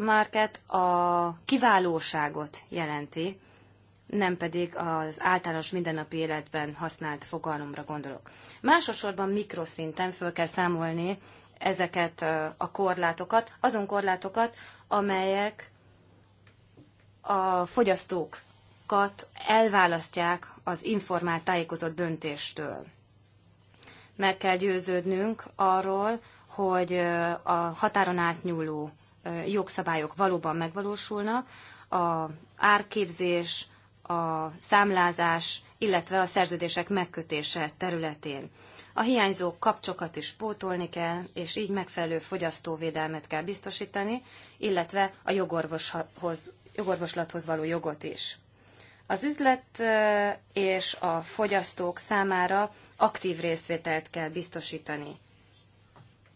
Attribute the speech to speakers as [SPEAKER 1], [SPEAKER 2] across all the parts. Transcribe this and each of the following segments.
[SPEAKER 1] market a kiválóságot jelenti, nem pedig az általános mindennapi életben használt fogalomra gondolok. Másosorban mikroszinten föl kell számolni ezeket a korlátokat, azon korlátokat, amelyek a fogyasztókat elválasztják az informált tájékozott döntéstől. Meg kell győződnünk arról, hogy a határon átnyúló jogszabályok valóban megvalósulnak, a árképzés, a számlázás, illetve a szerződések megkötése területén. A hiányzó kapcsokat is pótolni kell, és így megfelelő fogyasztóvédelmet kell biztosítani, illetve a jogorvoshoz, jogorvoslathoz való jogot is. Az üzlet és a fogyasztók számára aktív részvételt kell biztosítani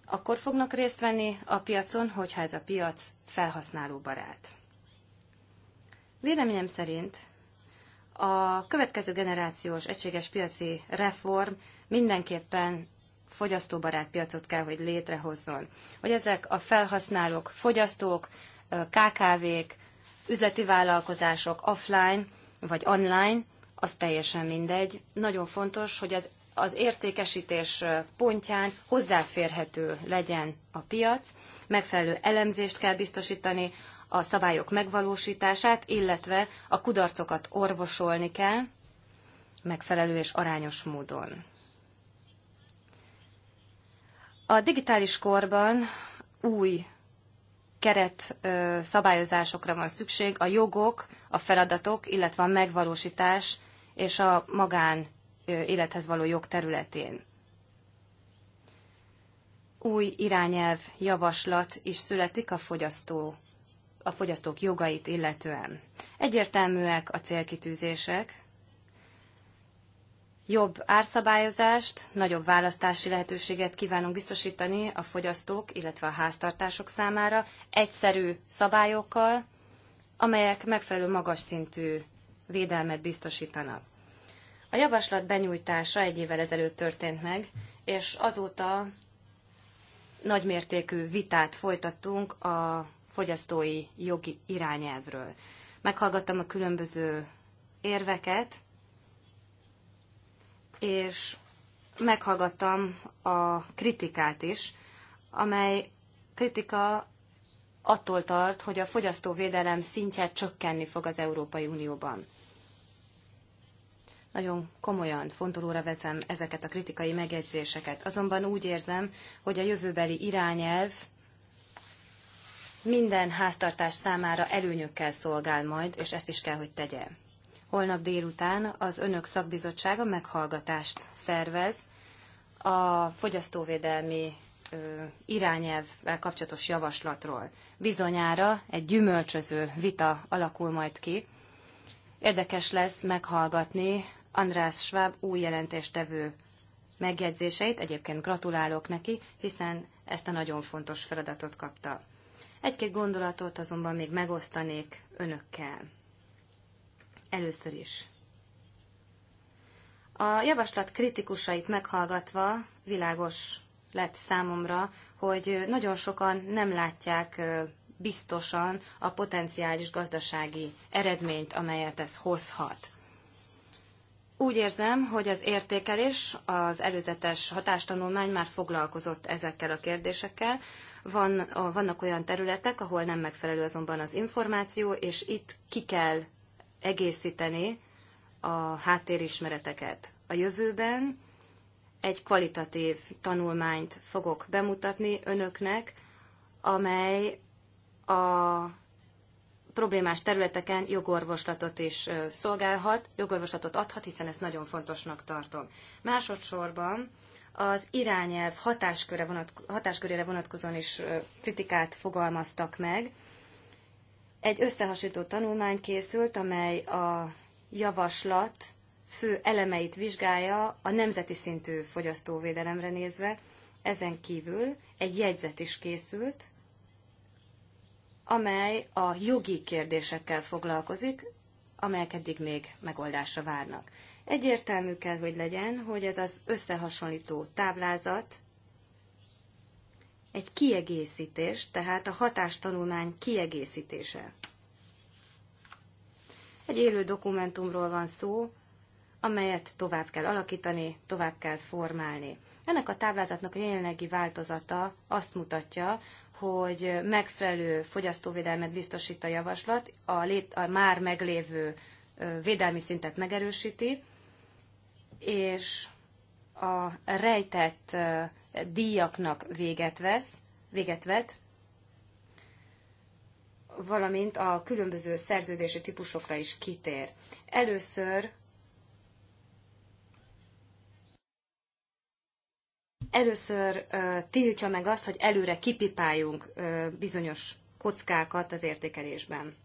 [SPEAKER 1] akkor fognak részt venni a piacon, hogyha ez a piac felhasználóbarát. Véleményem szerint a következő generációs egységes piaci reform mindenképpen fogyasztóbarát piacot kell, hogy létrehozzon. Hogy ezek a felhasználók, fogyasztók, KKV-k, üzleti vállalkozások offline vagy online, az teljesen mindegy. Nagyon fontos, hogy az az értékesítés pontján hozzáférhető legyen a piac, megfelelő elemzést kell biztosítani, a szabályok megvalósítását, illetve a kudarcokat orvosolni kell megfelelő és arányos módon. A digitális korban új keret szabályozásokra van szükség, a jogok, a feladatok, illetve a megvalósítás és a magán élethez való jog területén. Új irányelv javaslat is születik a fogyasztó a fogyasztók jogait illetően. Egyértelműek a célkitűzések, jobb árszabályozást, nagyobb választási lehetőséget kívánunk biztosítani a fogyasztók, illetve a háztartások számára egyszerű szabályokkal, amelyek megfelelő magas szintű védelmet biztosítanak. A javaslat benyújtása egy évvel ezelőtt történt meg, és azóta nagymértékű vitát folytattunk a fogyasztói jogi irányelvről. Meghallgattam a különböző érveket, és meghallgattam a kritikát is, amely kritika attól tart, hogy a fogyasztóvédelem szintje csökkenni fog az Európai Unióban. Nagyon komolyan fontolóra veszem ezeket a kritikai megjegyzéseket. Azonban úgy érzem, hogy a jövőbeli irányelv minden háztartás számára előnyökkel szolgál majd, és ezt is kell, hogy tegye. Holnap délután az Önök szakbizottsága meghallgatást szervez a fogyasztóvédelmi irányelvvel kapcsolatos javaslatról. Bizonyára egy gyümölcsöző vita alakul majd ki. Érdekes lesz meghallgatni András Schwab új jelentéstevő megjegyzéseit, egyébként gratulálok neki, hiszen ezt a nagyon fontos feladatot kapta. Egy-két gondolatot azonban még megosztanék önökkel. Először is. A javaslat kritikusait meghallgatva világos lett számomra, hogy nagyon sokan nem látják biztosan a potenciális gazdasági eredményt, amelyet ez hozhat. Úgy érzem, hogy az értékelés, az előzetes hatástanulmány már foglalkozott ezekkel a kérdésekkel. Van, vannak olyan területek, ahol nem megfelelő azonban az információ, és itt ki kell egészíteni a háttérismereteket. A jövőben egy kvalitatív tanulmányt fogok bemutatni önöknek, amely a problémás területeken jogorvoslatot is szolgálhat, jogorvoslatot adhat, hiszen ezt nagyon fontosnak tartom. Másodszorban az irányelv hatásköre vonatko- hatáskörére vonatkozóan is kritikát fogalmaztak meg. Egy összehasonlító tanulmány készült, amely a javaslat fő elemeit vizsgálja a nemzeti szintű fogyasztóvédelemre nézve. Ezen kívül egy jegyzet is készült, amely a jogi kérdésekkel foglalkozik, amelyek eddig még megoldásra várnak. Egyértelmű kell, hogy legyen, hogy ez az összehasonlító táblázat egy kiegészítés, tehát a hatástanulmány kiegészítése. Egy élő dokumentumról van szó, amelyet tovább kell alakítani, tovább kell formálni. Ennek a táblázatnak a jelenlegi változata azt mutatja, hogy megfelelő fogyasztóvédelmet biztosít a javaslat, a, lét, a már meglévő védelmi szintet megerősíti, és a rejtett díjaknak véget vesz, véget vet, valamint a különböző szerződési típusokra is kitér. Először először tiltja meg azt, hogy előre kipipáljunk bizonyos kockákat az értékelésben.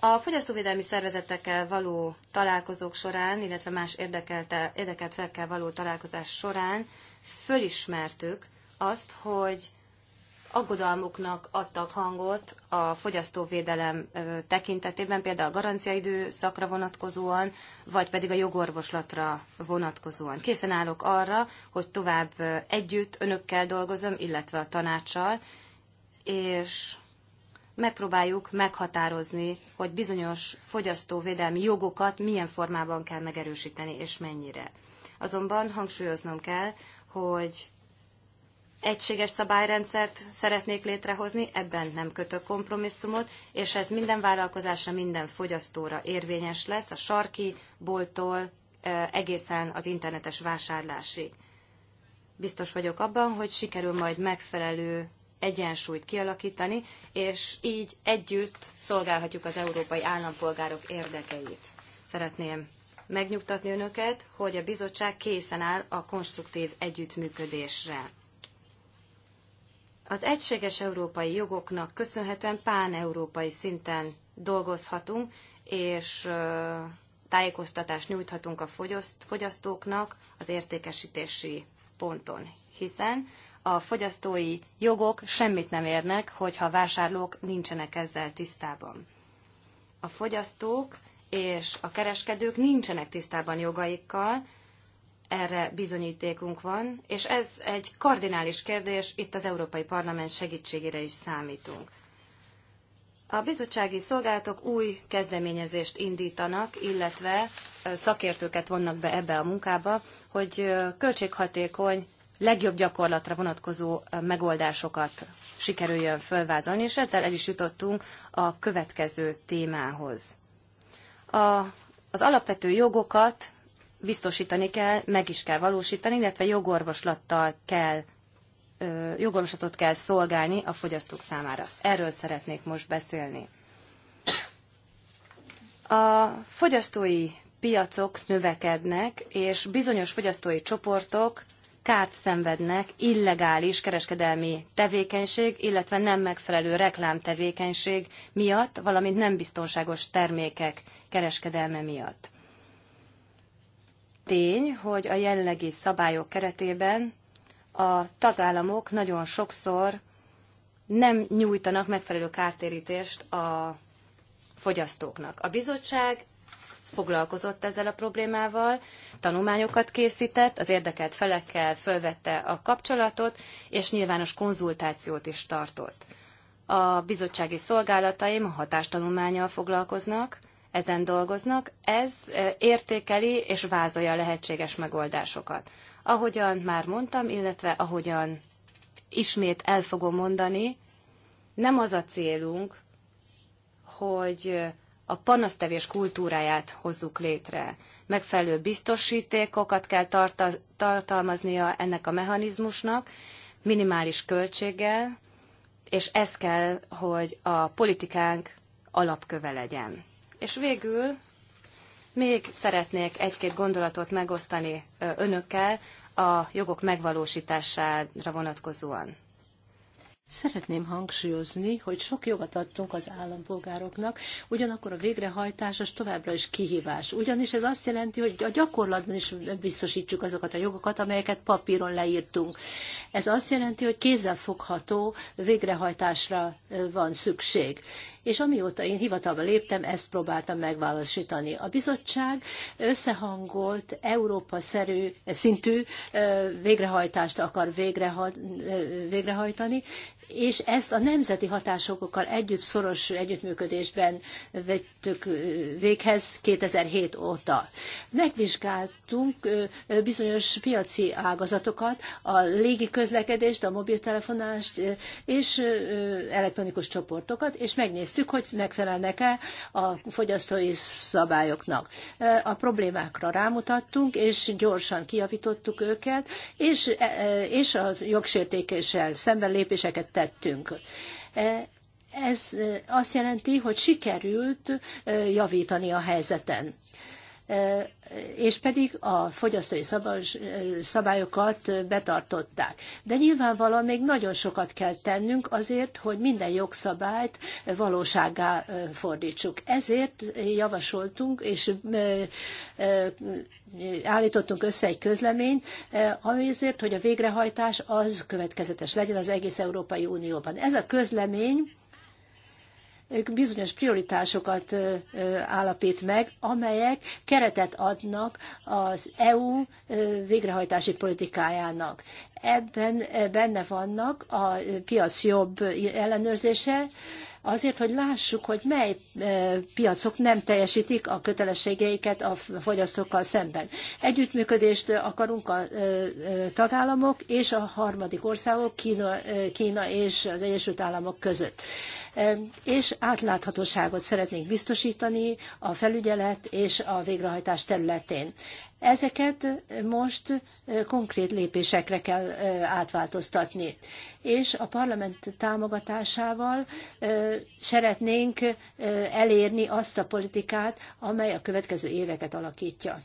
[SPEAKER 1] A fogyasztóvédelmi szervezetekkel való találkozók során, illetve más érdekelt, érdekelt felekkel való találkozás során fölismertük azt, hogy aggodalmuknak adtak hangot a fogyasztóvédelem tekintetében, például a garanciaidő szakra vonatkozóan, vagy pedig a jogorvoslatra vonatkozóan. Készen állok arra, hogy tovább együtt önökkel dolgozom, illetve a tanácssal, és megpróbáljuk meghatározni, hogy bizonyos fogyasztóvédelmi jogokat milyen formában kell megerősíteni, és mennyire. Azonban hangsúlyoznom kell, hogy egységes szabályrendszert szeretnék létrehozni, ebben nem kötök kompromisszumot, és ez minden vállalkozásra, minden fogyasztóra érvényes lesz, a sarki bolttól egészen az internetes vásárlásig. Biztos vagyok abban, hogy sikerül majd megfelelő egyensúlyt kialakítani, és így együtt szolgálhatjuk az európai állampolgárok érdekeit. Szeretném megnyugtatni önöket, hogy a bizottság készen áll a konstruktív együttműködésre az egységes európai jogoknak köszönhetően pán-európai szinten dolgozhatunk, és tájékoztatást nyújthatunk a fogyasztóknak az értékesítési ponton, hiszen a fogyasztói jogok semmit nem érnek, hogyha a vásárlók nincsenek ezzel tisztában. A fogyasztók és a kereskedők nincsenek tisztában jogaikkal, erre bizonyítékunk van, és ez egy kardinális kérdés, itt az Európai Parlament segítségére is számítunk. A bizottsági szolgálatok új kezdeményezést indítanak, illetve szakértőket vonnak be ebbe a munkába, hogy költséghatékony, legjobb gyakorlatra vonatkozó megoldásokat sikerüljön fölvázolni, és ezzel el is jutottunk a következő témához. A, az alapvető jogokat biztosítani kell, meg is kell valósítani, illetve jogorvoslattal kell jogorvoslatot kell szolgálni a fogyasztók számára. Erről szeretnék most beszélni. A fogyasztói piacok növekednek, és bizonyos fogyasztói csoportok kárt szenvednek illegális kereskedelmi tevékenység, illetve nem megfelelő reklámtevékenység miatt, valamint nem biztonságos termékek kereskedelme miatt tény, hogy a jelenlegi szabályok keretében a tagállamok nagyon sokszor nem nyújtanak megfelelő kártérítést a fogyasztóknak. A bizottság foglalkozott ezzel a problémával, tanulmányokat készített, az érdekelt felekkel fölvette a kapcsolatot, és nyilvános konzultációt is tartott. A bizottsági szolgálataim a hatástanulmányjal foglalkoznak, ezen dolgoznak, ez értékeli és vázolja a lehetséges megoldásokat. Ahogyan már mondtam, illetve ahogyan ismét el fogom mondani, nem az a célunk, hogy a panasztevés kultúráját hozzuk létre. Megfelelő biztosítékokat kell tartalmaznia ennek a mechanizmusnak, minimális költséggel, és ez kell, hogy a politikánk alapköve legyen. És végül még szeretnék egy-két gondolatot megosztani önökkel a jogok megvalósítására vonatkozóan.
[SPEAKER 2] Szeretném hangsúlyozni, hogy sok jogot adtunk az állampolgároknak, ugyanakkor a végrehajtás az továbbra is kihívás. Ugyanis ez azt jelenti, hogy a gyakorlatban is biztosítsuk azokat a jogokat, amelyeket papíron leírtunk. Ez azt jelenti, hogy kézzelfogható végrehajtásra van szükség és amióta én hivatalba léptem, ezt próbáltam megvalósítani. A bizottság összehangolt, Európa-szerű, szintű végrehajtást akar végrehajtani, és ezt a nemzeti hatásokkal együtt szoros együttműködésben vettük véghez 2007 óta. Megvizsgáltunk bizonyos piaci ágazatokat, a légi közlekedést, a mobiltelefonást és elektronikus csoportokat, és megnéztük, hogy megfelelnek-e a fogyasztói szabályoknak. A problémákra rámutattunk, és gyorsan kijavítottuk őket, és, és a jogsértékéssel szemben lépéseket tettünk. E, ez e, azt jelenti, hogy sikerült e, javítani a helyzeten és pedig a fogyasztói szabályokat betartották. De nyilvánvalóan még nagyon sokat kell tennünk azért, hogy minden jogszabályt valóságá fordítsuk. Ezért javasoltunk és állítottunk össze egy közleményt, azért, hogy a végrehajtás az következetes legyen az egész Európai Unióban. Ez a közlemény bizonyos prioritásokat állapít meg, amelyek keretet adnak az EU végrehajtási politikájának. Ebben benne vannak a piac jobb ellenőrzése, azért, hogy lássuk, hogy mely piacok nem teljesítik a kötelességeiket a fogyasztókkal szemben. Együttműködést akarunk a tagállamok és a harmadik országok, Kína, Kína és az Egyesült Államok között. És átláthatóságot szeretnénk biztosítani a felügyelet és a végrehajtás területén. Ezeket most konkrét lépésekre kell átváltoztatni. És a parlament támogatásával szeretnénk elérni azt a politikát, amely a következő éveket alakítja.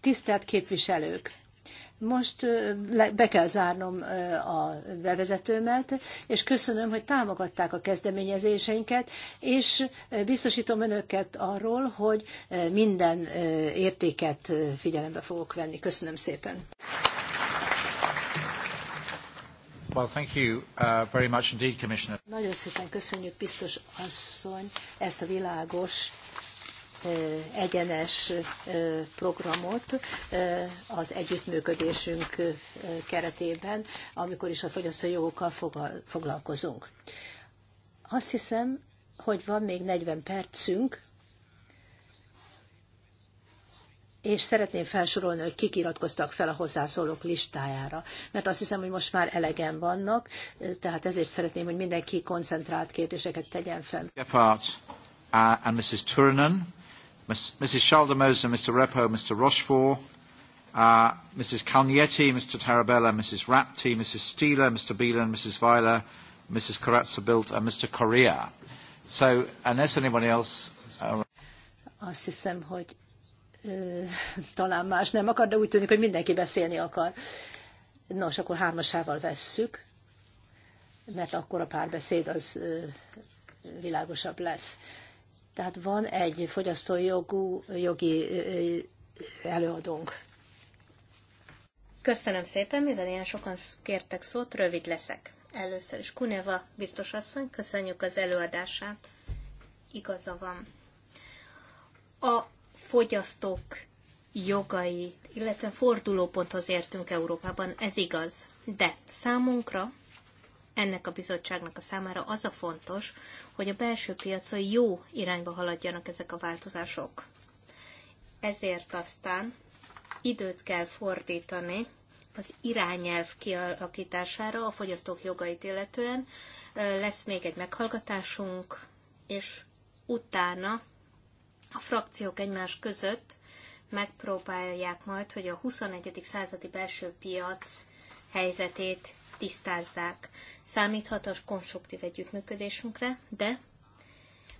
[SPEAKER 2] Tisztelt képviselők! Most be kell zárnom a bevezetőmet, és köszönöm, hogy támogatták a kezdeményezéseinket, és biztosítom önöket arról, hogy minden értéket figyelembe fogok venni. Köszönöm szépen.
[SPEAKER 3] Well, thank you uh, very much indeed, Commissioner.
[SPEAKER 2] Nagyon szépen köszönjük, biztos asszony, ezt a világos egyenes programot az együttműködésünk keretében, amikor is a fogyasztói jogokkal foglalkozunk. Azt hiszem, hogy van még 40 percünk, és szeretném felsorolni, hogy kik iratkoztak fel a hozzászólók listájára, mert azt hiszem, hogy most már elegen vannak, tehát ezért szeretném, hogy mindenki koncentrált kérdéseket tegyen fel.
[SPEAKER 3] Gephardt uh, and Mrs. Ms, Mrs. Schaldemose, Mr. Repo, Mr. Rochefort, uh, Mrs. Calnietti, Mr. Tarabella, Mrs. Rapti, Mrs. Steeler, Mr. Beelan, Mrs. Weiler, Mrs. Karatsa-Bilt and Mr. Correa. So, unless anybody else... Uh...
[SPEAKER 2] Azt hiszem, hogy ö, talán más nem akar, de úgy tűnik, hogy mindenki beszélni akar. Nos, akkor hármasával vesszük, mert akkor a párbeszéd az ö, világosabb lesz. Tehát van egy fogyasztói jogú, jogi előadónk.
[SPEAKER 4] Köszönöm szépen, mivel ilyen sokan kértek szót, rövid leszek. Először is Kuneva biztos asszony, köszönjük az előadását. Igaza van. A fogyasztók jogai, illetve fordulóponthoz értünk Európában, ez igaz. De számunkra ennek a bizottságnak a számára az a fontos, hogy a belső piacon jó irányba haladjanak ezek a változások. Ezért aztán időt kell fordítani az irányelv kialakítására a fogyasztók jogait illetően. Lesz még egy meghallgatásunk, és utána a frakciók egymás között megpróbálják majd, hogy a 21. századi belső piac helyzetét tisztázzák. Számíthat a konstruktív együttműködésünkre, de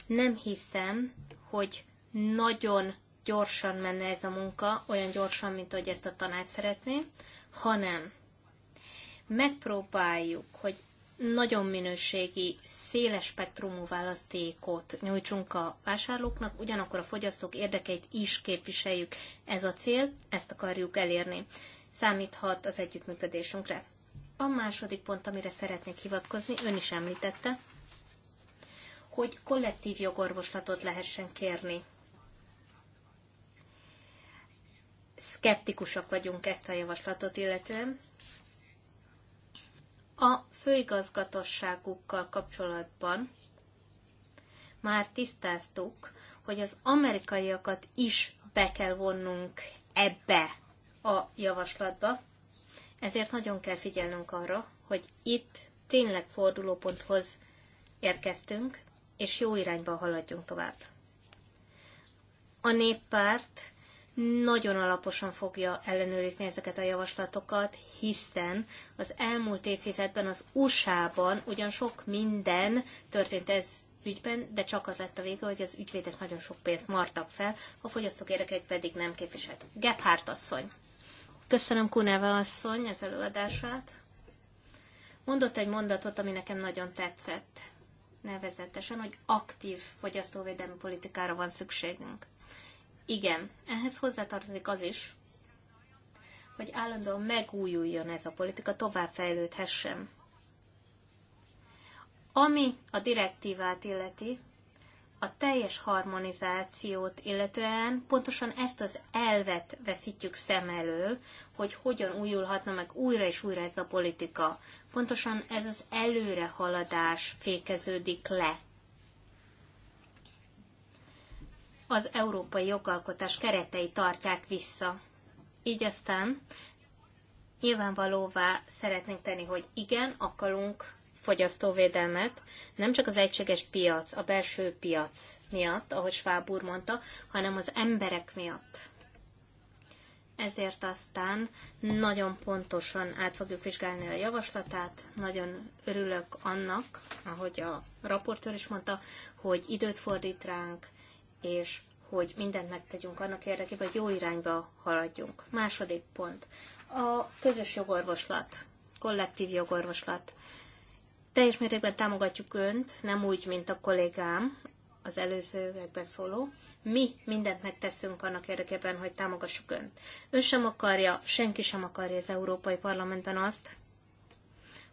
[SPEAKER 4] nem hiszem, hogy nagyon gyorsan menne ez a munka, olyan gyorsan, mint ahogy ezt a tanács szeretné, hanem megpróbáljuk, hogy nagyon minőségi, széles spektrumú választékot nyújtsunk a vásárlóknak, ugyanakkor a fogyasztók érdekeit is képviseljük. Ez a cél, ezt akarjuk elérni. Számíthat az együttműködésünkre. A második pont, amire szeretnék hivatkozni, ön is említette, hogy kollektív jogorvoslatot lehessen kérni. Szkeptikusak vagyunk ezt a javaslatot illetően. A főigazgatosságukkal kapcsolatban már tisztáztuk, hogy az amerikaiakat is be kell vonnunk ebbe a javaslatba, ezért nagyon kell figyelnünk arra, hogy itt tényleg fordulóponthoz érkeztünk, és jó irányba haladjunk tovább. A néppárt nagyon alaposan fogja ellenőrizni ezeket a javaslatokat, hiszen az elmúlt évtizedben az USA-ban ugyan sok minden történt ez ügyben, de csak az lett a vége, hogy az ügyvédek nagyon sok pénzt martak fel, a fogyasztók érdekeit pedig nem képviselt. Gebhardt asszony. Köszönöm Kuneva asszony az előadását. Mondott egy mondatot, ami nekem nagyon tetszett, nevezetesen, hogy aktív fogyasztóvédelmi politikára van szükségünk. Igen, ehhez hozzátartozik az is, hogy állandóan megújuljon ez a politika, továbbfejlődhessen. Ami a direktívát illeti, a teljes harmonizációt illetően pontosan ezt az elvet veszítjük szem elől, hogy hogyan újulhatna meg újra és újra ez a politika. Pontosan ez az előrehaladás fékeződik le. Az európai jogalkotás keretei tartják vissza. Így aztán nyilvánvalóvá szeretnénk tenni, hogy igen, akarunk fogyasztóvédelmet nem csak az egységes piac, a belső piac miatt, ahogy Schwab úr mondta, hanem az emberek miatt. Ezért aztán nagyon pontosan át fogjuk vizsgálni a javaslatát. Nagyon örülök annak, ahogy a raportőr is mondta, hogy időt fordít ránk, és hogy mindent megtegyünk annak érdekében, hogy jó irányba haladjunk. Második pont. A közös jogorvoslat, kollektív jogorvoslat. Teljes mértékben támogatjuk Önt, nem úgy, mint a kollégám, az előzőekben szóló. Mi mindent megteszünk annak érdekében, hogy támogassuk Önt. Ön sem akarja, senki sem akarja az Európai Parlamentben azt,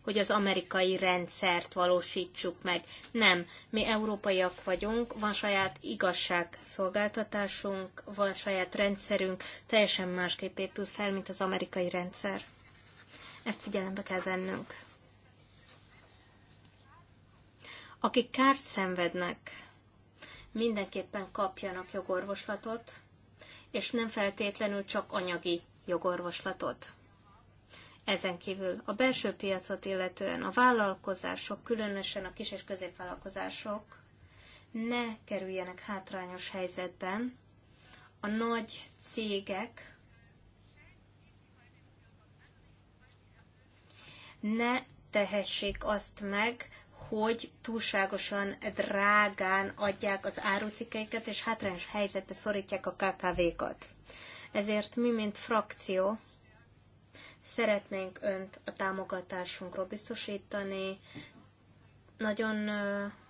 [SPEAKER 4] hogy az amerikai rendszert valósítsuk meg. Nem, mi európaiak vagyunk, van saját igazságszolgáltatásunk, van saját rendszerünk, teljesen másképp épül fel, mint az amerikai rendszer. Ezt figyelembe kell vennünk. akik kárt szenvednek, mindenképpen kapjanak jogorvoslatot, és nem feltétlenül csak anyagi jogorvoslatot. Ezen kívül a belső piacot illetően a vállalkozások, különösen a kis- és középvállalkozások ne kerüljenek hátrányos helyzetben. A nagy cégek ne tehessék azt meg, hogy túlságosan drágán adják az árucikeiket, és hátrányos helyzetbe szorítják a KKV-kat. Ezért mi, mint frakció, szeretnénk önt a támogatásunkról biztosítani. Nagyon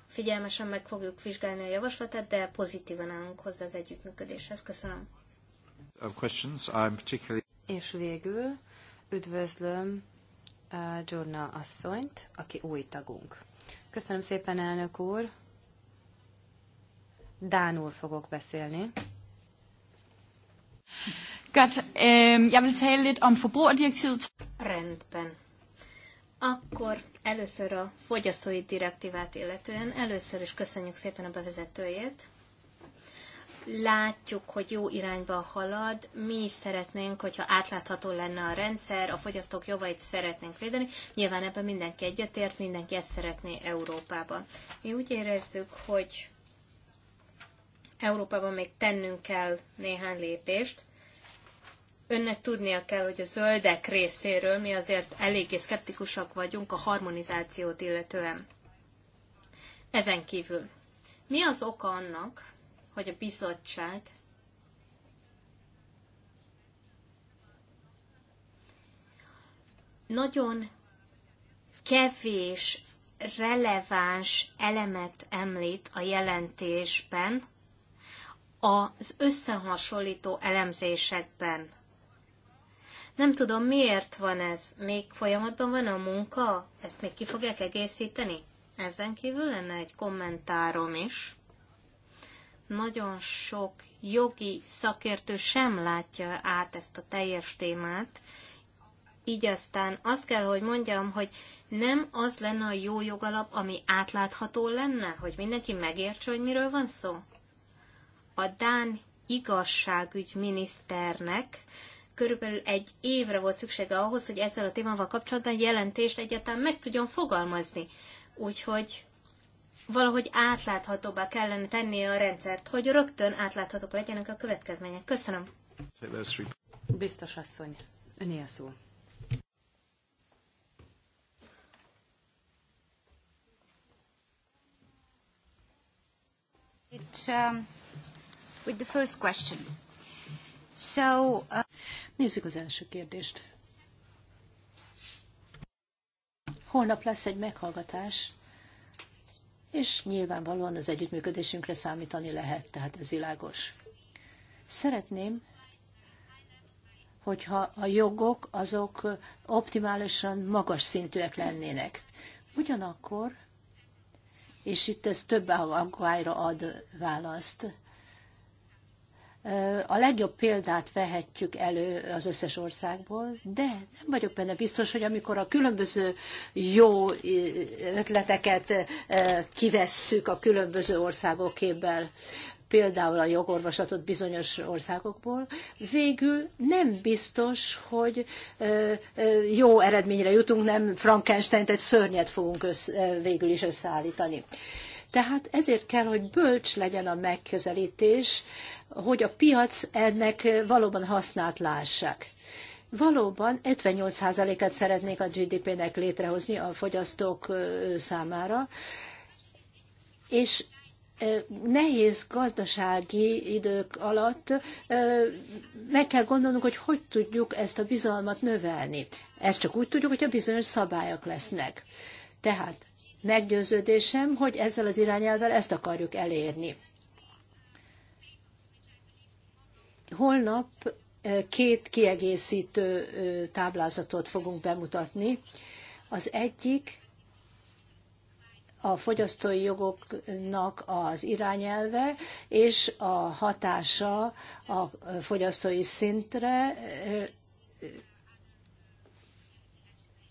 [SPEAKER 4] figyelmesen meg fogjuk vizsgálni a javaslatát,
[SPEAKER 1] de pozitívan állunk hozzá az együttműködéshez. Köszönöm. És végül üdvözlöm Giorna asszonyt, aki új tagunk. Köszönöm szépen, elnök úr. Dánul fogok beszélni. Godt. Um,
[SPEAKER 2] jeg vil tale lidt om forbrugerdirektivet.
[SPEAKER 1] Rendben.
[SPEAKER 4] Akkor először a fogyasztói direktívát illetően, először is köszönjük szépen a bevezetőjét látjuk, hogy jó irányba halad, mi is szeretnénk, hogyha átlátható lenne a rendszer, a fogyasztók jogait szeretnénk védeni, nyilván ebben mindenki egyetért, mindenki ezt szeretné Európában. Mi úgy érezzük, hogy Európában még tennünk kell néhány lépést, Önnek tudnia kell, hogy a zöldek részéről mi azért eléggé szkeptikusak vagyunk a harmonizációt illetően. Ezen kívül, mi az oka annak, hogy a bizottság nagyon kevés releváns elemet említ a jelentésben, az összehasonlító elemzésekben. Nem tudom, miért van ez. Még folyamatban van a munka? Ezt még ki fogják egészíteni? Ezen kívül lenne egy kommentárom is nagyon sok jogi szakértő sem látja át ezt a teljes témát, így aztán azt kell, hogy mondjam, hogy nem az lenne a jó jogalap, ami átlátható lenne, hogy mindenki megértse, hogy miről van szó. A Dán igazságügyminiszternek körülbelül egy évre volt szüksége ahhoz, hogy ezzel a témával kapcsolatban jelentést egyáltalán meg tudjon fogalmazni. Úgyhogy valahogy átláthatóbbá kellene tenni a rendszert, hogy rögtön átláthatók legyenek a következmények. Köszönöm. Biztos
[SPEAKER 1] asszony, öné a szó.
[SPEAKER 2] It, um, with the first question. So, uh... Nézzük az első kérdést. Holnap lesz egy meghallgatás és nyilvánvalóan az együttműködésünkre számítani lehet, tehát ez világos. Szeretném, hogyha a jogok azok optimálisan magas szintűek lennének. Ugyanakkor, és itt ez több aggályra ad választ, a legjobb példát vehetjük elő az összes országból, de nem vagyok benne biztos, hogy amikor a különböző jó ötleteket kivesszük a különböző országokéből, például a jogorvoslatot bizonyos országokból, végül nem biztos, hogy jó eredményre jutunk, nem frankenstein egy szörnyet fogunk össze, végül is összeállítani. Tehát ezért kell, hogy bölcs legyen a megközelítés, hogy a piac ennek valóban hasznát lássák. Valóban 58%-et szeretnék a GDP-nek létrehozni a fogyasztók számára, és nehéz gazdasági idők alatt meg kell gondolnunk, hogy hogy tudjuk ezt a bizalmat növelni. Ezt csak úgy tudjuk, hogyha bizonyos szabályok lesznek. Tehát meggyőződésem, hogy ezzel az irányelvel ezt akarjuk elérni. Holnap két kiegészítő táblázatot fogunk bemutatni. Az egyik a fogyasztói jogoknak az irányelve és a hatása a fogyasztói szintre,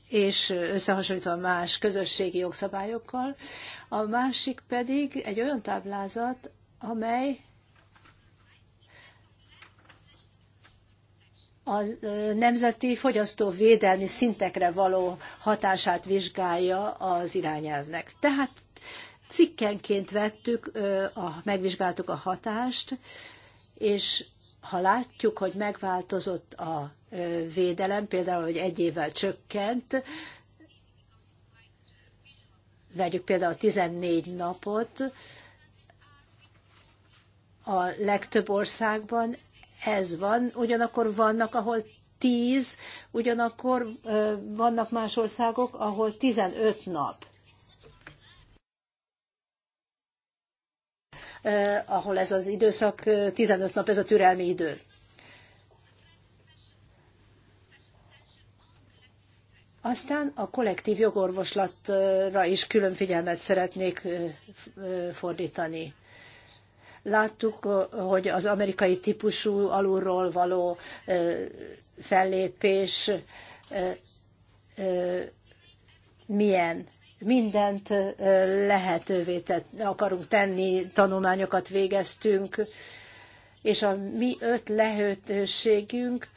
[SPEAKER 2] és összehasonlítva más közösségi jogszabályokkal. A másik pedig egy olyan táblázat, amely a nemzeti fogyasztóvédelmi szintekre való hatását vizsgálja az irányelvnek. Tehát cikkenként vettük, a, megvizsgáltuk a hatást, és ha látjuk, hogy megváltozott a védelem, például, hogy egy évvel csökkent, vegyük például 14 napot, a legtöbb országban ez van, ugyanakkor vannak, ahol 10, ugyanakkor vannak más országok, ahol 15 nap. ahol ez az időszak 15 nap, ez a türelmi idő. Aztán a kollektív jogorvoslatra is külön figyelmet szeretnék fordítani. Láttuk, hogy az amerikai típusú alulról való fellépés milyen mindent lehetővé tett, akarunk tenni, tanulmányokat végeztünk, és a mi öt lehetőségünk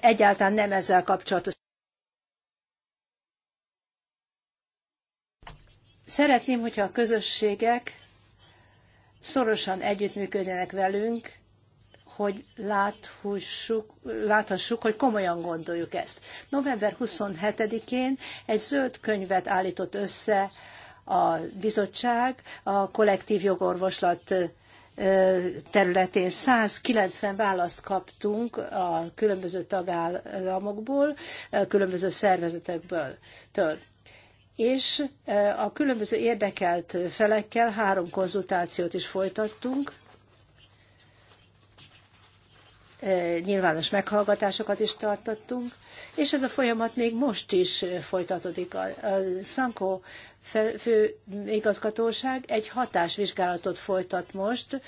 [SPEAKER 2] egyáltalán nem ezzel kapcsolatos. Szeretném, hogyha a közösségek szorosan együttműködjenek velünk, hogy láthassuk, láthassuk, hogy komolyan gondoljuk ezt. November 27-én egy zöld könyvet állított össze a bizottság a kollektív jogorvoslat területén 190 választ kaptunk a különböző tagállamokból, a különböző szervezetekből. Től és e, a különböző érdekelt felekkel három konzultációt is folytattunk, e, nyilvános meghallgatásokat is tartottunk, és ez a folyamat még most is folytatódik. A Szankó főigazgatóság egy hatásvizsgálatot folytat most,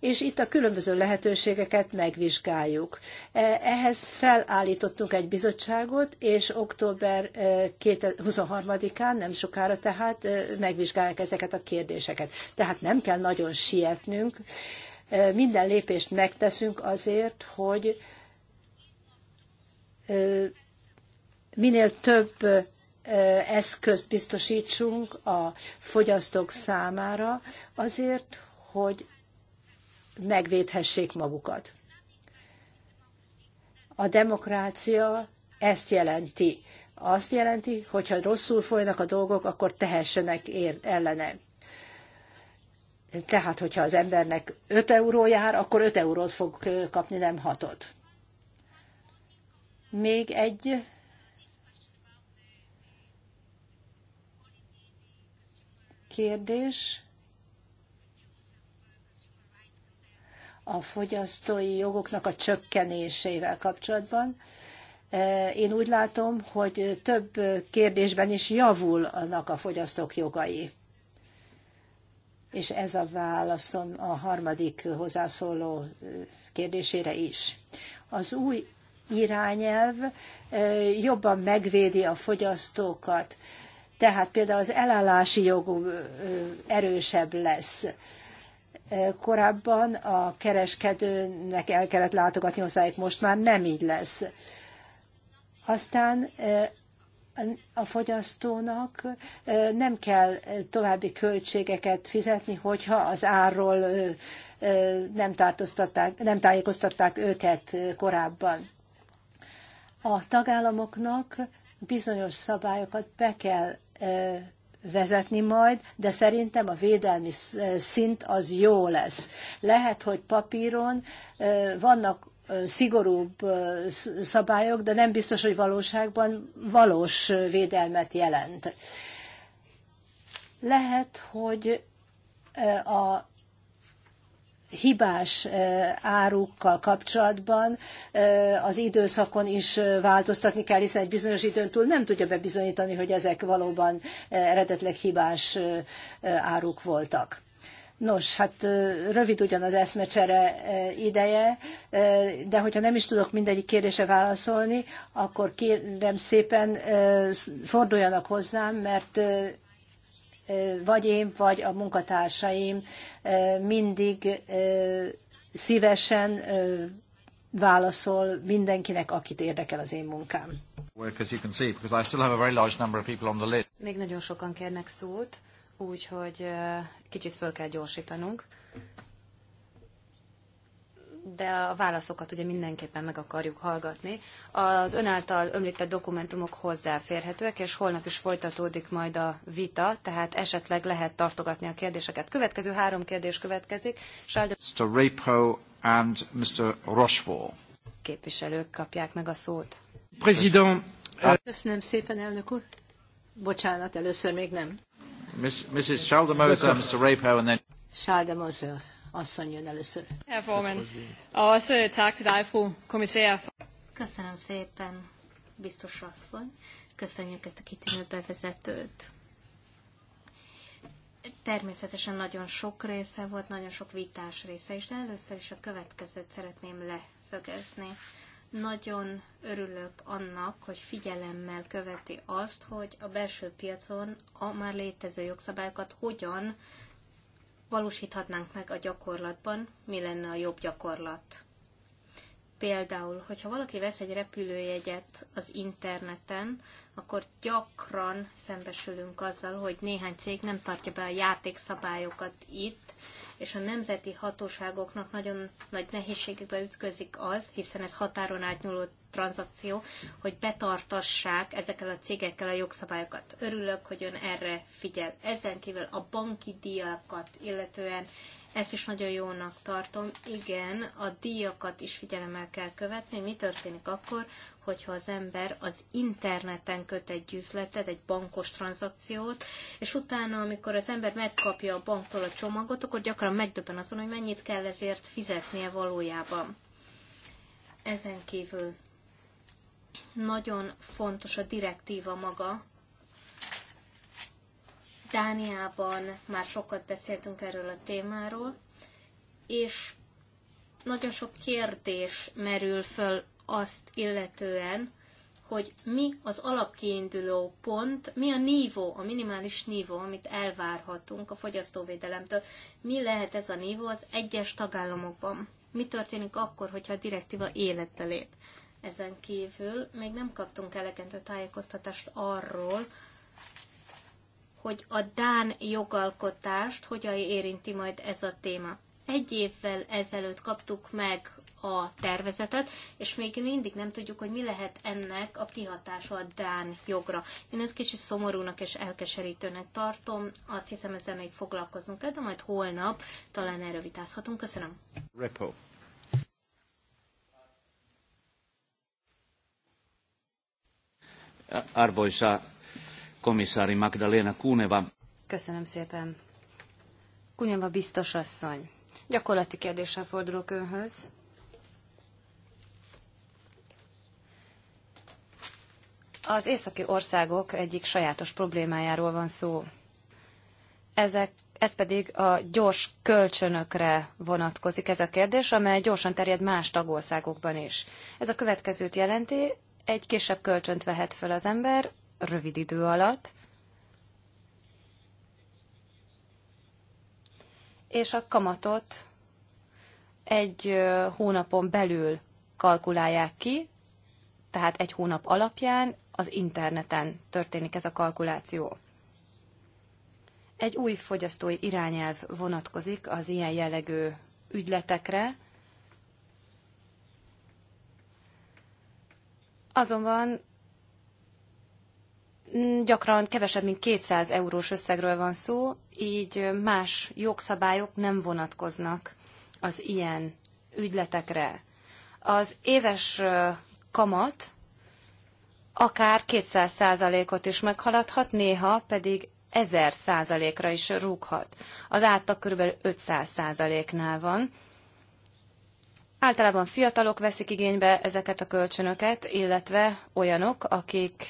[SPEAKER 2] és itt a különböző lehetőségeket megvizsgáljuk. E, ehhez felállítottunk egy bizottságot, és október 23-án, e, nem sokára tehát, e, megvizsgálják ezeket a kérdéseket. Tehát nem kell nagyon sietnünk, minden lépést megteszünk azért, hogy minél több eszközt biztosítsunk a fogyasztók számára azért, hogy megvédhessék magukat. A demokrácia ezt jelenti. Azt jelenti, hogyha rosszul folynak a dolgok, akkor tehessenek ér ellene. Tehát, hogyha az embernek 5 euró jár, akkor 5 eurót fog kapni, nem 6-ot. Még egy kérdés. a fogyasztói jogoknak a csökkenésével kapcsolatban. E, én úgy látom, hogy több kérdésben is javulnak a fogyasztók jogai. És ez a válaszom a harmadik hozzászóló kérdésére is. Az új irányelv e, jobban megvédi a fogyasztókat, tehát például az elállási jog e, erősebb lesz Korábban a kereskedőnek el kellett látogatni hozzájuk, most már nem így lesz. Aztán eh, a fogyasztónak eh, nem kell további költségeket fizetni, hogyha az árról eh, nem, nem tájékoztatták őket korábban. A tagállamoknak bizonyos szabályokat be kell vezetni majd, de szerintem a védelmi szint az jó lesz. Lehet, hogy papíron vannak szigorúbb szabályok, de nem biztos, hogy valóságban valós védelmet jelent. Lehet, hogy a hibás árukkal kapcsolatban az időszakon is változtatni kell, hiszen egy bizonyos időn túl nem tudja bebizonyítani, hogy ezek valóban eredetleg hibás áruk voltak. Nos, hát rövid ugyan az eszmecsere ideje, de hogyha nem is tudok mindegyik kérdése válaszolni, akkor kérem szépen forduljanak hozzám, mert vagy én, vagy a munkatársaim mindig szívesen válaszol mindenkinek, akit érdekel az én munkám.
[SPEAKER 1] Még nagyon sokan kérnek szót, úgyhogy kicsit föl kell gyorsítanunk de a válaszokat ugye mindenképpen meg akarjuk hallgatni. Az által említett dokumentumok hozzáférhetőek, és holnap is folytatódik majd a vita, tehát esetleg lehet tartogatni a kérdéseket. Következő három kérdés következik. Sáldor... Mr.
[SPEAKER 3] Rapo and Mr. Rochefort.
[SPEAKER 2] Képviselők kapják meg a szót. President... Uh, Köszönöm szépen, elnök úr. Bocsánat, először még nem.
[SPEAKER 3] Miss, Mrs. Schaldemoser, Mr. Rapo, and then...
[SPEAKER 2] Schaldemoser asszony jön először.
[SPEAKER 3] Øh,
[SPEAKER 4] Köszönöm szépen, biztos asszony. Köszönjük ezt a kitűnő bevezetőt. Természetesen nagyon sok része volt, nagyon sok vitás része is, de először is a következőt szeretném leszögezni. Nagyon örülök annak, hogy figyelemmel követi azt, hogy a belső piacon a már létező jogszabályokat hogyan valósíthatnánk meg a gyakorlatban, mi lenne a jobb gyakorlat. Például, hogyha valaki vesz egy repülőjegyet az interneten, akkor gyakran szembesülünk azzal, hogy néhány cég nem tartja be a játékszabályokat itt, és a nemzeti hatóságoknak nagyon nagy nehézségekbe ütközik az, hiszen ez határon átnyúló tranzakció, hogy betartassák ezekkel a cégekkel a jogszabályokat. Örülök, hogy ön erre figyel. Ezen kívül a banki díjakat, illetően ezt is nagyon jónak tartom. Igen, a díjakat is figyelemmel kell követni. Mi történik akkor, hogyha az ember az interneten köt egy üzletet, egy bankos tranzakciót, és utána, amikor az ember megkapja a banktól a csomagot, akkor gyakran megdöbben azon, hogy mennyit kell ezért fizetnie valójában. Ezen kívül nagyon fontos a direktíva maga. Dániában már sokat beszéltünk erről a témáról, és nagyon sok kérdés merül föl azt illetően, hogy mi az alapkiinduló pont, mi a nívó, a minimális nívó, amit elvárhatunk a fogyasztóvédelemtől. Mi lehet ez a nívó az egyes tagállamokban? Mi történik akkor, hogyha a direktíva életbe lép? Ezen kívül még nem kaptunk elegendő tájékoztatást arról, hogy a Dán jogalkotást hogyan érinti majd ez a téma. Egy évvel ezelőtt kaptuk meg a tervezetet, és még mindig nem tudjuk, hogy mi lehet ennek a kihatása a Dán jogra. Én ezt kicsit szomorúnak és elkeserítőnek tartom, azt hiszem ezzel még foglalkoznunk kell, de majd holnap talán erről vitázhatunk. Köszönöm.
[SPEAKER 3] Arvoisa komissári Magdalena Kuneva.
[SPEAKER 1] Köszönöm szépen. Kuneva biztos asszony. Gyakorlati kérdéssel fordulok önhöz. Az északi országok egyik sajátos problémájáról van szó. Ezek, ez pedig a gyors kölcsönökre vonatkozik ez a kérdés, amely gyorsan terjed más tagországokban is. Ez a következőt jelenti, egy kisebb kölcsönt vehet fel az ember rövid idő alatt, és a kamatot egy hónapon belül kalkulálják ki, tehát egy hónap alapján az interneten történik ez a kalkuláció. Egy új fogyasztói irányelv vonatkozik az ilyen jellegű ügyletekre, Azonban gyakran kevesebb, mint 200 eurós összegről van szó, így más jogszabályok nem vonatkoznak az ilyen ügyletekre. Az éves kamat akár 200%-ot is meghaladhat, néha pedig 1000%-ra is rúghat. Az átlag kb. 500%-nál van, Általában fiatalok veszik igénybe ezeket a kölcsönöket, illetve olyanok, akik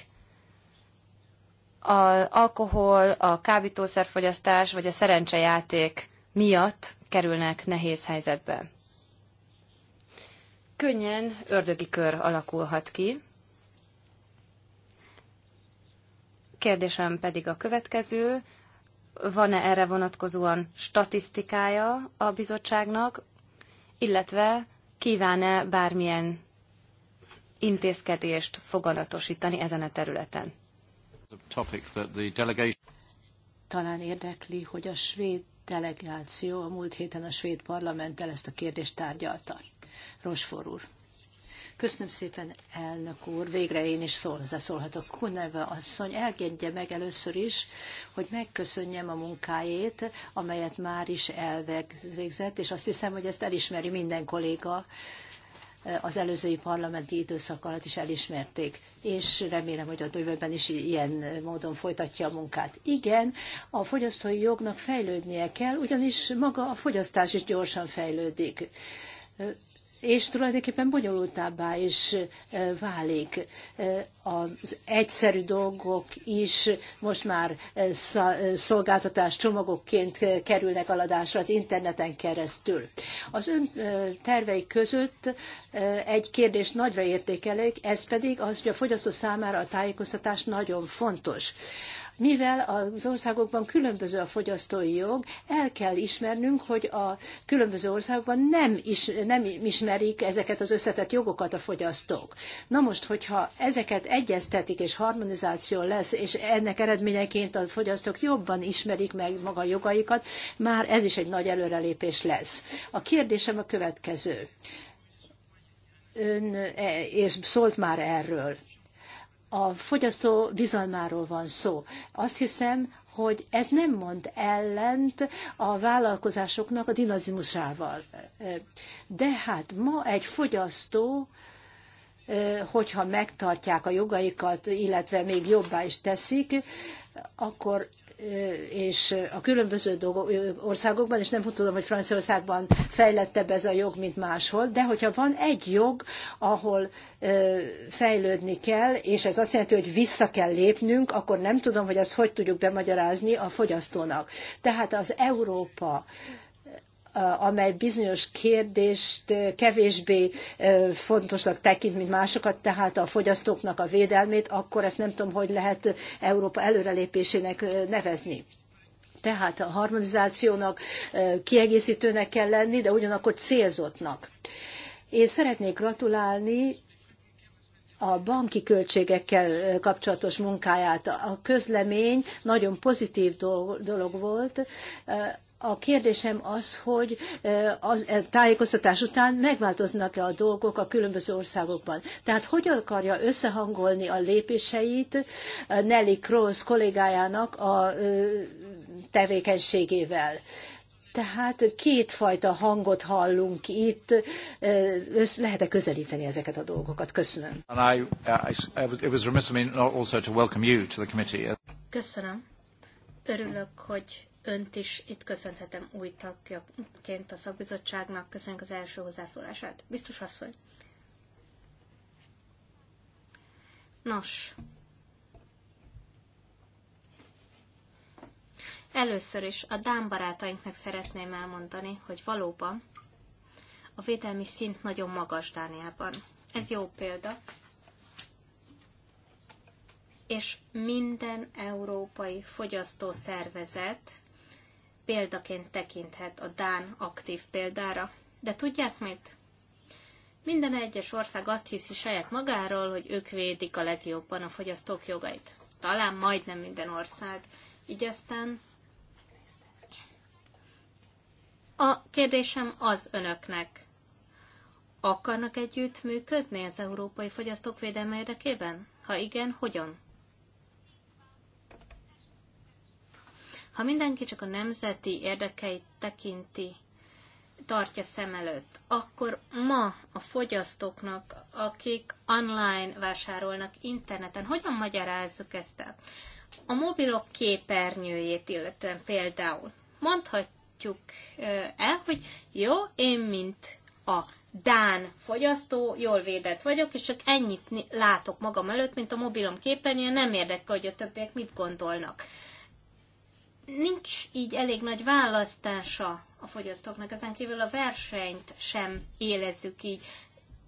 [SPEAKER 1] az alkohol, a kábítószerfogyasztás vagy a szerencsejáték miatt kerülnek nehéz helyzetbe. Könnyen ördögi kör alakulhat ki. Kérdésem pedig a következő. Van-e erre vonatkozóan statisztikája a bizottságnak, illetve kíván-e bármilyen intézkedést foganatosítani ezen a területen?
[SPEAKER 2] Talán érdekli, hogy a svéd delegáció a múlt héten a svéd parlamenttel ezt a kérdést tárgyalta. Rosfor úr. Köszönöm szépen, elnök úr. Végre én is szólhatok. Kuneva asszony, elgedje meg először is, hogy megköszönjem a munkáját, amelyet már is elvégzett, és azt hiszem, hogy ezt elismeri minden kolléga eh, az előzői parlamenti időszak alatt is elismerték, és remélem, hogy a jövőben is ilyen módon folytatja a munkát. Igen, a fogyasztói jognak fejlődnie kell, ugyanis maga a fogyasztás is gyorsan fejlődik és tulajdonképpen bonyolultábbá is válik. Az egyszerű dolgok is most már szolgáltatás csomagokként kerülnek aladásra az interneten keresztül. Az ön tervei között egy kérdést nagyra értékelek, ez pedig az, hogy a fogyasztó számára a tájékoztatás nagyon fontos mivel az országokban különböző a fogyasztói jog, el kell ismernünk, hogy a különböző országokban nem, is, nem ismerik ezeket az összetett jogokat a fogyasztók. Na most, hogyha ezeket egyeztetik és harmonizáció lesz, és ennek eredményeként a fogyasztók jobban ismerik meg maga jogaikat, már ez is egy nagy előrelépés lesz. A kérdésem a következő ön e, és szólt már erről a fogyasztó bizalmáról van szó. Azt hiszem, hogy ez nem mond ellent a vállalkozásoknak a dinamizmusával. De hát ma egy fogyasztó, eh, hogyha megtartják a jogaikat, illetve még jobbá is teszik, akkor és a különböző országokban, és nem tudom, hogy Franciaországban fejlettebb ez a jog, mint máshol, de hogyha van egy jog, ahol fejlődni kell, és ez azt jelenti, hogy vissza kell lépnünk, akkor nem tudom, hogy ezt hogy tudjuk bemagyarázni a fogyasztónak. Tehát az Európa Eh, amely bizonyos kérdést eh, kevésbé eh, fontosnak tekint, mint másokat, tehát a fogyasztóknak a védelmét, akkor ezt nem tudom, hogy lehet Európa előrelépésének nevezni. Tehát a harmonizációnak kiegészítőnek kell lenni, de ugyanakkor célzottnak. Én szeretnék gratulálni a banki költségekkel kapcsolatos munkáját. A közlemény nagyon pozitív dolog volt a kérdésem az, hogy az tájékoztatás után megváltoznak-e a dolgok a különböző országokban. Tehát hogyan akarja összehangolni a lépéseit Nelly Kroos kollégájának a tevékenységével? Tehát kétfajta hangot hallunk itt, lehet-e közelíteni ezeket a dolgokat? Köszönöm.
[SPEAKER 4] Köszönöm. Örülök, hogy önt is itt köszönhetem új tagjaként a szakbizottságnak. Köszönjük az első hozzászólását. Biztos asszony. Nos. Először is a Dán barátainknak szeretném elmondani, hogy valóban a védelmi szint nagyon magas Dániában. Ez jó példa. És minden európai fogyasztó szervezet példaként tekinthet a Dán aktív példára. De tudják mit? Minden egyes ország azt hiszi saját magáról, hogy ők védik a legjobban a fogyasztók jogait. Talán majdnem minden ország. Így aztán a kérdésem az önöknek. Akarnak együtt működni az európai fogyasztók védelme érdekében? Ha igen, hogyan? Ha mindenki csak a nemzeti érdekeit tekinti, tartja szem előtt, akkor ma a fogyasztóknak, akik online vásárolnak interneten, hogyan magyarázzuk ezt el? A mobilok képernyőjét illetően például mondhatjuk el, hogy jó, én mint a Dán fogyasztó, jól védett vagyok, és csak ennyit látok magam előtt, mint a mobilom képernyője, nem érdekel, hogy a többiek mit gondolnak nincs így elég nagy választása a fogyasztóknak, ezen kívül a versenyt sem élezzük így.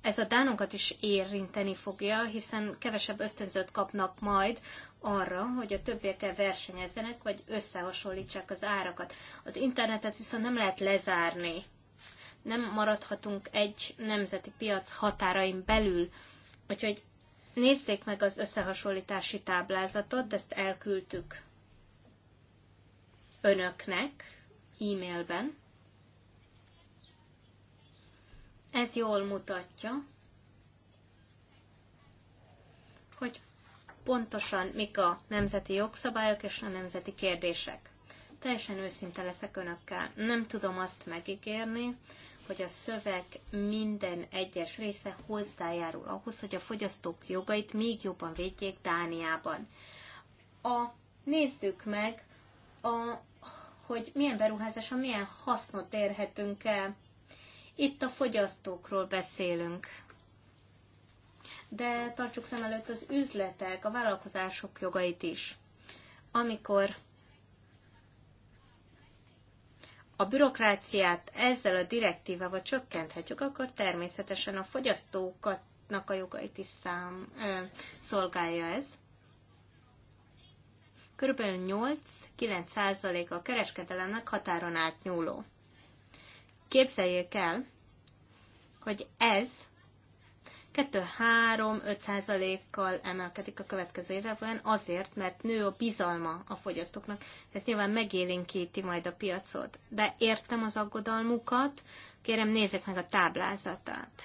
[SPEAKER 4] Ez a dánokat is érinteni fogja, hiszen kevesebb ösztönzőt kapnak majd arra, hogy a többiekkel versenyezzenek, vagy összehasonlítsák az árakat. Az internetet viszont nem lehet lezárni. Nem maradhatunk egy nemzeti piac határain belül. Úgyhogy nézzék meg az összehasonlítási táblázatot, ezt elküldtük önöknek e-mailben. Ez jól mutatja, hogy pontosan mik a nemzeti jogszabályok és a nemzeti kérdések. Teljesen őszinte leszek önökkel. Nem tudom azt megígérni, hogy a szöveg minden egyes része hozzájárul ahhoz, hogy a fogyasztók jogait még jobban védjék Dániában. A, nézzük meg a hogy milyen beruházáson milyen hasznot érhetünk el. Itt a fogyasztókról beszélünk. De tartsuk szem előtt az üzletek, a vállalkozások jogait is. Amikor a bürokráciát ezzel a direktívával csökkenthetjük, akkor természetesen a fogyasztóknak a jogait is szám, ö, szolgálja ez. Körülbelül 8 99%-a a kereskedelemnek határon átnyúló. Képzeljék el, hogy ez 2-3-5%-kal emelkedik a következő években azért, mert nő a bizalma a fogyasztóknak. Ez nyilván megélénkíti majd a piacot. De értem az aggodalmukat, kérem nézzék meg a táblázatát.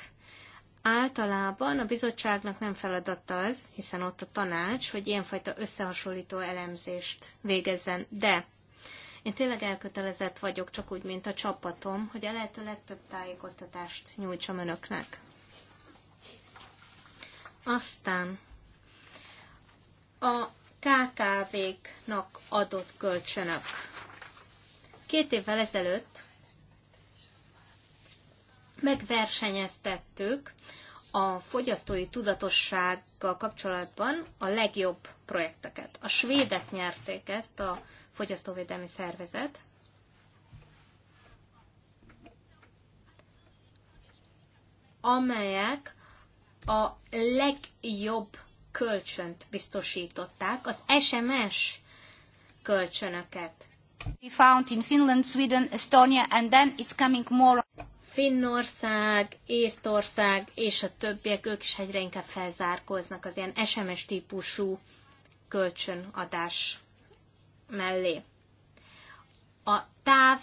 [SPEAKER 4] Általában a bizottságnak nem feladata az, hiszen ott a tanács, hogy ilyenfajta összehasonlító elemzést végezzen. De én tényleg elkötelezett vagyok, csak úgy, mint a csapatom, hogy a lehető legtöbb tájékoztatást nyújtsam önöknek. Aztán a KKV-knak adott kölcsönök. Két évvel ezelőtt megversenyeztettük a fogyasztói tudatossággal kapcsolatban a legjobb projekteket. A svédek nyerték ezt a fogyasztóvédelmi szervezet. amelyek a legjobb kölcsönt biztosították, az SMS kölcsönöket. We found in Finland, Sweden, Estonia, and then it's coming more. Finnország, Észtország és a többiek, ők is egyre inkább felzárkóznak az ilyen SMS típusú kölcsönadás mellé. A táv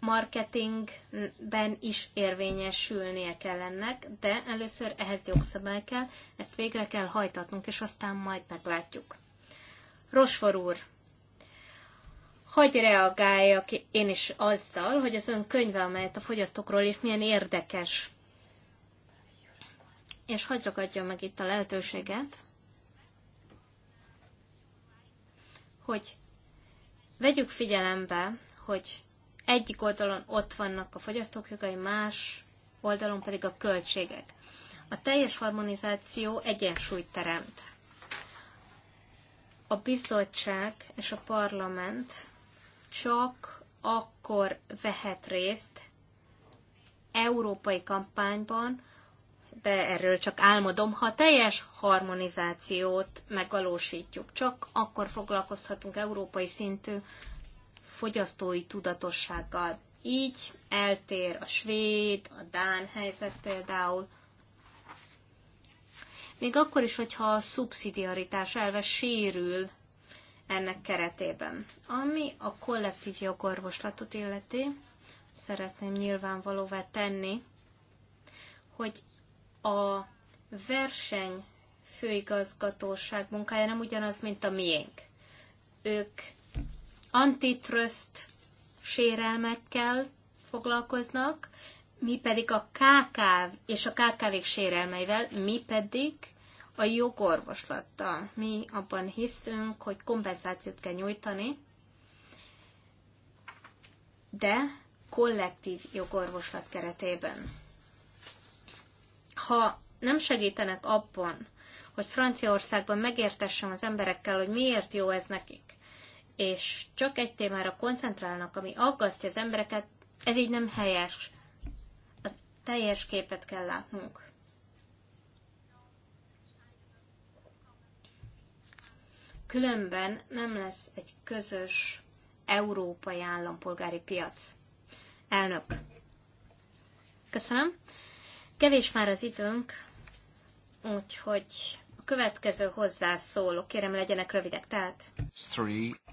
[SPEAKER 4] marketingben is érvényesülnie kell ennek, de először ehhez jogszabály kell, ezt végre kell hajtatnunk, és aztán majd meglátjuk. Rosfor úr, hogy reagáljak én is azzal, hogy az ön könyve, amelyet a fogyasztókról írt, milyen érdekes. És hagy ragadja meg itt a lehetőséget, hogy vegyük figyelembe, hogy egyik oldalon ott vannak a fogyasztók jogai, más oldalon pedig a költségek. A teljes harmonizáció egyensúlyt teremt. A bizottság és a parlament csak akkor vehet részt európai kampányban, de erről csak álmodom, ha teljes harmonizációt megvalósítjuk, csak akkor foglalkozhatunk európai szintű fogyasztói tudatossággal. Így eltér a svéd, a dán helyzet például. Még akkor is, hogyha a szubszidiaritás elve sérül ennek keretében. Ami a kollektív jogorvoslatot illeti, szeretném nyilvánvalóvá tenni, hogy a verseny főigazgatóság munkája nem ugyanaz, mint a miénk. Ők antitrust sérelmekkel foglalkoznak, mi pedig a KKV és a KKV-k sérelmeivel, mi pedig a jogorvoslattal. Mi abban hiszünk, hogy kompenzációt kell nyújtani, de kollektív jogorvoslat keretében. Ha nem segítenek abban, hogy Franciaországban megértessem az emberekkel, hogy miért jó ez nekik, és csak egy témára koncentrálnak, ami aggasztja az embereket, ez így nem helyes. Az teljes képet kell látnunk. Különben nem lesz egy közös európai állampolgári piac. Elnök. Köszönöm. Kevés már az időnk, úgyhogy a következő hozzászóló, kérem legyenek rövidek, tehát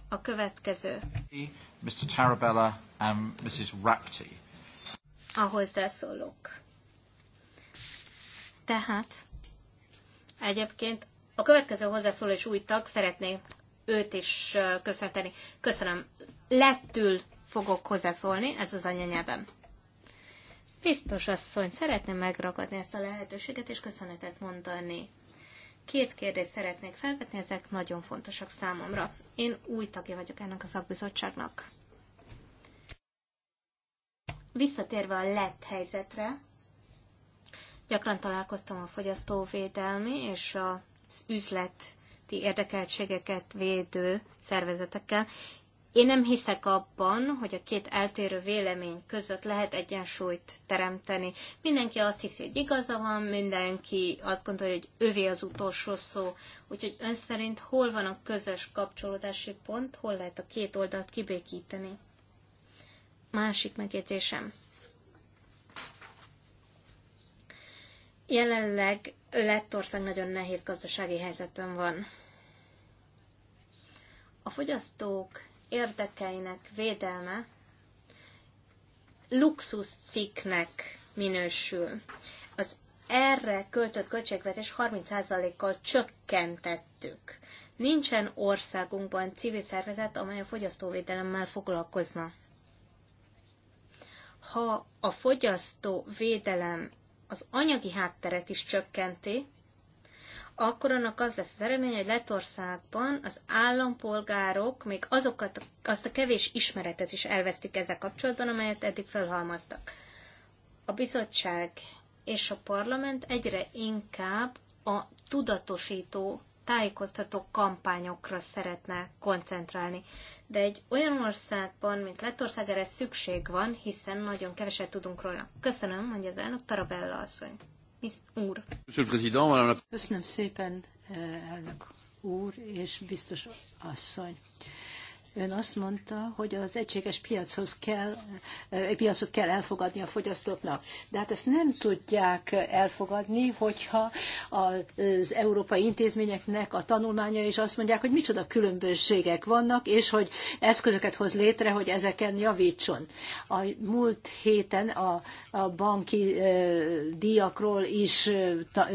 [SPEAKER 4] a következő.
[SPEAKER 3] Mr. Tarabella and Mrs. Rapti.
[SPEAKER 4] A hozzászólók. Tehát egyébként a következő hozzászóló és új tag szeretné őt is köszönteni. Köszönöm. Lettül fogok hozzászólni, ez az anyanyelvem. Biztos asszony, szeretném megragadni ezt a lehetőséget, és köszönetet mondani. Két kérdést szeretnék felvetni, ezek nagyon fontosak számomra. Én új tagja vagyok ennek a szakbizottságnak. Visszatérve a lett helyzetre, gyakran találkoztam a fogyasztóvédelmi és a üzleti érdekeltségeket védő szervezetekkel. Én nem hiszek abban, hogy a két eltérő vélemény között lehet egyensúlyt teremteni. Mindenki azt hiszi, hogy igaza van, mindenki azt gondolja, hogy övé az utolsó szó. Úgyhogy ön szerint hol van a közös kapcsolódási pont, hol lehet a két oldalt kibékíteni? Másik megjegyzésem. Jelenleg Lettország nagyon nehéz gazdasági helyzetben van. A fogyasztók érdekeinek védelme luxus cikknek minősül. Az erre költött költségvetés 30%-kal csökkentettük. Nincsen országunkban civil szervezet, amely a fogyasztóvédelemmel foglalkozna. Ha a fogyasztóvédelem az anyagi hátteret is csökkenti, akkor annak az lesz az eredmény, hogy Letországban az állampolgárok még azokat, azt a kevés ismeretet is elvesztik ezzel kapcsolatban, amelyet eddig felhalmaztak. A bizottság és a parlament egyre inkább a tudatosító tájékoztató kampányokra szeretne koncentrálni. De egy olyan országban, mint Lettország, erre szükség van, hiszen nagyon keveset tudunk róla. Köszönöm, mondja az elnök Tarabella asszony. Úr.
[SPEAKER 2] Köszönöm szépen, eh, elnök úr és biztos asszony. Ön azt mondta, hogy az egységes piachoz kell, eh, piacot kell elfogadni a fogyasztóknak. De hát ezt nem tudják elfogadni, hogyha az európai intézményeknek a tanulmánya is azt mondják, hogy micsoda különbségek vannak, és hogy eszközöket hoz létre, hogy ezeken javítson. A múlt héten a, a banki eh, díjakról is eh,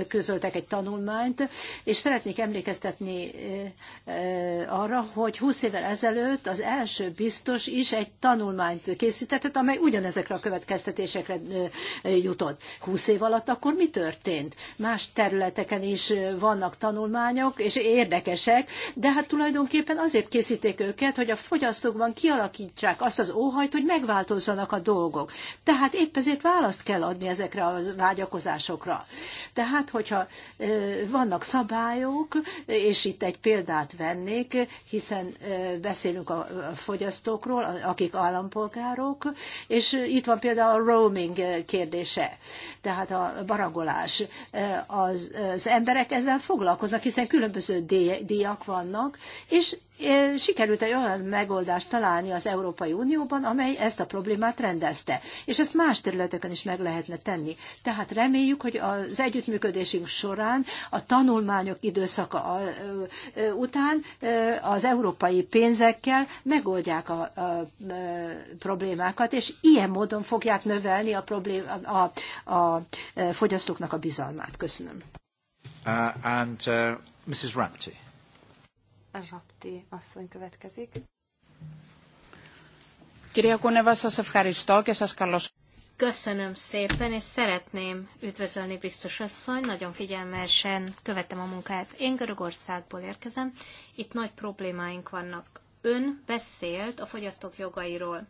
[SPEAKER 2] közöltek egy tanulmányt, és szeretnék emlékeztetni arra, hogy 20 évvel ezelőtt előtt az első biztos is egy tanulmányt készítetett, amely ugyanezekre a következtetésekre jutott. Húsz év alatt akkor mi történt? Más területeken is vannak tanulmányok, és érdekesek, de hát tulajdonképpen azért készíték őket, hogy a fogyasztókban kialakítsák azt az óhajt, hogy megváltozzanak a dolgok. Tehát épp ezért választ kell adni ezekre a vágyakozásokra. Tehát, hogyha vannak szabályok, és itt egy példát vennék, hiszen beszélünk beszélünk a fogyasztókról, akik állampolgárok, és itt van például a roaming kérdése, tehát a barangolás. Az, az emberek ezzel foglalkoznak, hiszen különböző díjak vannak, és Eh, sikerült egy olyan megoldást találni az Európai Unióban, amely ezt a problémát rendezte. És ezt más területeken is meg lehetne tenni. Tehát reméljük, hogy az együttműködésünk során a tanulmányok időszaka után az európai pénzekkel megoldják a problémákat, és ilyen módon fogják növelni a, problém, a, a fogyasztóknak a bizalmát. Köszönöm.
[SPEAKER 3] Uh, and, uh, Mrs. Rapti.
[SPEAKER 2] Rapti asszony
[SPEAKER 1] következik.
[SPEAKER 2] Kiria Κούνεβα, σας ευχαριστώ και
[SPEAKER 4] Köszönöm szépen, és szeretném üdvözölni biztos asszony, nagyon figyelmesen követem a munkát. Én Görögországból érkezem, itt nagy problémáink vannak. Ön beszélt a fogyasztók jogairól.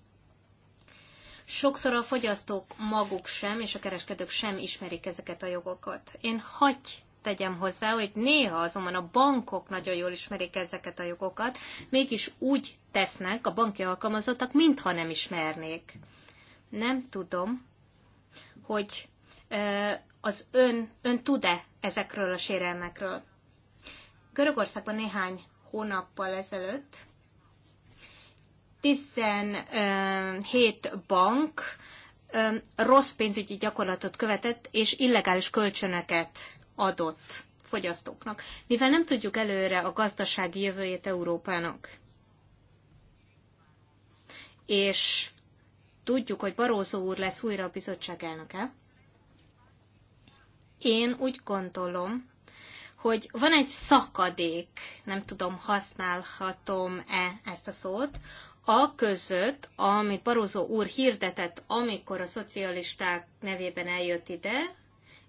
[SPEAKER 4] Sokszor a fogyasztók maguk sem, és a kereskedők sem ismerik ezeket a jogokat. Én hagy tegyem hozzá, hogy néha azonban a bankok nagyon jól ismerik ezeket a jogokat, mégis úgy tesznek a banki alkalmazottak, mintha nem ismernék. Nem tudom, hogy az ön, ön tud-e ezekről a sérelmekről. Görögországban néhány hónappal ezelőtt 17 bank rossz pénzügyi gyakorlatot követett és illegális kölcsönöket adott fogyasztóknak, mivel nem tudjuk előre a gazdasági jövőjét Európának. És tudjuk, hogy Barózó úr lesz újra a bizottság elnöke. Én úgy gondolom, hogy van egy szakadék, nem tudom, használhatom-e ezt a szót, a között, amit Barózó úr hirdetett, amikor a szocialisták nevében eljött ide,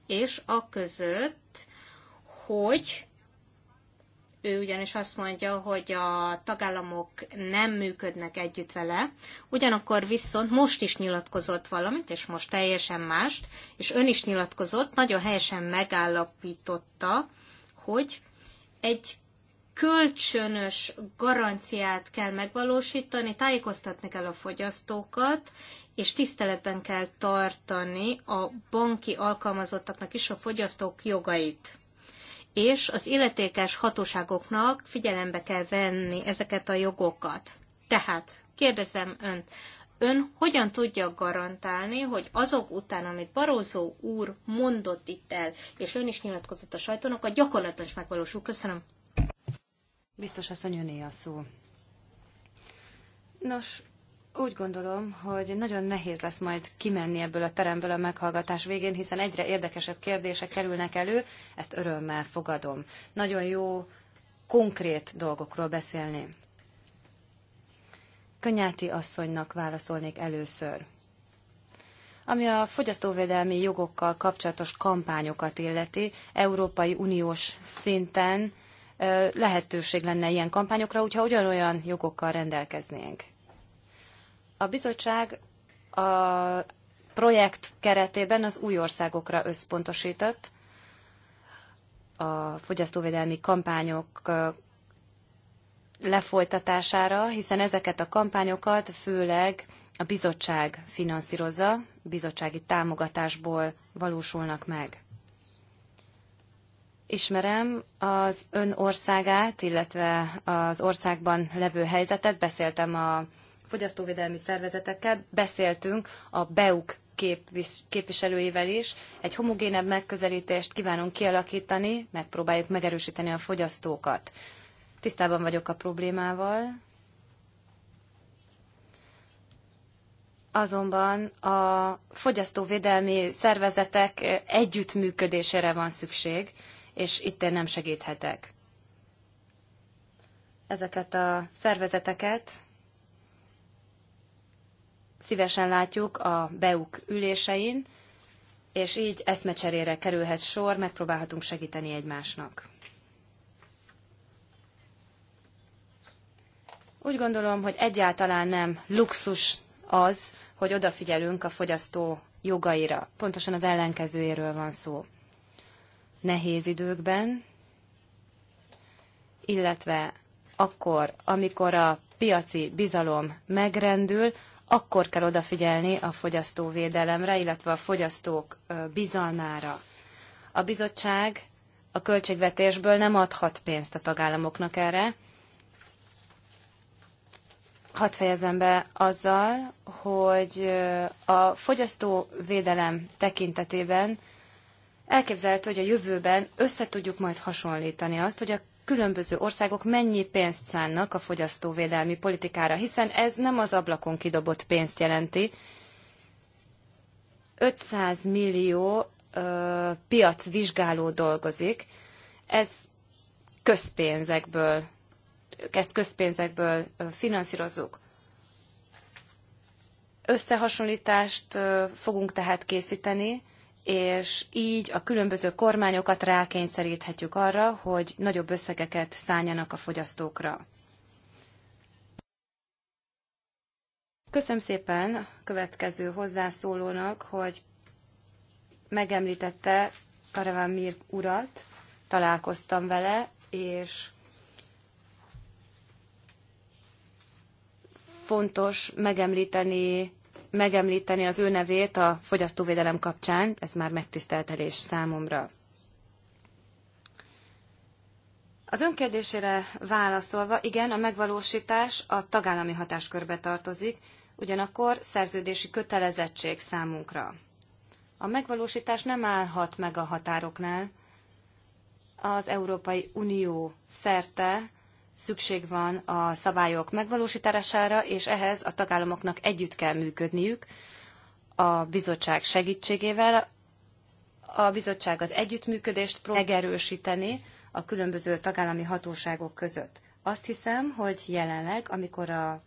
[SPEAKER 4] és a között, hogy ő ugyanis azt mondja, hogy a tagállamok nem működnek együtt vele, ugyanakkor viszont most is nyilatkozott valamit, és most teljesen mást, és ön is nyilatkozott, nagyon helyesen megállapította, hogy egy kölcsönös garanciát kell megvalósítani, tájékoztatni kell a fogyasztókat, és tiszteletben kell tartani a banki alkalmazottaknak is a fogyasztók jogait. És az illetékes hatóságoknak figyelembe kell venni ezeket a jogokat. Tehát kérdezem önt, ön hogyan tudja garantálni, hogy azok után, amit Barózó úr mondott itt el, és ön is nyilatkozott a
[SPEAKER 1] sajtónak, a gyakorlatilag is megvalósul? Köszönöm. Biztos asszony, öné a szó. Nos, úgy gondolom, hogy nagyon nehéz lesz majd kimenni ebből a teremből a meghallgatás végén, hiszen egyre érdekesebb kérdések kerülnek elő, ezt örömmel fogadom. Nagyon jó konkrét dolgokról beszélni. Könnyáti asszonynak válaszolnék először. Ami a fogyasztóvédelmi jogokkal kapcsolatos kampányokat illeti, Európai Uniós szinten lehetőség lenne ilyen kampányokra, hogyha ugyanolyan jogokkal rendelkeznénk. A bizottság a projekt keretében az új országokra összpontosított, a fogyasztóvédelmi kampányok lefolytatására, hiszen ezeket a kampányokat főleg a bizottság finanszírozza, bizottsági támogatásból valósulnak meg. Ismerem az ön országát, illetve az országban levő helyzetet, beszéltem a fogyasztóvédelmi szervezetekkel, beszéltünk a BEUK képviselőivel is. Egy homogénebb megközelítést kívánunk kialakítani, megpróbáljuk megerősíteni a fogyasztókat. Tisztában vagyok a problémával, azonban a fogyasztóvédelmi szervezetek együttműködésére van szükség, és itt én nem segíthetek. Ezeket a szervezeteket szívesen látjuk a BEUK ülésein, és így eszmecserére kerülhet sor, megpróbálhatunk segíteni egymásnak. Úgy gondolom, hogy egyáltalán nem luxus az, hogy odafigyelünk a fogyasztó jogaira. Pontosan az ellenkezőjéről van szó. Nehéz időkben, illetve akkor, amikor a piaci bizalom megrendül, akkor kell odafigyelni a fogyasztóvédelemre, illetve a fogyasztók bizalmára. A bizottság a költségvetésből nem adhat pénzt a tagállamoknak erre. Hadd fejezem be azzal, hogy a fogyasztóvédelem tekintetében elképzelhető, hogy a jövőben össze tudjuk majd hasonlítani azt, hogy a különböző országok mennyi pénzt szánnak a fogyasztóvédelmi politikára, hiszen ez nem az ablakon kidobott pénzt jelenti. 500 millió ö, piacvizsgáló dolgozik, ez közpénzekből, ezt közpénzekből finanszírozzuk. Összehasonlítást fogunk tehát készíteni, és így a különböző kormányokat rákényszeríthetjük arra, hogy nagyobb összegeket szálljanak a fogyasztókra. Köszönöm szépen a következő hozzászólónak, hogy megemlítette Karaván Mir urat, találkoztam vele, és fontos megemlíteni megemlíteni az ő nevét a fogyasztóvédelem kapcsán, ez már megtiszteltelés számomra. Az önkérdésére válaszolva, igen, a megvalósítás a tagállami hatáskörbe tartozik, ugyanakkor szerződési kötelezettség számunkra. A megvalósítás nem állhat meg a határoknál. Az Európai Unió szerte szükség van a szabályok megvalósítására, és ehhez a tagállamoknak együtt kell működniük a bizottság segítségével. A bizottság az együttműködést próbál megerősíteni a különböző tagállami hatóságok között. Azt hiszem, hogy jelenleg, amikor a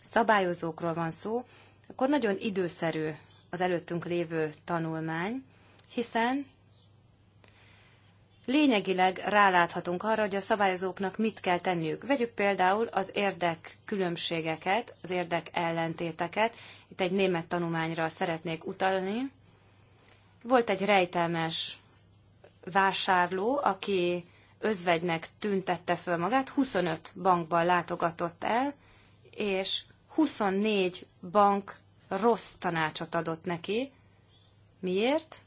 [SPEAKER 1] szabályozókról van szó, akkor nagyon időszerű az előttünk lévő tanulmány, hiszen lényegileg ráláthatunk arra, hogy a szabályozóknak mit kell tenniük. Vegyük például az érdek különbségeket, az érdek ellentéteket. Itt egy német tanulmányra szeretnék utalni. Volt egy rejtelmes vásárló, aki özvegynek tüntette föl magát, 25 bankban látogatott el, és 24 bank rossz tanácsot adott neki. Miért?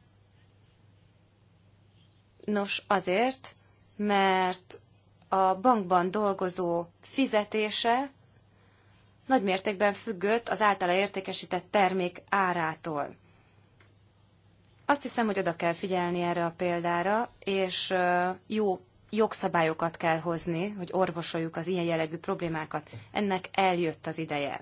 [SPEAKER 1] Nos, azért, mert a bankban dolgozó fizetése nagy mértékben függött az általa értékesített termék árától. Azt hiszem, hogy oda kell figyelni erre a példára, és jó jogszabályokat kell hozni, hogy orvosoljuk az ilyen jellegű problémákat. Ennek eljött az ideje.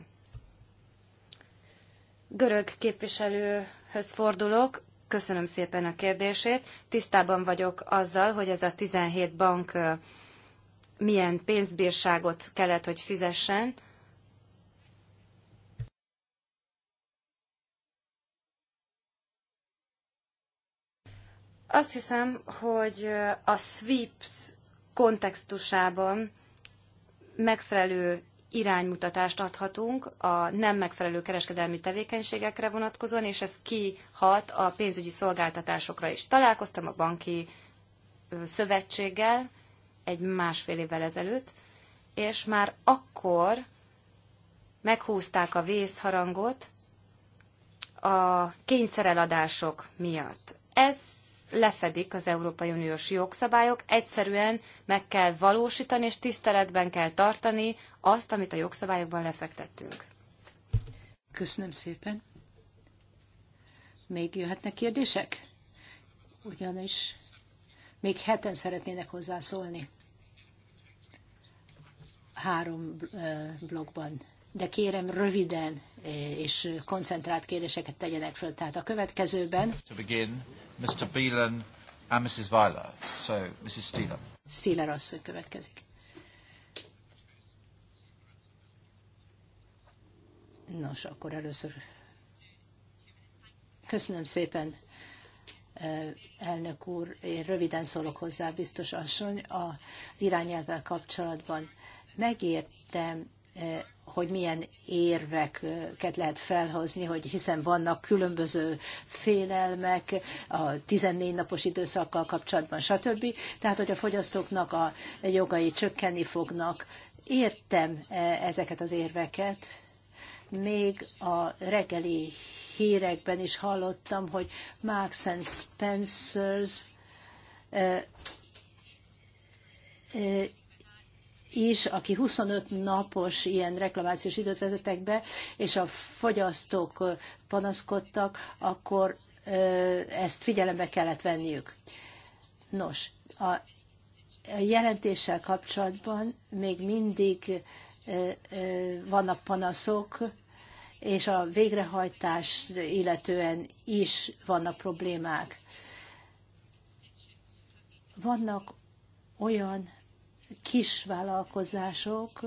[SPEAKER 1] Görög képviselőhöz fordulok. Köszönöm szépen a kérdését. Tisztában vagyok azzal, hogy ez a 17 bank milyen pénzbírságot kellett, hogy fizessen. Azt hiszem, hogy a sweeps kontextusában megfelelő iránymutatást adhatunk a nem megfelelő kereskedelmi tevékenységekre vonatkozóan, és ez kihat a pénzügyi szolgáltatásokra is. Találkoztam a banki szövetséggel egy másfél évvel ezelőtt, és már akkor meghúzták a vészharangot a kényszereladások miatt. Ez lefedik az Európai Uniós jogszabályok, egyszerűen meg kell valósítani és tiszteletben kell tartani azt, amit
[SPEAKER 2] a jogszabályokban lefektettünk. Köszönöm szépen. Még jöhetnek kérdések? Ugyanis még heten szeretnének hozzászólni. Három blogban de kérem röviden eh, és koncentrált kérdéseket tegyenek föl. Tehát a következőben...
[SPEAKER 3] To begin, Mr. Beelan and Mrs. Weiler. So, Mrs. Steeler.
[SPEAKER 2] Steeler asszony következik. Nos, akkor először köszönöm szépen, eh, elnök úr. Én röviden szólok hozzá, biztos asszony, az irányelvvel kapcsolatban. Megértem eh, hogy milyen érveket lehet felhozni, hogy hiszen vannak különböző félelmek a 14 napos időszakkal kapcsolatban, stb. Tehát, hogy a fogyasztóknak a jogai csökkenni fognak. Értem e, ezeket az érveket, még a reggeli hírekben is hallottam, hogy Marks and Spencers e, e, is, aki 25 napos ilyen reklamációs időt vezetek be, és a fogyasztók panaszkodtak, akkor ezt figyelembe kellett venniük. Nos, a jelentéssel kapcsolatban még mindig vannak panaszok, és a végrehajtás illetően is vannak problémák. Vannak olyan kis vállalkozások,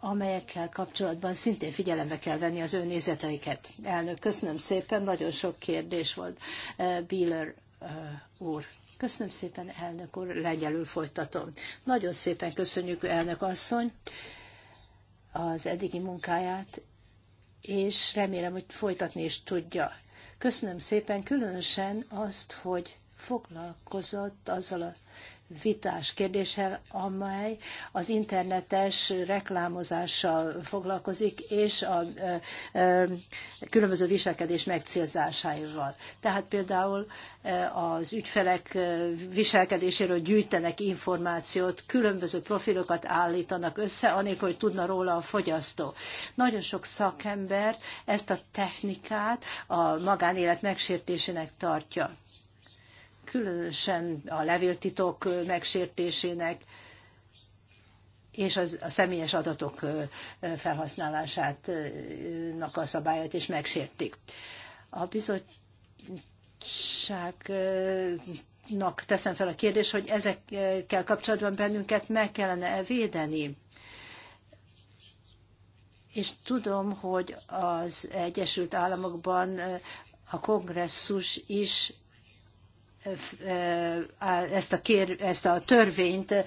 [SPEAKER 2] amelyekkel kapcsolatban szintén figyelembe kell venni az ő nézeteiket. Elnök, köszönöm szépen, nagyon sok kérdés volt. Eh, Bieler eh, úr. Köszönöm szépen, elnök úr, legyelül folytatom. Nagyon szépen köszönjük, elnök asszony, az eddigi munkáját, és remélem, hogy folytatni is tudja. Köszönöm szépen különösen azt, hogy foglalkozott azzal a vitás kérdéssel, amely az internetes reklámozással foglalkozik, és a különböző viselkedés megcélzásáival. Tehát például az ügyfelek viselkedéséről gyűjtenek információt, különböző profilokat állítanak össze, anélkül, hogy tudna róla a fogyasztó. Nagyon sok szakember ezt a technikát a magánélet megsértésének tartja különösen a levéltitok megsértésének és az, a személyes adatok felhasználásának a szabályát is megsértik. A bizottságnak teszem fel a kérdést, hogy ezekkel kapcsolatban bennünket meg kellene -e védeni. És tudom, hogy az Egyesült Államokban a kongresszus is ezt a, kér, ezt a törvényt eh,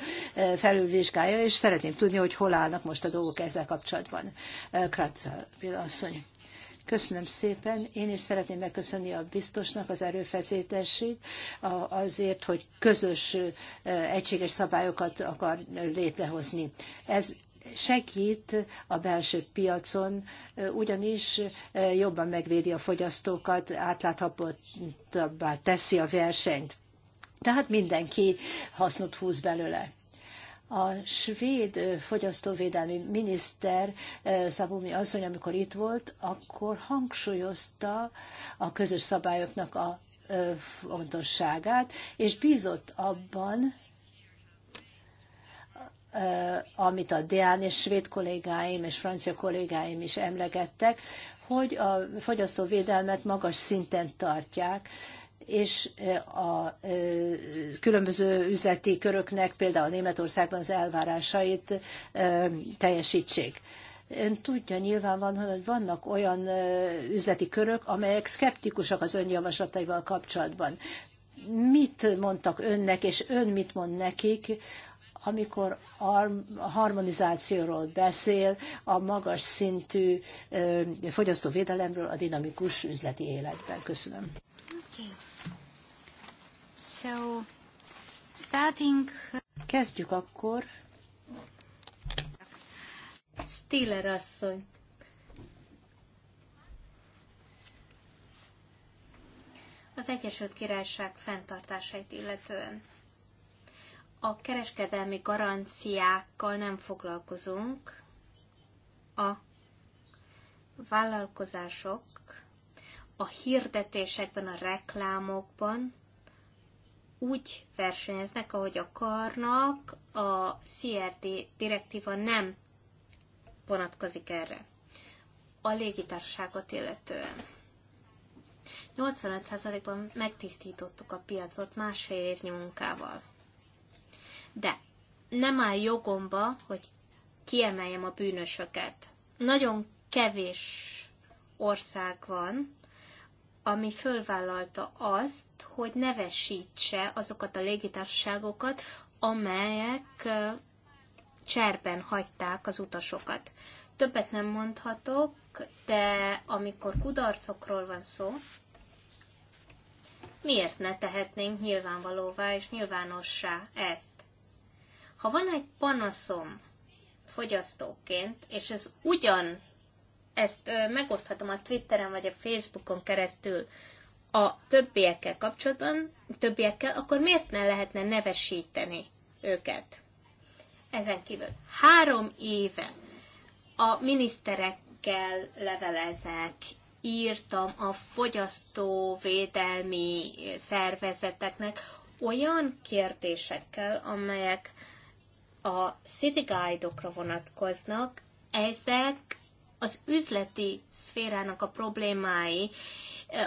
[SPEAKER 2] felülvizsgálja, és szeretném tudni, hogy hol állnak most a dolgok ezzel kapcsolatban. Eh, Kratza asszony. Köszönöm szépen. Én is szeretném megköszönni a biztosnak az erőfeszítését azért, hogy közös, eh, egységes szabályokat akar létrehozni. Ez segít a belső piacon, ugyanis jobban megvédi a fogyasztókat, átláthatóbbá teszi a versenyt. Tehát mindenki hasznot húz belőle. A svéd fogyasztóvédelmi miniszter Szabumi asszony, amikor itt volt, akkor hangsúlyozta a közös szabályoknak a fontosságát, és bízott abban, amit a Deán és svéd kollégáim és francia kollégáim is emlegettek, hogy a fogyasztóvédelmet magas szinten tartják, és a különböző üzleti köröknek, például Németországban az elvárásait teljesítsék. Ön tudja nyilvánvalóan, hogy vannak olyan üzleti körök, amelyek szkeptikusak az önjavaslataival kapcsolatban. Mit mondtak önnek, és ön mit mond nekik amikor harmonizációról beszél, a magas szintű fogyasztóvédelemről a dinamikus üzleti életben. Köszönöm. Okay. So, starting... Kezdjük akkor. Stiller asszony.
[SPEAKER 4] Az Egyesült Királyság fenntartásait illetően a kereskedelmi garanciákkal nem foglalkozunk. A vállalkozások a hirdetésekben, a reklámokban úgy versenyeznek, ahogy akarnak, a CRD direktíva nem vonatkozik erre. A légitársaságot illetően. 85%-ban megtisztítottuk a piacot másfél év munkával. De nem áll jogomba, hogy kiemeljem a bűnösöket. Nagyon kevés ország van, ami fölvállalta azt, hogy nevesítse azokat a légitársaságokat, amelyek cserben hagyták az utasokat. Többet nem mondhatok, de amikor kudarcokról van szó, miért ne tehetnénk nyilvánvalóvá és nyilvánossá ezt? Ha van egy panaszom fogyasztóként, és ez ugyan ezt ö, megoszthatom a Twitteren vagy a Facebookon keresztül a többiekkel kapcsolatban, többiekkel, akkor miért ne lehetne nevesíteni őket? Ezen kívül három éve a miniszterekkel levelezek, írtam a fogyasztóvédelmi szervezeteknek olyan kérdésekkel, amelyek a city guide-okra vonatkoznak, ezek az üzleti szférának a problémái.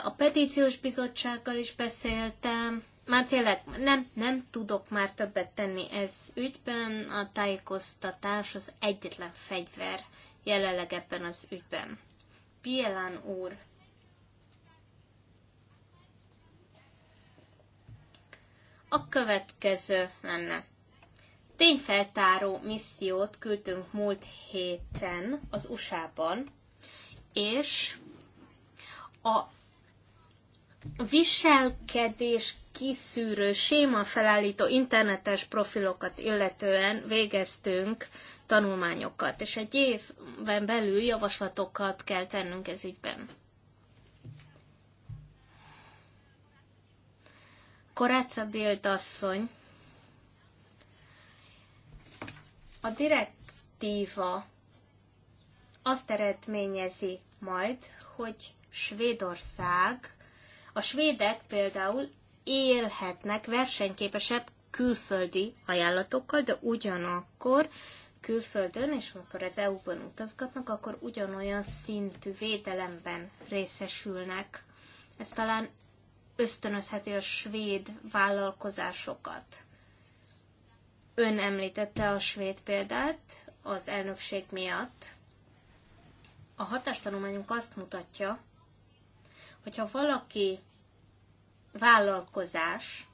[SPEAKER 4] A petíciós bizottsággal is beszéltem, már tényleg nem, nem tudok már többet tenni ez ügyben, a tájékoztatás az egyetlen fegyver jelenleg ebben az ügyben. Pielán úr, a következő ennek tényfeltáró missziót küldtünk múlt héten az USA-ban, és a viselkedés kiszűrő, séma felállító internetes profilokat illetően végeztünk tanulmányokat, és egy évben belül javaslatokat kell tennünk ez ügyben. Koráca Bild asszony A direktíva azt eredményezi majd, hogy Svédország, a svédek például élhetnek versenyképesebb külföldi ajánlatokkal, de ugyanakkor külföldön, és amikor az EU-ban utazgatnak, akkor ugyanolyan szintű védelemben részesülnek. Ez talán ösztönözheti a svéd vállalkozásokat. Ön említette a svéd példát az elnökség miatt. A hatástanulmányunk azt mutatja, hogy ha valaki vállalkozás,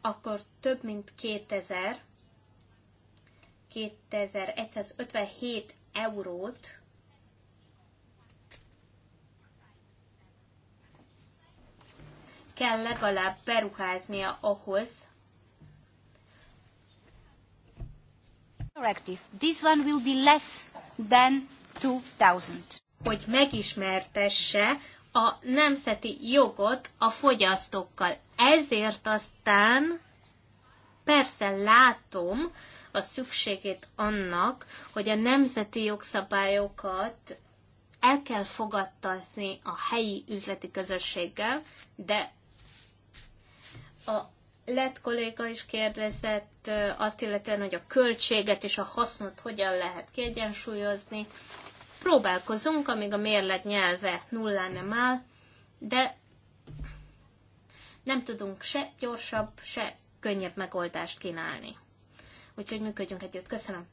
[SPEAKER 4] akkor több mint 2000, 2157 eurót kell legalább beruháznia ahhoz, directive. This one will be less than 2000. Hogy megismertesse a nemzeti jogot a fogyasztókkal. Ezért aztán persze látom a szükségét annak, hogy a nemzeti jogszabályokat el kell fogadtatni a helyi üzleti közösséggel, de a lett kolléga is kérdezett azt illetően, hogy a költséget és a hasznot hogyan lehet kiegyensúlyozni. Próbálkozunk, amíg a mérleg nyelve nullán nem áll, de nem tudunk se gyorsabb, se könnyebb megoldást kínálni.
[SPEAKER 1] Úgyhogy működjünk együtt. Köszönöm.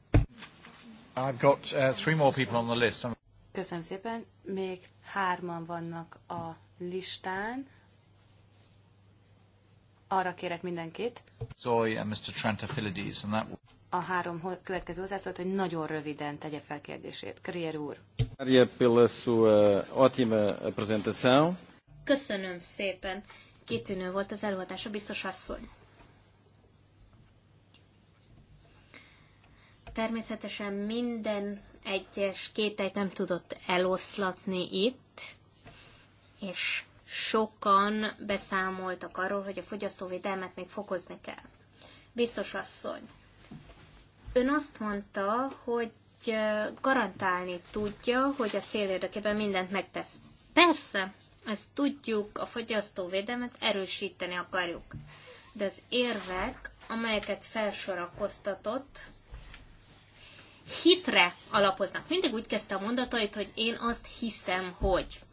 [SPEAKER 3] I've got uh, three more people on the list.
[SPEAKER 1] Köszönöm szépen. Még hárman vannak a listán arra kérek mindenkit.
[SPEAKER 3] Zoe and Mr. Trent Trantafilides, and that
[SPEAKER 1] a három következő hozzászólt, hogy nagyon röviden tegye fel kérdését. Krier úr. Köszönöm szépen.
[SPEAKER 4] Kitűnő volt az a biztos asszony. Természetesen minden egyes kételyt nem tudott eloszlatni itt, és sokan beszámoltak arról, hogy a fogyasztóvédelmet még fokozni kell. Biztos asszony, ön azt mondta, hogy garantálni tudja, hogy a cél érdekében mindent megtesz. Persze, ezt tudjuk, a fogyasztóvédelmet erősíteni akarjuk. De az érvek, amelyeket felsorakoztatott, hitre alapoznak. Mindig úgy kezdte a mondatait, hogy én azt hiszem, hogy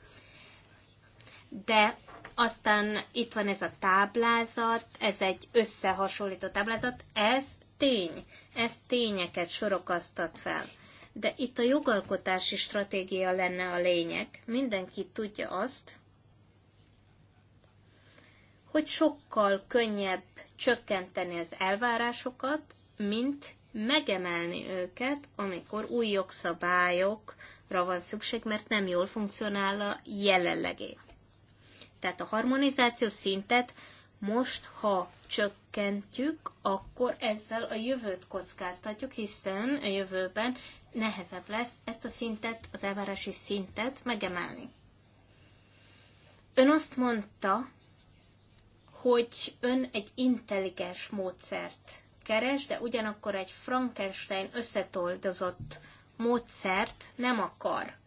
[SPEAKER 4] de aztán itt van ez a táblázat, ez egy összehasonlító táblázat, ez tény, ez tényeket sorokasztat fel. De itt a jogalkotási stratégia lenne a lényeg. Mindenki tudja azt, hogy sokkal könnyebb csökkenteni az elvárásokat, mint megemelni őket, amikor új jogszabályokra van szükség, mert nem jól funkcionál a jelenlegé. Tehát a harmonizáció szintet most, ha csökkentjük, akkor ezzel a jövőt kockáztatjuk, hiszen a jövőben nehezebb lesz ezt a szintet, az elvárási szintet megemelni. Ön azt mondta, hogy ön egy intelligens módszert keres, de ugyanakkor egy Frankenstein összetoldozott módszert nem akar.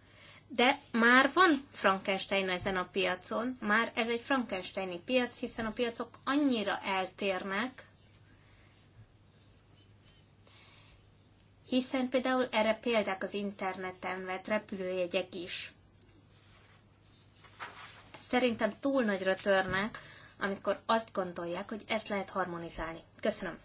[SPEAKER 4] De már van Frankenstein ezen a piacon, már ez egy Frankensteini piac, hiszen a piacok annyira eltérnek, hiszen például erre példák az interneten vett repülőjegyek is. Szerintem túl nagyra törnek, amikor azt gondolják, hogy ezt lehet harmonizálni. Köszönöm.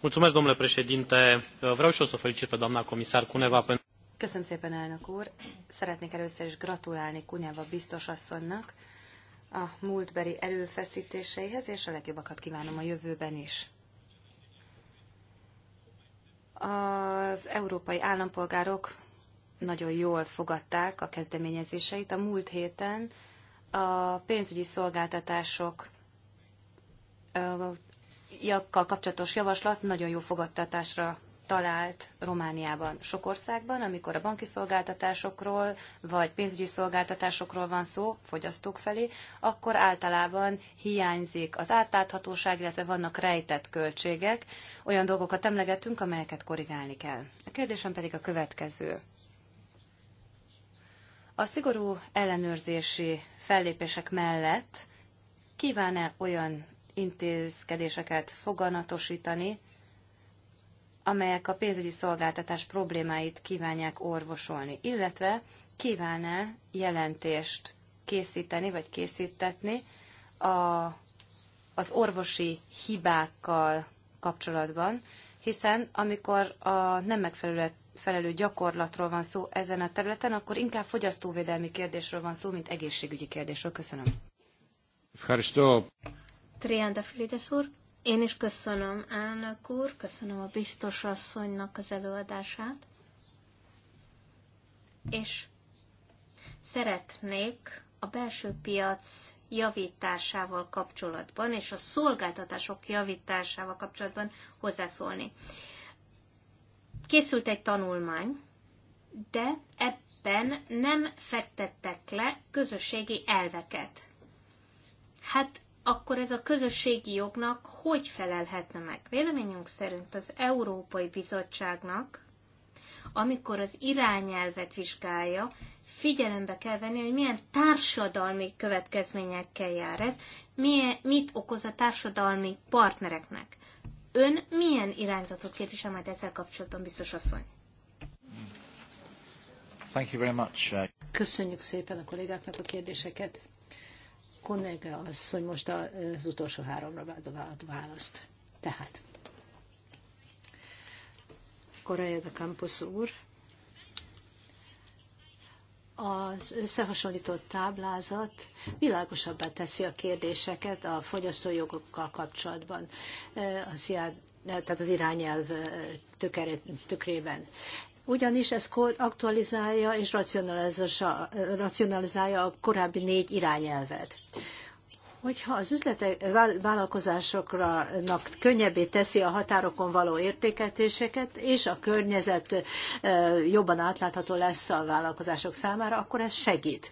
[SPEAKER 1] Mulțumesc, domnule președinte. Vreau și o să felicit pe doamna comisar Cuneva pentru Köszönöm szépen, elnök úr. Szeretnék először is gratulálni Kunyába biztos asszonynak a múltbeli előfeszítéseihez, és a legjobbakat kívánom a jövőben is. Az európai állampolgárok nagyon jól fogadták a kezdeményezéseit. A múlt héten a pénzügyi szolgáltatások kapcsolatos javaslat nagyon jó fogadtatásra talált Romániában, sok országban, amikor a banki szolgáltatásokról vagy pénzügyi szolgáltatásokról van szó fogyasztók felé, akkor általában hiányzik az átláthatóság, illetve vannak rejtett költségek. Olyan dolgokat emlegetünk, amelyeket korrigálni kell. A kérdésem pedig a következő. A szigorú ellenőrzési fellépések mellett kíván-e olyan intézkedéseket foganatosítani, amelyek a pénzügyi szolgáltatás problémáit kívánják orvosolni, illetve kíván-e jelentést készíteni vagy készítetni a, az orvosi hibákkal kapcsolatban, hiszen amikor a nem megfelelő felelő gyakorlatról van szó ezen a területen, akkor inkább fogyasztóvédelmi kérdésről van szó, mint egészségügyi kérdésről. Köszönöm.
[SPEAKER 4] Trianda Filides úr. Én is köszönöm elnök úr, köszönöm a biztos asszonynak az előadását, és szeretnék a belső piac javításával kapcsolatban és a szolgáltatások javításával kapcsolatban hozzászólni. Készült egy tanulmány, de ebben nem fektettek le közösségi elveket. Hát akkor ez a közösségi jognak hogy felelhetne meg? Véleményünk szerint az Európai Bizottságnak, amikor az irányelvet vizsgálja, figyelembe kell venni, hogy milyen társadalmi következményekkel jár ez, milyen, mit okoz a társadalmi partnereknek. Ön milyen irányzatot képvisel majd ezzel kapcsolatban, biztos asszony?
[SPEAKER 3] Thank you very much. Uh,
[SPEAKER 2] Köszönjük szépen a kollégáknak a kérdéseket az asszony most az utolsó háromra ad választ. Tehát. Korea de Campos úr, az összehasonlított táblázat világosabbá teszi a kérdéseket a fogyasztójogokkal kapcsolatban, eh, az tehát az irányelv eh, tökere, tükrében ugyanis ez aktualizálja és racionalizálja a korábbi négy irányelvet. Hogyha az üzletek, vállalkozásoknak könnyebbé teszi a határokon való értékeltéseket, és a környezet jobban átlátható lesz a vállalkozások számára, akkor ez segít.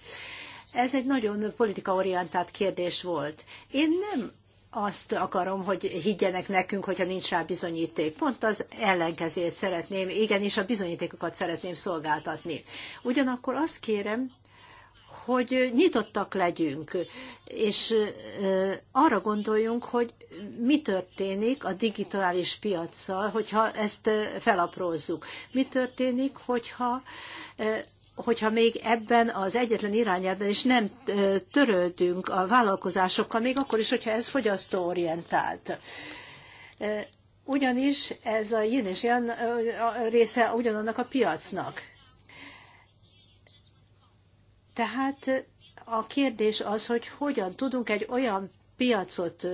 [SPEAKER 2] Ez egy nagyon politikaorientált kérdés volt. Én nem azt akarom, hogy higgyenek nekünk, hogyha nincs rá bizonyíték. Pont az ellenkezőjét szeretném, igenis a bizonyítékokat szeretném szolgáltatni. Ugyanakkor azt kérem, hogy nyitottak legyünk, és arra gondoljunk, hogy mi történik a digitális piacsal, hogyha ezt felaprózzuk. Mi történik, hogyha hogyha még ebben az egyetlen irányában is nem törődünk a vállalkozásokkal, még akkor is, hogyha ez fogyasztóorientált. Ugyanis ez a yin és yang része ugyanannak a piacnak. Tehát a kérdés az, hogy hogyan tudunk egy olyan piacot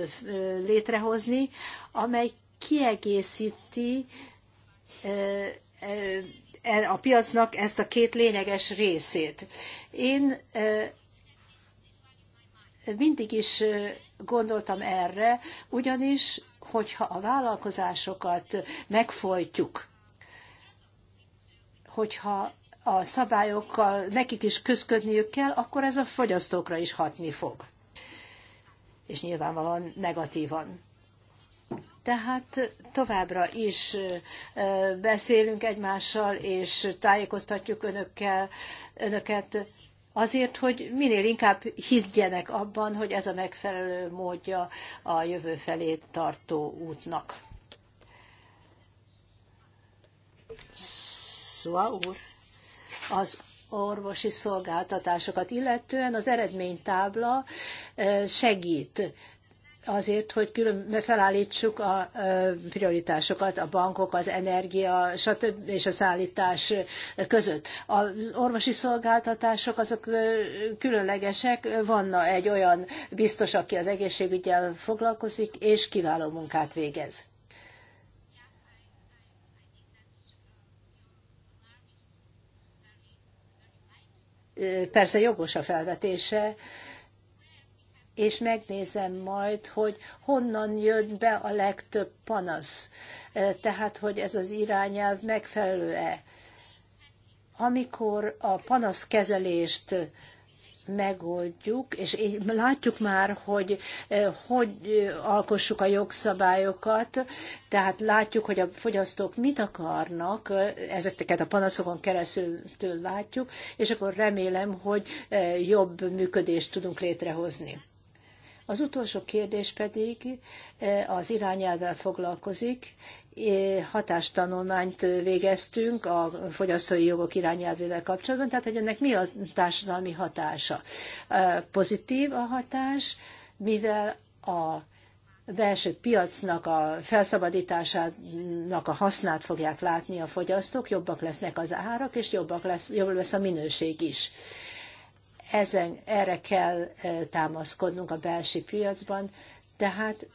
[SPEAKER 2] létrehozni, amely kiegészíti E, a piacnak ezt a két lényeges részét. Én e, mindig is e, gondoltam erre, ugyanis, hogyha a vállalkozásokat megfojtjuk, hogyha a szabályokkal nekik is közködniük kell, akkor ez a fogyasztókra is hatni fog. És nyilvánvalóan negatívan. Tehát továbbra is beszélünk egymással, és tájékoztatjuk önökkel, önöket azért, hogy minél inkább higgyenek abban, hogy ez a megfelelő módja a jövő felé tartó útnak. Szóval úr, az orvosi szolgáltatásokat illetően az eredménytábla segít azért, hogy külön felállítsuk a prioritásokat, a bankok, az energia, stb. és a szállítás között. Az orvosi szolgáltatások azok különlegesek, vanna egy olyan biztos, aki az egészségügyel foglalkozik, és kiváló munkát végez. Persze jogos a felvetése, és megnézem majd, hogy honnan jött be a legtöbb panasz, tehát hogy ez az irányelv megfelelő-e. Amikor a panaszkezelést megoldjuk, és látjuk már, hogy hogy alkossuk a jogszabályokat, tehát látjuk, hogy a fogyasztók mit akarnak, ezeket a panaszokon keresztül látjuk, és akkor remélem, hogy jobb működést tudunk létrehozni. Az utolsó kérdés pedig e, az irányelvvel foglalkozik. E, hatástanulmányt végeztünk a fogyasztói jogok irányelvével kapcsolatban, tehát hogy ennek mi a társadalmi hatása. E, pozitív a hatás, mivel a belső piacnak a felszabadításának a hasznát fogják látni a fogyasztók, jobbak lesznek az árak, és jobbak lesz, jobb lesz a minőség is ezen, erre kell támaszkodnunk a belső piacban, tehát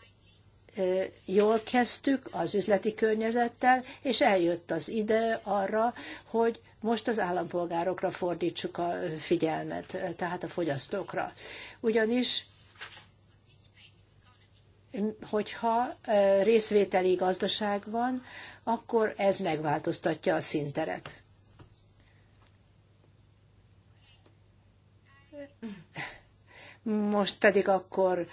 [SPEAKER 2] jól kezdtük az üzleti környezettel, és eljött az ide arra, hogy most az állampolgárokra fordítsuk a figyelmet, tehát a fogyasztókra. Ugyanis hogyha részvételi gazdaság van, akkor ez megváltoztatja a szinteret. Most pedig akkor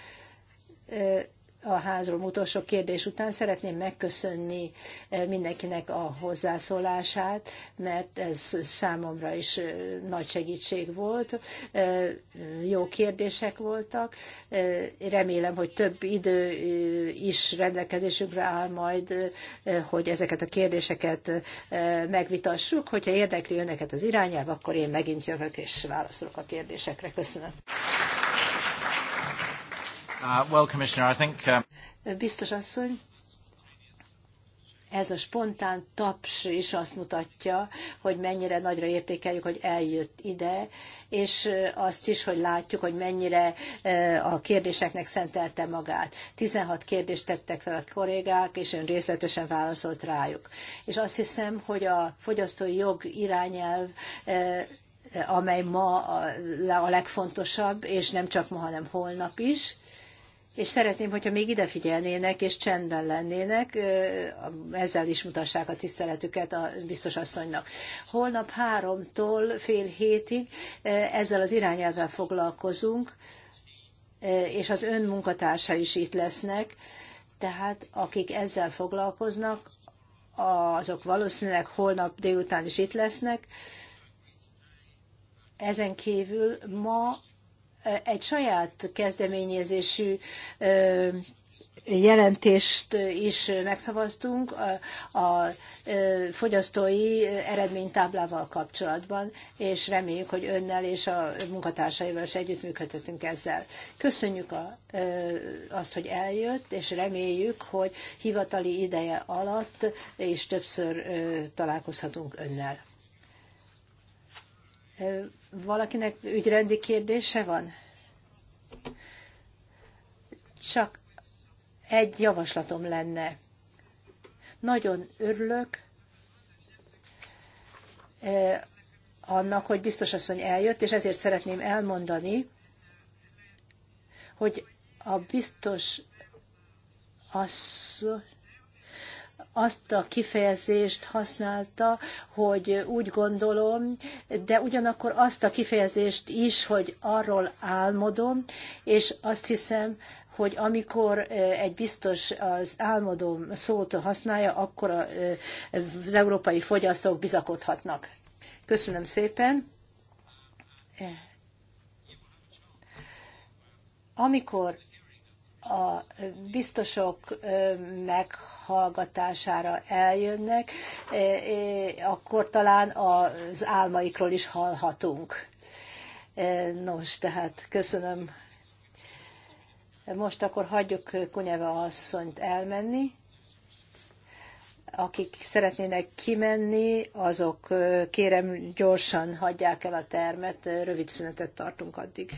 [SPEAKER 2] a házról utolsó kérdés után szeretném megköszönni eh, mindenkinek a hozzászólását, mert ez számomra is eh, nagy segítség volt. Eh, jó kérdések voltak. Remélem, hogy több idő is rendelkezésünkre áll majd, hogy ezeket a kérdéseket megvitassuk. Hogyha érdekli önöket az irányába, akkor én megint jövök és válaszolok a kérdésekre. Köszönöm.
[SPEAKER 3] Uh, um,
[SPEAKER 2] Biztos asszony, ez a spontán taps is azt mutatja, hogy mennyire nagyra értékeljük, hogy eljött ide, és uh, azt is, hogy látjuk, hogy mennyire uh, a kérdéseknek szentelte magát. 16 kérdést tettek fel a kollégák, és ön részletesen válaszolt rájuk. És azt hiszem, hogy a fogyasztói jog irányelv amely ma a legfontosabb, és nem csak ma, hanem holnap is, és szeretném, hogyha még ide figyelnének, és csendben lennének, ezzel is mutassák a tiszteletüket a biztos asszonynak. Holnap háromtól fél hétig ezzel az irányelvvel foglalkozunk, és az ön munkatársa is itt lesznek, tehát akik ezzel foglalkoznak, azok valószínűleg holnap délután is itt lesznek. Ezen kívül ma egy saját kezdeményezésű jelentést is megszavaztunk a fogyasztói eredménytáblával kapcsolatban, és reméljük, hogy önnel és a munkatársaival is együttműködhetünk ezzel. Köszönjük a, azt, hogy eljött, és reméljük, hogy hivatali ideje alatt és többször találkozhatunk önnel. Valakinek ügyrendi kérdése van? Csak egy javaslatom lenne. Nagyon örülök e, annak, hogy biztos asszony eljött, és ezért szeretném elmondani, hogy a biztos asszony azt a kifejezést használta, hogy úgy gondolom, de ugyanakkor azt a kifejezést is, hogy arról álmodom, és azt hiszem, hogy amikor egy biztos az álmodom szót használja, akkor az európai fogyasztók bizakodhatnak. Köszönöm szépen. Amikor a biztosok meghallgatására eljönnek, akkor talán az álmaikról is hallhatunk. Nos, tehát köszönöm. Most akkor hagyjuk Kunyeva asszonyt elmenni. Akik szeretnének kimenni, azok kérem gyorsan hagyják el a termet, rövid szünetet tartunk addig.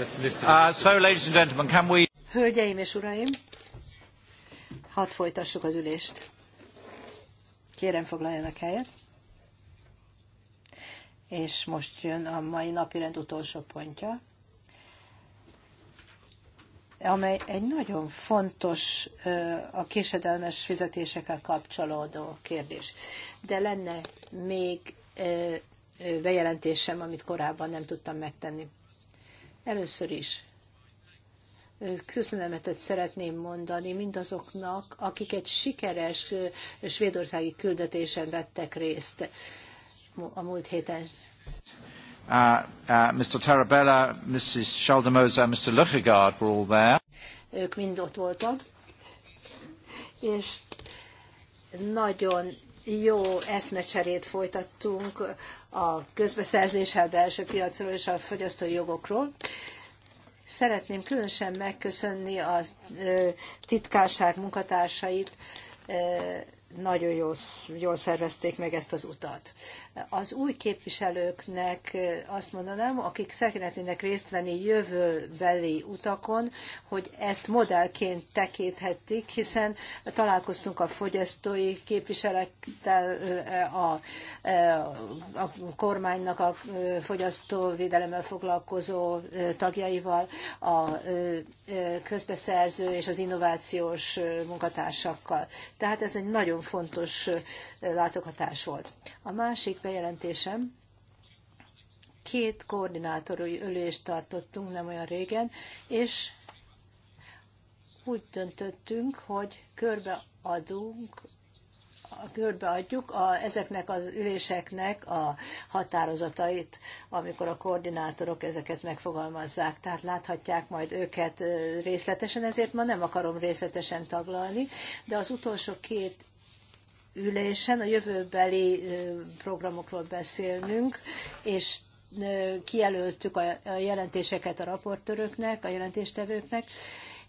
[SPEAKER 3] Uh,
[SPEAKER 2] Hölgyeim és uraim, hadd folytassuk az ülést. Kérem foglaljanak helyet. És most jön a mai napirend utolsó pontja, amely egy nagyon fontos a késedelmes fizetésekkel kapcsolódó kérdés. De lenne még bejelentésem, amit korábban nem tudtam megtenni. Először is köszönetet szeretném mondani mindazoknak, akik egy sikeres svédországi küldetésen vettek részt a múlt héten.
[SPEAKER 3] Uh, uh, Mr. Tarabella, Mrs. Schaldemoser, Mr. Löchegaard were all there.
[SPEAKER 2] Ők mind ott voltak, és nagyon jó eszmecserét folytattunk a közbeszerzéssel, belső piacról és a fogyasztói jogokról. Szeretném különösen megköszönni a titkárság munkatársait, nagyon jól, jól szervezték meg ezt az utat az új képviselőknek azt mondanám, akik szeretnének részt venni jövőbeli utakon, hogy ezt modellként tekinthetik, hiszen találkoztunk a fogyasztói képviselettel, a, a kormánynak a fogyasztóvédelemmel foglalkozó tagjaival, a közbeszerző és az innovációs munkatársakkal. Tehát ez egy nagyon fontos látogatás volt. A másik bejelentésem. Két koordinátorú ölést tartottunk nem olyan régen, és úgy döntöttünk, hogy körbeadunk körbeadjuk a, ezeknek az üléseknek a határozatait, amikor a koordinátorok ezeket megfogalmazzák. Tehát láthatják majd őket részletesen, ezért ma nem akarom részletesen taglalni, de az utolsó két ülésen a jövőbeli programokról beszélnünk, és kijelöltük a jelentéseket a raportöröknek, a jelentéstevőknek,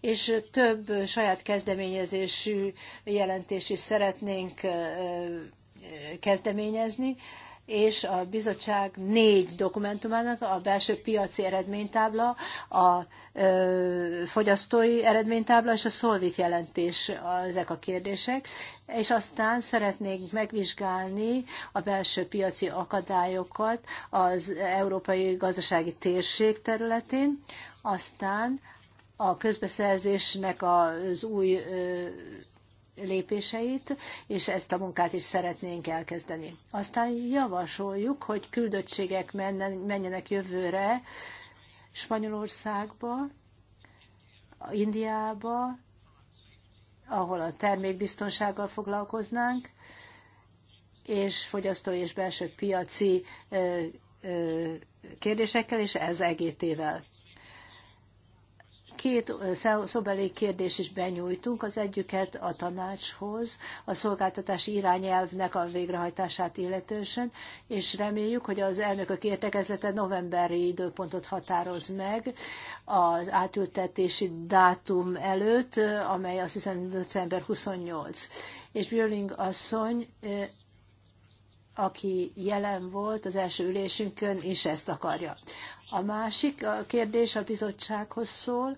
[SPEAKER 2] és több saját kezdeményezésű jelentést is szeretnénk kezdeményezni, és a bizottság négy dokumentumának, a belső piaci eredménytábla, a fogyasztói eredménytábla és a szolvit jelentés ezek a kérdések, és aztán szeretnék megvizsgálni a belső piaci akadályokat az európai gazdasági térség területén, aztán a közbeszerzésnek az új lépéseit, és ezt a munkát is szeretnénk elkezdeni. Aztán javasoljuk, hogy küldöttségek menjenek jövőre Spanyolországba, Indiába, ahol a termékbiztonsággal foglalkoznánk, és fogyasztói és belső piaci kérdésekkel, és ez egétével. Két szobeli kérdés is benyújtunk, az egyiket a tanácshoz, a szolgáltatási irányelvnek a végrehajtását illetősen, és reméljük, hogy az elnökök értekezlete novemberi időpontot határoz meg az átültetési dátum előtt, amely azt hiszem december 28. És Björling asszony aki jelen volt az első ülésünkön, és ezt akarja. A másik a kérdés a bizottsághoz szól,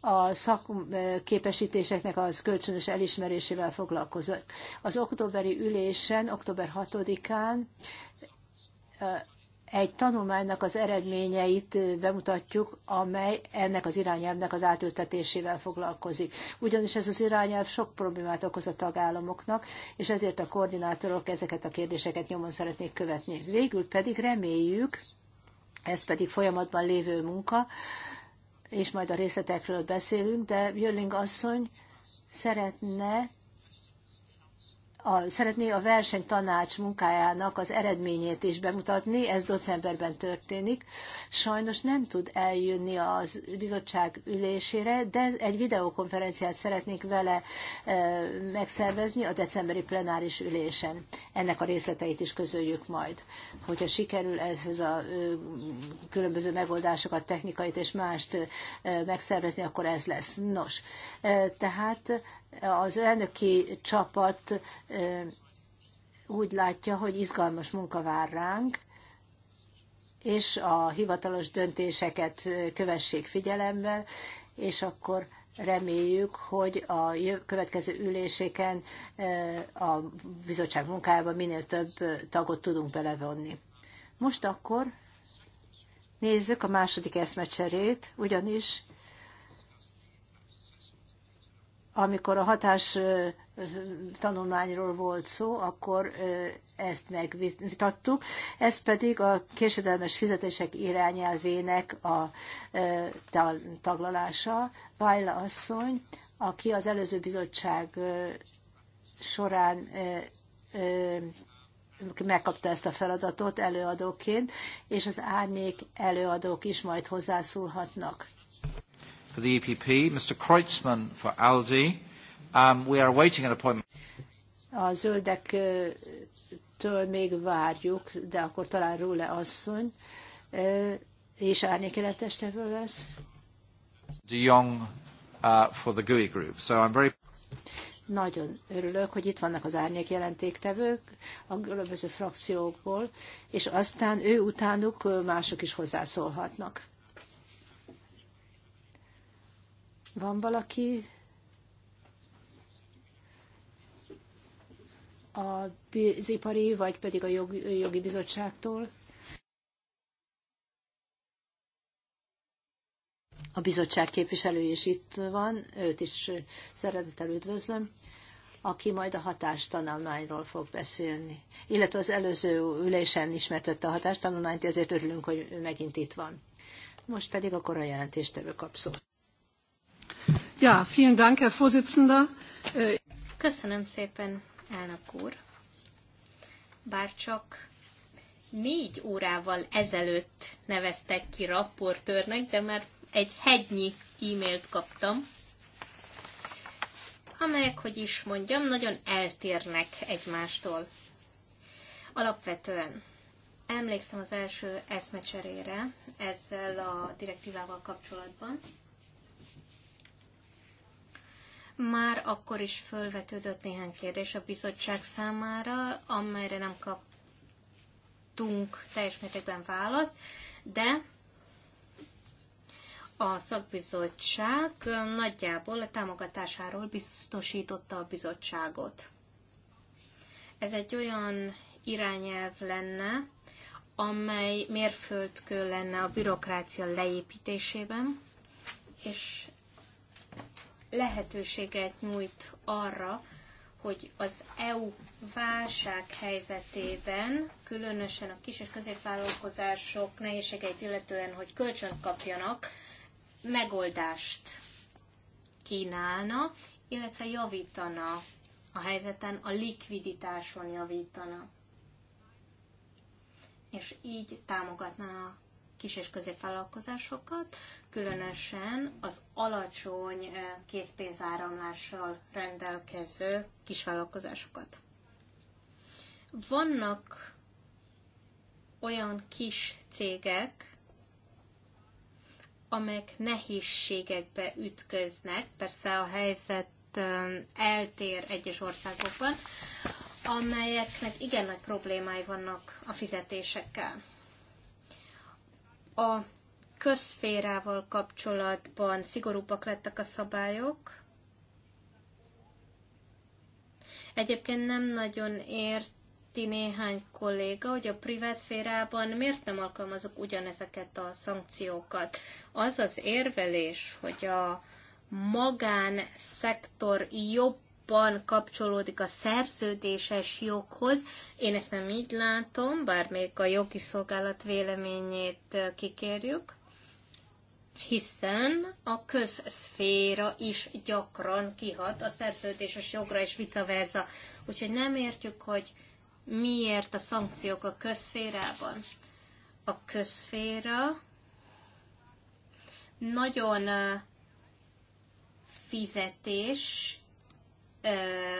[SPEAKER 2] a szakképesítéseknek az kölcsönös elismerésével foglalkozott. Az októberi ülésen, október 6-án egy tanulmánynak az eredményeit bemutatjuk, amely ennek az irányelvnek az átültetésével foglalkozik. Ugyanis ez az irányelv sok problémát okoz a tagállamoknak, és ezért a koordinátorok ezeket a kérdéseket nyomon szeretnék követni. Végül pedig reméljük, ez pedig folyamatban lévő munka, és majd a részletekről beszélünk, de Jölling asszony szeretne a, szeretné a versenytanács munkájának az eredményét is bemutatni, ez decemberben történik. Sajnos nem tud eljönni a bizottság ülésére, de egy videokonferenciát szeretnék vele e, megszervezni a decemberi plenáris ülésen. Ennek a részleteit is közöljük majd. Hogyha sikerül ez a e, különböző megoldásokat, technikait és mást e, megszervezni, akkor ez lesz. Nos, e, tehát az elnöki csapat úgy látja, hogy izgalmas munka vár ránk, és a hivatalos döntéseket kövessék figyelemmel és akkor reméljük, hogy a következő üléséken a bizottság munkájában minél több tagot tudunk belevonni. Most akkor nézzük a második eszmecserét, ugyanis amikor a hatás tanulmányról volt szó, akkor ezt megvitattuk. Ez pedig a késedelmes fizetések irányelvének a taglalása. Vajla asszony, aki az előző bizottság során megkapta ezt a feladatot előadóként, és az árnyék előadók is majd hozzászólhatnak
[SPEAKER 3] for the EPP, Mr. Kreutzmann for ALDE. Um, we are awaiting an appointment.
[SPEAKER 2] A zöldektől még várjuk, de akkor talán róla asszony, és árnyékeletes tevő lesz.
[SPEAKER 3] De Jong uh, for the GUI group. So I'm very
[SPEAKER 2] nagyon örülök, hogy itt vannak az árnyék jelentéktevők a különböző frakciókból, és aztán ő utánuk mások is hozzászólhatnak. Van valaki az ipari, vagy pedig a jogi bizottságtól? A bizottság képviselő is itt van, őt is szeretettel üdvözlöm, aki majd a hatástanulmányról fog beszélni. Illetve az előző ülésen ismertette a hatástanulmányt, ezért örülünk, hogy megint itt van. Most pedig akkor a jelentéstevő kap szót. Ja, vielen Dank, Herr Vorsitzender. Äh,
[SPEAKER 4] Köszönöm szépen, elnök úr. Bár csak négy órával ezelőtt neveztek ki rapportőrnek, de már egy hegynyi e-mailt kaptam, amelyek, hogy is mondjam, nagyon eltérnek egymástól. Alapvetően emlékszem az első eszmecserére ezzel a direktívával kapcsolatban, már akkor is fölvetődött néhány kérdés a bizottság számára, amelyre nem kaptunk teljes mértékben választ, de a szakbizottság nagyjából a támogatásáról biztosította a bizottságot. Ez egy olyan irányelv lenne, amely mérföldkő lenne a bürokrácia leépítésében, és lehetőséget nyújt arra, hogy az EU válság helyzetében, különösen a kis és középvállalkozások nehézségeit illetően, hogy kölcsön kapjanak, megoldást kínálna, illetve javítana a helyzeten, a likviditáson javítana. És így támogatná a kis- és középvállalkozásokat, különösen az alacsony eh, készpénzáramlással rendelkező kisvállalkozásokat. Vannak olyan kis cégek, amelyek nehézségekbe ütköznek, persze a helyzet eh, eltér egyes országokban, amelyeknek igen nagy problémái vannak a fizetésekkel a közszférával kapcsolatban szigorúbbak lettek a szabályok. Egyébként nem nagyon érti néhány kolléga, hogy a privát szférában miért nem alkalmazok ugyanezeket a szankciókat. Az az érvelés, hogy a magánszektor jobb jobban kapcsolódik a szerződéses joghoz. Én ezt nem így látom, bár még a jogi szolgálat véleményét kikérjük hiszen a közszféra is gyakran kihat a szerződéses jogra és vice versa. Úgyhogy nem értjük, hogy miért a szankciók a közszférában. A közszféra nagyon fizetés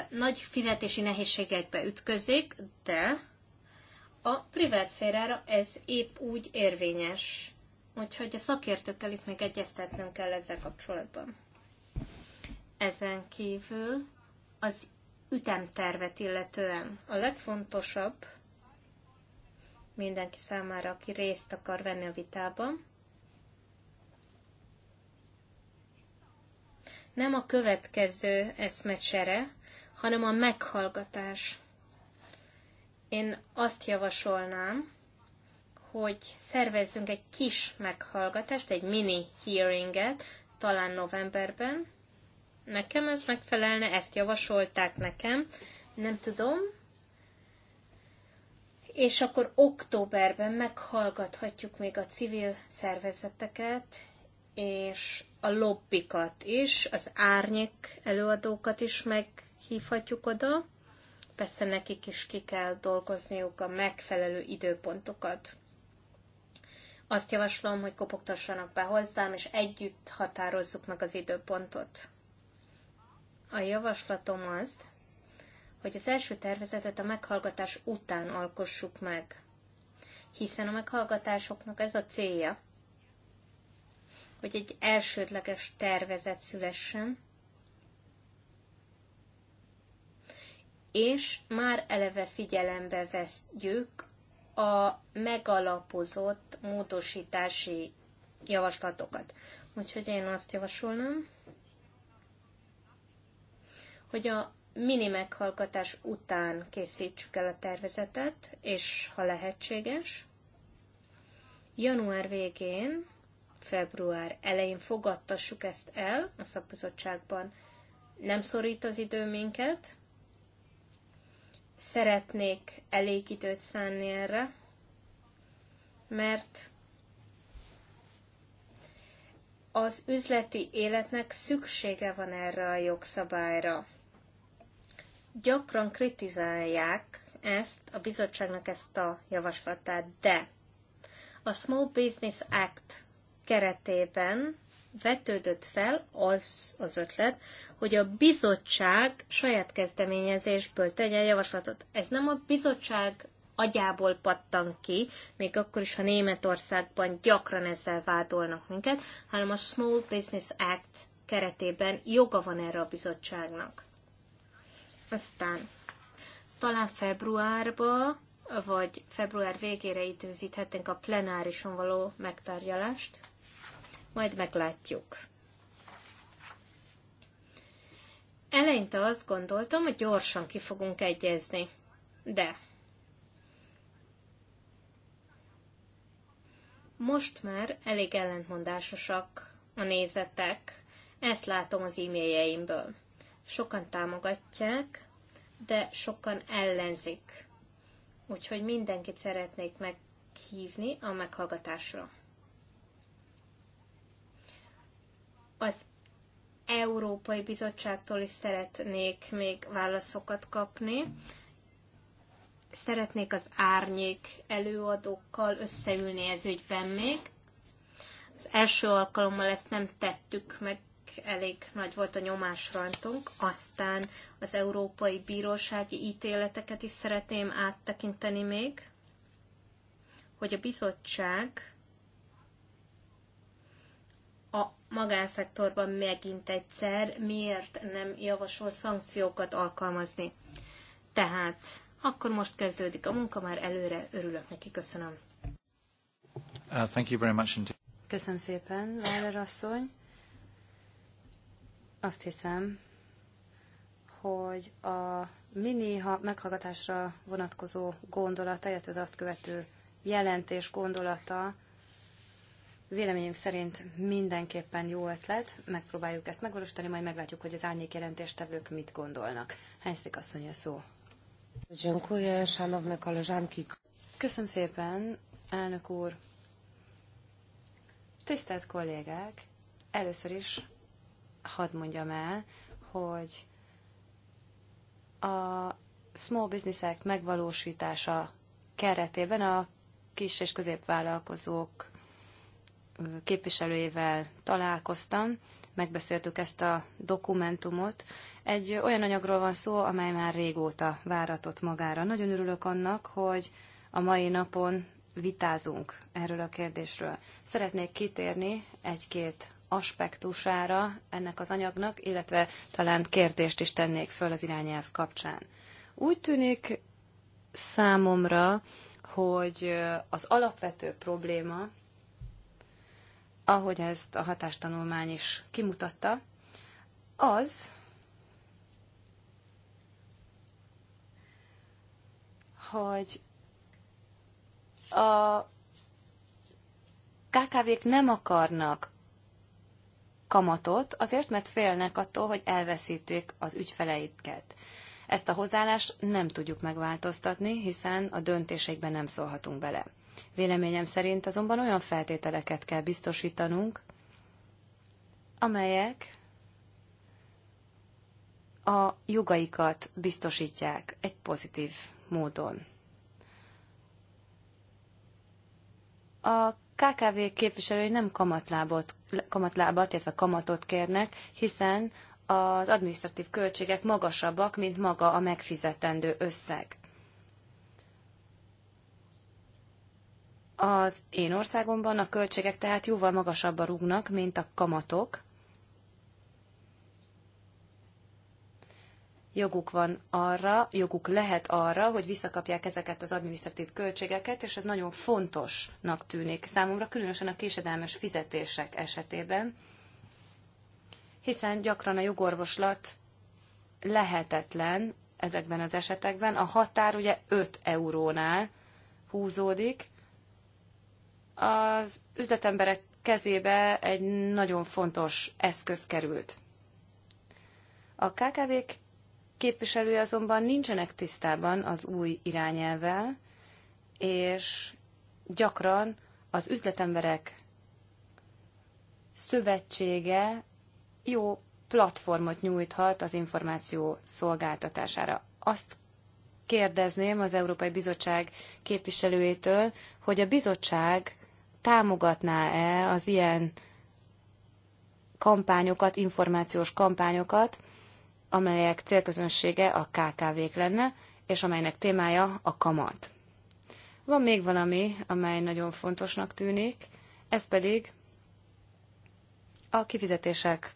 [SPEAKER 4] nagy fizetési nehézségekbe ütközik, de a privát szférára ez épp úgy érvényes. Úgyhogy a szakértőkkel itt még egyeztetnem kell ezzel kapcsolatban. Ezen kívül az ütemtervet illetően a legfontosabb mindenki számára, aki részt akar venni a vitában, nem a következő eszmecsere, hanem a meghallgatás. Én azt javasolnám, hogy szervezzünk egy kis meghallgatást, egy mini hearinget, talán novemberben. Nekem ez megfelelne, ezt javasolták nekem, nem tudom. És akkor októberben meghallgathatjuk még a civil szervezeteket, és a lobbikat is, az árnyék előadókat is meghívhatjuk oda. Persze nekik is ki kell dolgozniuk a megfelelő időpontokat. Azt javaslom, hogy kopogtassanak be hozzám, és együtt határozzuk meg az időpontot. A javaslatom az, hogy az első tervezetet a meghallgatás után alkossuk meg, hiszen a meghallgatásoknak ez a célja, hogy egy elsődleges tervezet szülessen, és már eleve figyelembe vesztjük a megalapozott módosítási javaslatokat. Úgyhogy én azt javasolnám, hogy a mini meghallgatás után készítsük el a tervezetet, és ha lehetséges, január végén február elején fogadtassuk ezt el a szakbizottságban. Nem szorít az idő minket. Szeretnék elég időt szánni erre, mert az üzleti életnek szüksége van erre a jogszabályra. Gyakran kritizálják ezt, a bizottságnak ezt a javaslatát, de a Small Business Act keretében vetődött fel az az ötlet, hogy a bizottság saját kezdeményezésből tegyen javaslatot. Ez nem a bizottság agyából pattan ki, még akkor is, ha Németországban gyakran ezzel vádolnak minket, hanem a Small Business Act keretében joga van erre a bizottságnak. Aztán talán februárba, vagy február végére időzíthetnénk a plenárison való megtárgyalást majd meglátjuk. Eleinte azt gondoltam, hogy gyorsan ki fogunk egyezni, de most már elég ellentmondásosak a nézetek, ezt látom az e-mailjeimből. Sokan támogatják, de sokan ellenzik. Úgyhogy mindenkit szeretnék meghívni a meghallgatásra. Az Európai Bizottságtól is szeretnék még válaszokat kapni. Szeretnék az árnyék előadókkal összeülni ez ügyben még. Az első alkalommal ezt nem tettük meg, elég nagy volt a nyomás rajtunk. Aztán az Európai Bírósági ítéleteket is szeretném áttekinteni még, hogy a bizottság a magánszektorban megint egyszer miért nem javasol szankciókat alkalmazni. Tehát akkor most kezdődik a munka, már előre örülök neki, köszönöm.
[SPEAKER 3] Uh, thank you very much indeed.
[SPEAKER 1] Köszönöm szépen, Váler asszony. Azt hiszem, hogy a mini meghallgatásra vonatkozó gondolata, illetve az azt követő jelentés gondolata Véleményünk szerint mindenképpen jó ötlet, megpróbáljuk ezt megvalósítani, majd meglátjuk, hogy az árnyék jelentéstevők mit gondolnak. Hányszik asszony a szó. Köszönöm szépen, elnök úr. Tisztelt kollégák, először is hadd mondjam el, hogy a Small Business Act megvalósítása keretében a kis és középvállalkozók képviselőjével találkoztam, megbeszéltük ezt a dokumentumot. Egy olyan anyagról van szó, amely már régóta váratott magára. Nagyon örülök annak, hogy a mai napon vitázunk erről a kérdésről. Szeretnék kitérni egy-két aspektusára ennek az anyagnak, illetve talán kérdést is tennék föl az irányelv kapcsán. Úgy tűnik számomra, hogy az alapvető probléma ahogy ezt a hatástanulmány is kimutatta, az, hogy a KKV-k nem akarnak kamatot, azért, mert félnek attól, hogy elveszítik az ügyfeleiket. Ezt a hozzáállást nem tudjuk megváltoztatni, hiszen a döntésekben nem szólhatunk bele. Véleményem szerint azonban olyan feltételeket kell biztosítanunk, amelyek a jogaikat biztosítják egy pozitív módon. A KKV képviselői nem kamatlábot, kamatlábat, illetve kamatot kérnek, hiszen az administratív költségek magasabbak, mint maga a megfizetendő összeg. Az én országomban a költségek tehát jóval magasabban rúgnak, mint a kamatok. Joguk van arra, joguk lehet arra, hogy visszakapják ezeket az administratív költségeket, és ez nagyon fontosnak tűnik számomra, különösen a késedelmes fizetések esetében, hiszen gyakran a jogorvoslat lehetetlen ezekben az esetekben. A határ ugye 5 eurónál húzódik, az üzletemberek kezébe egy nagyon fontos eszköz került. A kkv képviselői azonban nincsenek tisztában az új irányelvel, és gyakran az üzletemberek szövetsége jó platformot nyújthat az információ szolgáltatására. Azt kérdezném az Európai Bizottság képviselőjétől, hogy a bizottság támogatná-e az ilyen kampányokat, információs kampányokat, amelyek célközönsége a KKV-k lenne, és amelynek témája a kamat. Van még valami, amely nagyon fontosnak tűnik, ez pedig a kifizetések,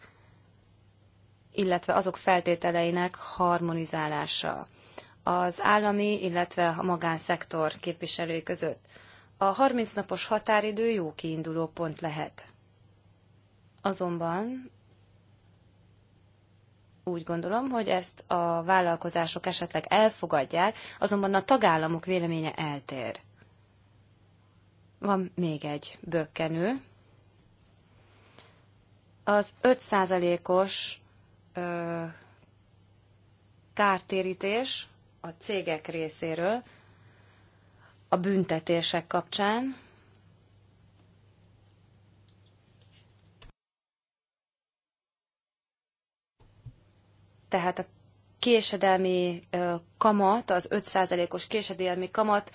[SPEAKER 1] illetve azok feltételeinek harmonizálása az állami, illetve a magánszektor képviselői között a 30 napos határidő jó kiinduló pont lehet. Azonban úgy gondolom, hogy ezt a vállalkozások esetleg elfogadják, azonban a tagállamok véleménye eltér. Van még egy bökkenő. Az 5%-os tártérítés a cégek részéről a büntetések kapcsán. Tehát a késedelmi kamat, az 5%-os késedelmi kamat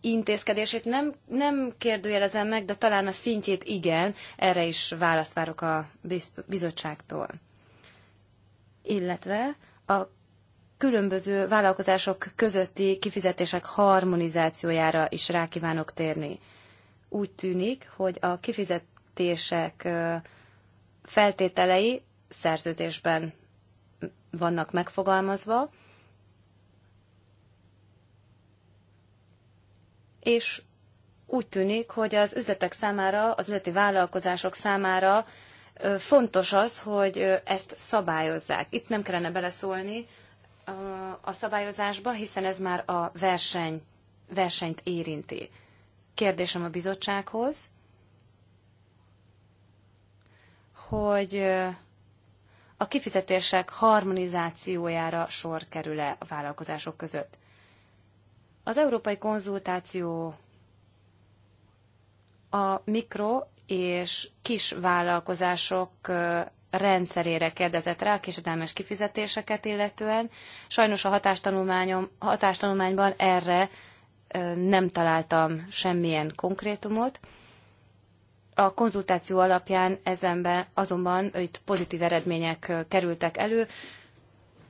[SPEAKER 1] intézkedését nem, nem kérdőjelezem meg, de talán a szintjét igen, erre is választ várok a bizottságtól. Illetve a különböző vállalkozások közötti kifizetések harmonizációjára is rá kívánok térni. Úgy tűnik, hogy a kifizetések feltételei szerződésben vannak megfogalmazva, és úgy tűnik, hogy az üzletek számára, az üzleti vállalkozások számára fontos az, hogy ezt szabályozzák. Itt nem kellene beleszólni a szabályozásba, hiszen ez már a verseny, versenyt érinti. Kérdésem a bizottsághoz, hogy a kifizetések harmonizációjára sor kerül-e a vállalkozások között. Az európai konzultáció a mikro és kis vállalkozások rendszerére kérdezett rá a késedelmes kifizetéseket illetően. Sajnos a hatástanulmányom, hatástanulmányban erre nem találtam semmilyen konkrétumot. A konzultáció alapján ezenben azonban itt pozitív eredmények kerültek elő.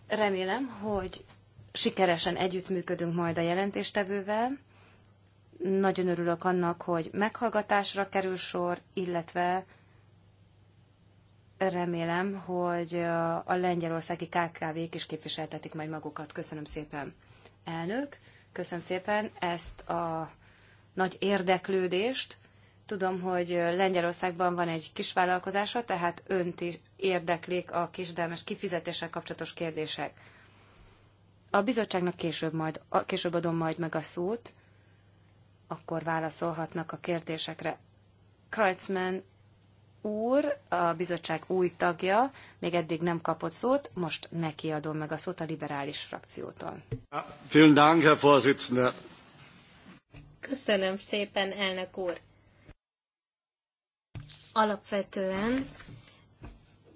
[SPEAKER 1] Remélem, hogy sikeresen együttműködünk majd a jelentéstevővel. Nagyon örülök annak, hogy meghallgatásra kerül sor, illetve remélem, hogy a lengyelországi KKV-k is képviseltetik majd magukat. Köszönöm szépen, elnök. Köszönöm szépen ezt a nagy érdeklődést. Tudom, hogy Lengyelországban van egy kis vállalkozása, tehát önt is érdeklik a kisdelmes kifizetéssel kapcsolatos kérdések. A bizottságnak később, majd, később adom majd meg a szót, akkor válaszolhatnak a kérdésekre. Kreutzmann úr, a bizottság új tagja, még eddig nem kapott szót, most neki adom meg a szót a liberális frakciótól.
[SPEAKER 4] Köszönöm szépen, elnök úr. Alapvetően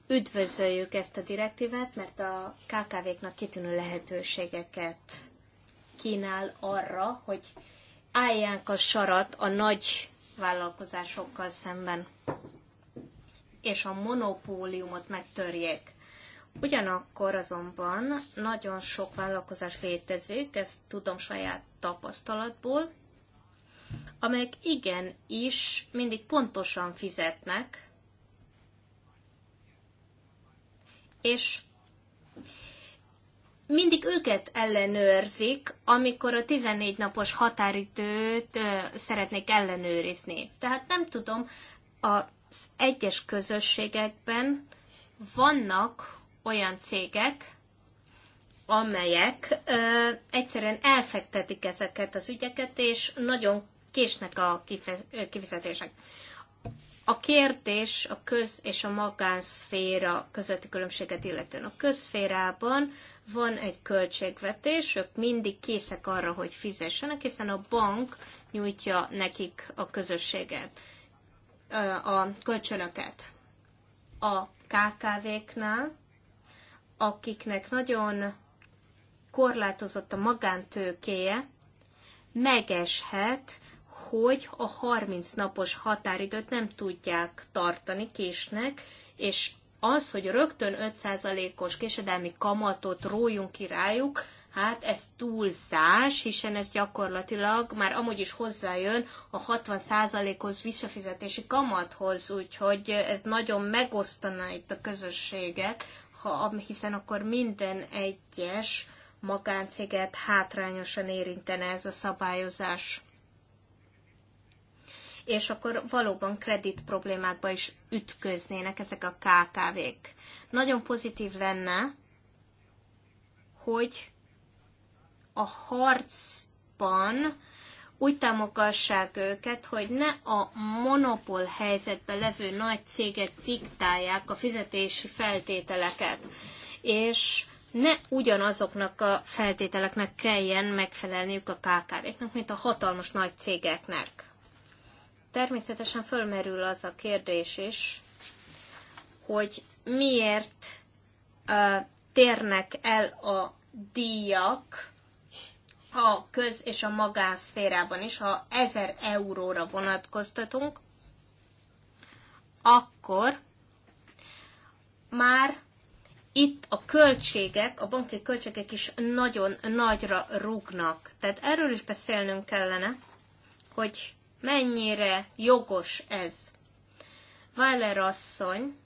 [SPEAKER 4] üdvözöljük ezt a direktívet, mert a KKV-knak kitűnő lehetőségeket kínál arra, hogy állják a sarat a nagy vállalkozásokkal szemben és a monopóliumot megtörjék. Ugyanakkor azonban nagyon sok vállalkozás létezik, ezt tudom saját tapasztalatból, amelyek igen is mindig pontosan fizetnek, és mindig őket ellenőrzik, amikor a 14 napos határidőt szeretnék ellenőrizni. Tehát nem tudom, a egyes közösségekben vannak olyan cégek, amelyek ö, egyszerűen elfektetik ezeket az ügyeket, és nagyon késnek a kifizetések. A kérdés a köz és a magánszféra közötti különbséget illetően. A közszférában van egy költségvetés, ők mindig készek arra, hogy fizessenek, hiszen a bank nyújtja nekik a közösséget a kölcsönöket a KKV-knál, akiknek nagyon korlátozott a magántőkéje, megeshet, hogy a 30 napos határidőt nem tudják tartani késnek, és az, hogy rögtön 5%-os késedelmi kamatot rójunk ki rájuk, Hát ez túlzás, hiszen ez gyakorlatilag már amúgy is hozzájön a 60%-os visszafizetési kamathoz, úgyhogy ez nagyon megosztaná itt a közösséget, ha, hiszen akkor minden egyes magáncéget hátrányosan érintene ez a szabályozás. És akkor valóban kredit problémákba is ütköznének ezek a KKV-k. Nagyon pozitív lenne, hogy a harcban úgy támogassák őket, hogy ne a monopól helyzetben levő nagy cégek diktálják a fizetési feltételeket, és ne ugyanazoknak a feltételeknek kelljen megfelelniük a KKV-knak, mint a hatalmas nagy cégeknek. Természetesen fölmerül az a kérdés is, hogy miért uh, térnek el a díjak, a köz- és a magánszférában is, ha 1000 euróra vonatkoztatunk, akkor már itt a költségek, a banki költségek is nagyon nagyra rúgnak. Tehát erről is beszélnünk kellene, hogy mennyire jogos ez. Weiler asszony,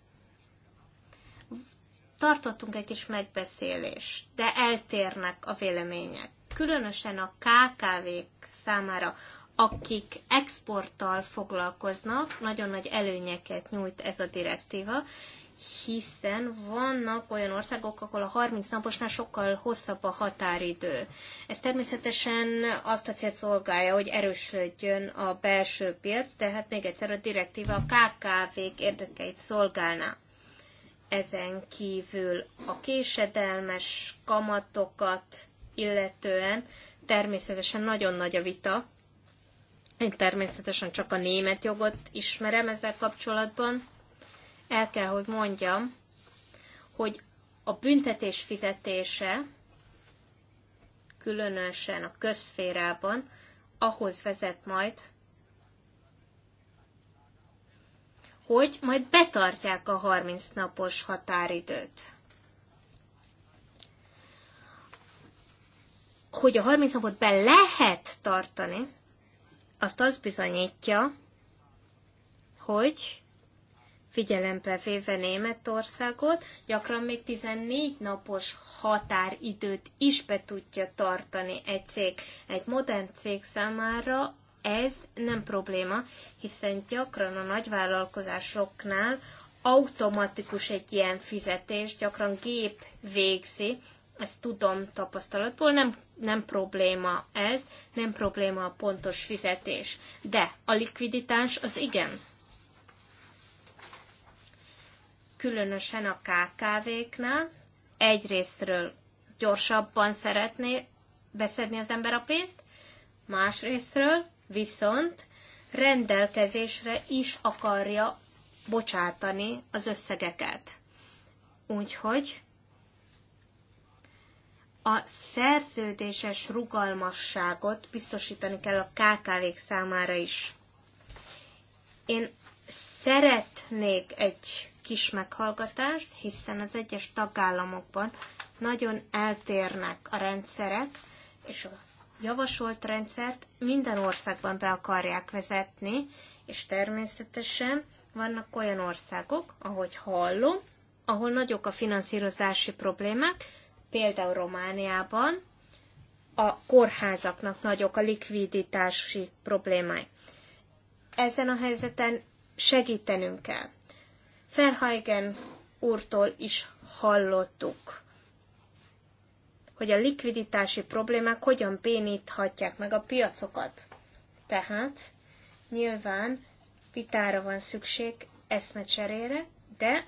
[SPEAKER 4] tartottunk egy kis megbeszélést, de eltérnek a vélemények különösen a KKV-k számára, akik exporttal foglalkoznak, nagyon nagy előnyeket nyújt ez a direktíva, hiszen vannak olyan országok, ahol a 30 naposnál sokkal hosszabb a határidő. Ez természetesen azt a célt szolgálja, hogy erősödjön a belső piac, de hát még egyszer a direktíva a KKV-k érdekeit szolgálná. Ezen kívül a késedelmes kamatokat, illetően természetesen nagyon nagy a vita. Én természetesen csak a német jogot ismerem ezzel kapcsolatban. El kell, hogy mondjam, hogy a büntetés fizetése, különösen a közférában, ahhoz vezet majd, hogy majd betartják a 30 napos határidőt. hogy a 30 napot be lehet tartani, azt az bizonyítja, hogy figyelembe véve Németországot, gyakran még 14 napos határidőt is be tudja tartani egy cég. Egy modern cég számára ez nem probléma, hiszen gyakran a nagyvállalkozásoknál automatikus egy ilyen fizetés, gyakran gép végzi, ezt tudom tapasztalatból, nem, nem probléma ez, nem probléma a pontos fizetés, de a likviditás az igen. Különösen a KKV-knál egyrésztről gyorsabban szeretné beszedni az ember a pénzt, másrésztről viszont rendelkezésre is akarja bocsátani az összegeket. Úgyhogy a szerződéses rugalmasságot biztosítani kell a KKV-k számára is. Én szeretnék egy kis meghallgatást, hiszen az egyes tagállamokban nagyon eltérnek a rendszerek, és a javasolt rendszert minden országban be akarják vezetni, és természetesen vannak olyan országok, ahogy hallom, ahol nagyok a finanszírozási problémák, például Romániában a kórházaknak nagyok a likviditási problémái. Ezen a helyzeten segítenünk kell. Ferhajgen úrtól is hallottuk, hogy a likviditási problémák hogyan péníthatják meg a piacokat. Tehát nyilván vitára van szükség eszmecserére, de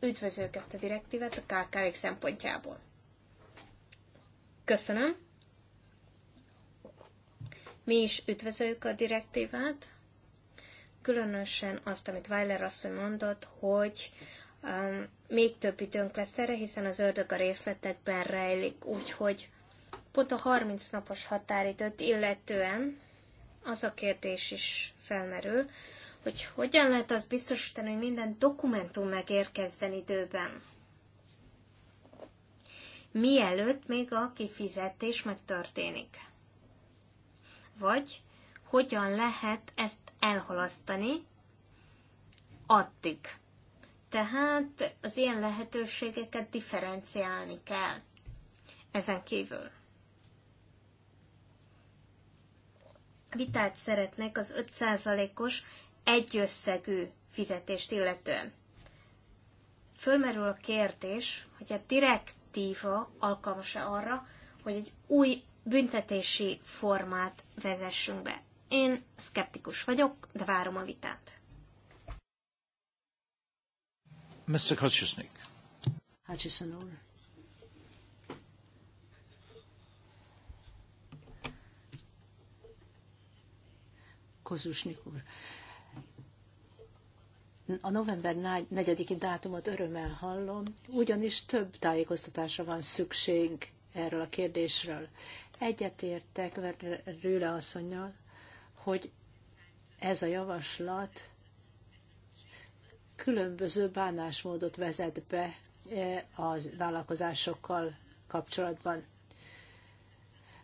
[SPEAKER 4] üdvözlők ezt a direktívet a KKV szempontjából. Köszönöm. Mi is üdvözöljük a direktívát, különösen azt, amit Weiler asszony mondott, hogy um, még több időnk lesz erre, hiszen az ördög a részletekben rejlik, úgyhogy pont a 30 napos határidőt illetően az a kérdés is felmerül, hogy hogyan lehet az biztosítani, hogy minden dokumentum megérkezzen időben mielőtt még a kifizetés megtörténik. Vagy hogyan lehet ezt elhalasztani addig. Tehát az ilyen lehetőségeket differenciálni kell. Ezen kívül. Vitát szeretnek az 5%-os egyösszegű fizetést illetően. Fölmerül a kérdés, hogy a direkt direktíva alkalmas-e arra, hogy egy új büntetési formát vezessünk be. Én szkeptikus vagyok, de várom a vitát.
[SPEAKER 3] Mr. Kocsisnik.
[SPEAKER 2] Hutchison úr. Kozusnik úr a november 4-i dátumot örömmel hallom, ugyanis több tájékoztatásra van szükség erről a kérdésről. Egyetértek Rüle asszonynal, hogy ez a javaslat különböző bánásmódot vezet be e, az vállalkozásokkal kapcsolatban.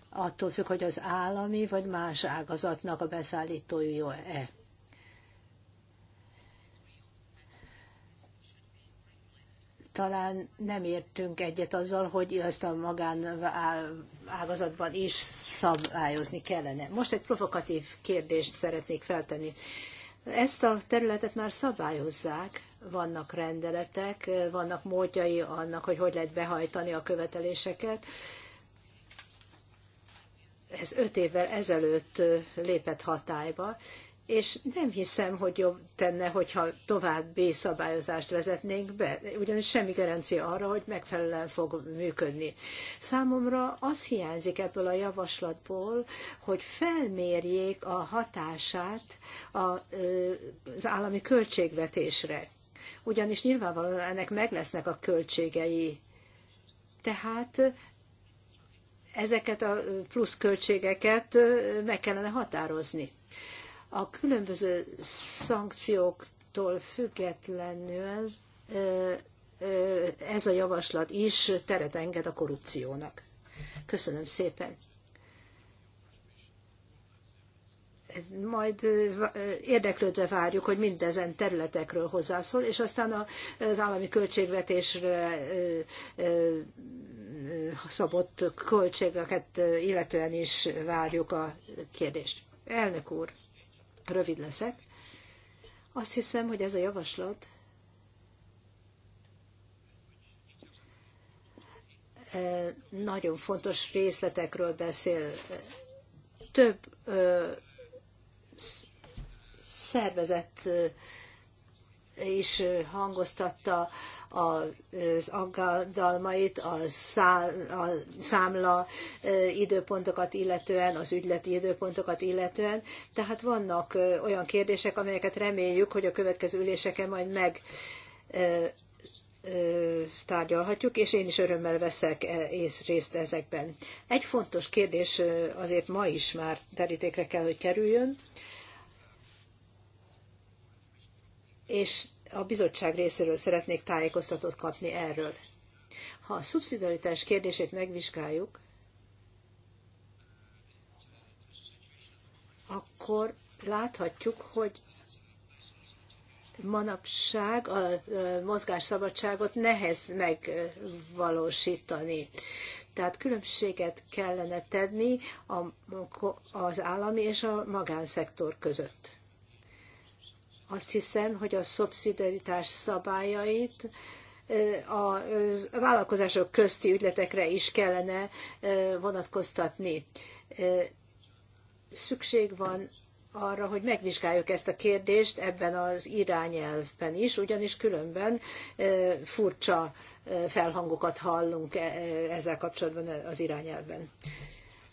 [SPEAKER 2] Attól függ, hogy az állami vagy más ágazatnak a beszállítója-e. talán nem értünk egyet azzal, hogy ezt a magán ágazatban is szabályozni kellene. Most egy provokatív kérdést szeretnék feltenni. Ezt a területet már szabályozzák, vannak rendeletek, vannak módjai annak, hogy hogy lehet behajtani a követeléseket. Ez öt évvel ezelőtt lépett hatályba, és nem hiszem, hogy jobb tenne, hogyha további szabályozást vezetnénk be, ugyanis semmi garancia arra, hogy megfelelően fog működni. Számomra az hiányzik ebből a javaslatból, hogy felmérjék a hatását az állami költségvetésre. Ugyanis nyilvánvalóan ennek meg lesznek a költségei. Tehát ezeket a plusz költségeket meg kellene határozni a különböző szankcióktól függetlenül ez a javaslat is teret enged a korrupciónak. Köszönöm szépen. Majd érdeklődve várjuk, hogy mindezen területekről hozzászól, és aztán az állami költségvetésre szabott költségeket illetően is várjuk a kérdést. Elnök úr! rövid leszek. Azt hiszem, hogy ez a javaslat e, nagyon fontos részletekről beszél. Több szervezet is hangoztatta az aggodalmait a, számla időpontokat illetően, az ügyleti időpontokat illetően. Tehát vannak olyan kérdések, amelyeket reméljük, hogy a következő üléseken majd meg tárgyalhatjuk, és én is örömmel veszek e, részt ezekben. Egy fontos kérdés azért ma is már terítékre kell, hogy kerüljön, és a bizottság részéről szeretnék tájékoztatót kapni erről. Ha a szubszidaritás kérdését megvizsgáljuk, akkor láthatjuk, hogy manapság a mozgásszabadságot nehez megvalósítani. Tehát különbséget kellene tenni az állami és a magánszektor között. Azt hiszem, hogy a szubszidaritás szabályait a vállalkozások közti ügyletekre is kellene vonatkoztatni. Szükség van arra, hogy megvizsgáljuk ezt a kérdést ebben az irányelvben is, ugyanis különben furcsa felhangokat hallunk e, e, ezzel kapcsolatban az irányelvben.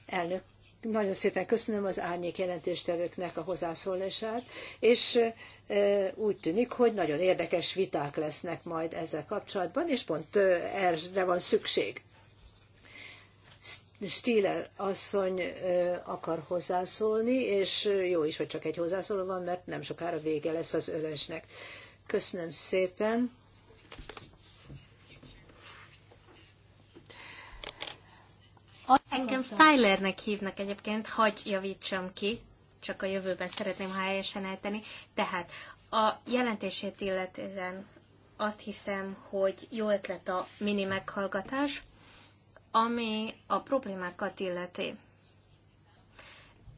[SPEAKER 2] Elnök, nagyon szépen köszönöm az árnyék jelentéstevőknek a hozzászólását, és e, úgy tűnik, hogy nagyon érdekes viták lesznek majd ezzel kapcsolatban, és pont e, erre van szükség. Stíler asszony e, akar hozzászólni, és jó is, hogy csak egy hozzászóló van, mert nem sokára vége lesz az ölesnek. Köszönöm szépen. Engem Stylernek
[SPEAKER 4] hívnak egyébként, hagy javítsam ki, csak a jövőben szeretném, ha helyesen elteni. Tehát a jelentését illetően azt hiszem, hogy jó ötlet a mini meghallgatás, ami a problémákat illeti.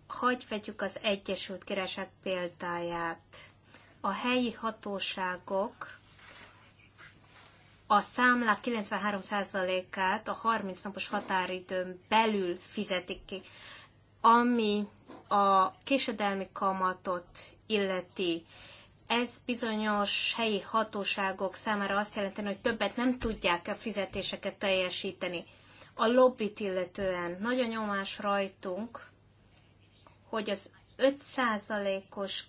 [SPEAKER 4] Hagy vegyük az Egyesült Királyság példáját. A helyi hatóságok a számlák 93%-át a 30 napos határidőn belül fizetik ki. Ami a késedelmi kamatot illeti, ez bizonyos helyi hatóságok számára azt jelenti, hogy többet nem tudják a fizetéseket teljesíteni. A lobbit illetően nagyon nyomás rajtunk, hogy az 5%-os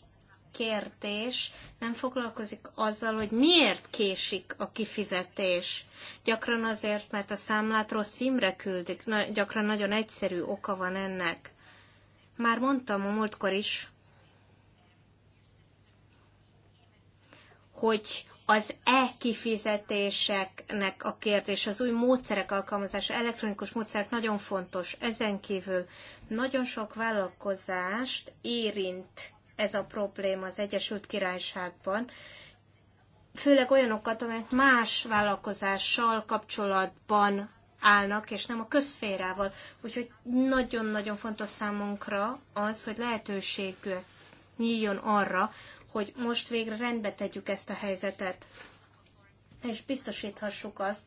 [SPEAKER 4] kérdés nem foglalkozik azzal, hogy miért késik a kifizetés. Gyakran azért, mert a számlát rossz színre küldik. Na, gyakran nagyon egyszerű oka van ennek. Már mondtam a múltkor is, hogy az e-kifizetéseknek a kérdés, az új módszerek alkalmazása, elektronikus módszerek nagyon fontos. Ezen kívül nagyon sok vállalkozást érint ez a probléma az Egyesült Királyságban, főleg olyanokat, amelyek más vállalkozással kapcsolatban állnak, és nem a közférával. Úgyhogy nagyon-nagyon fontos számunkra az, hogy lehetőség nyíljon arra, hogy most végre rendbe tegyük ezt a helyzetet, és biztosíthassuk azt,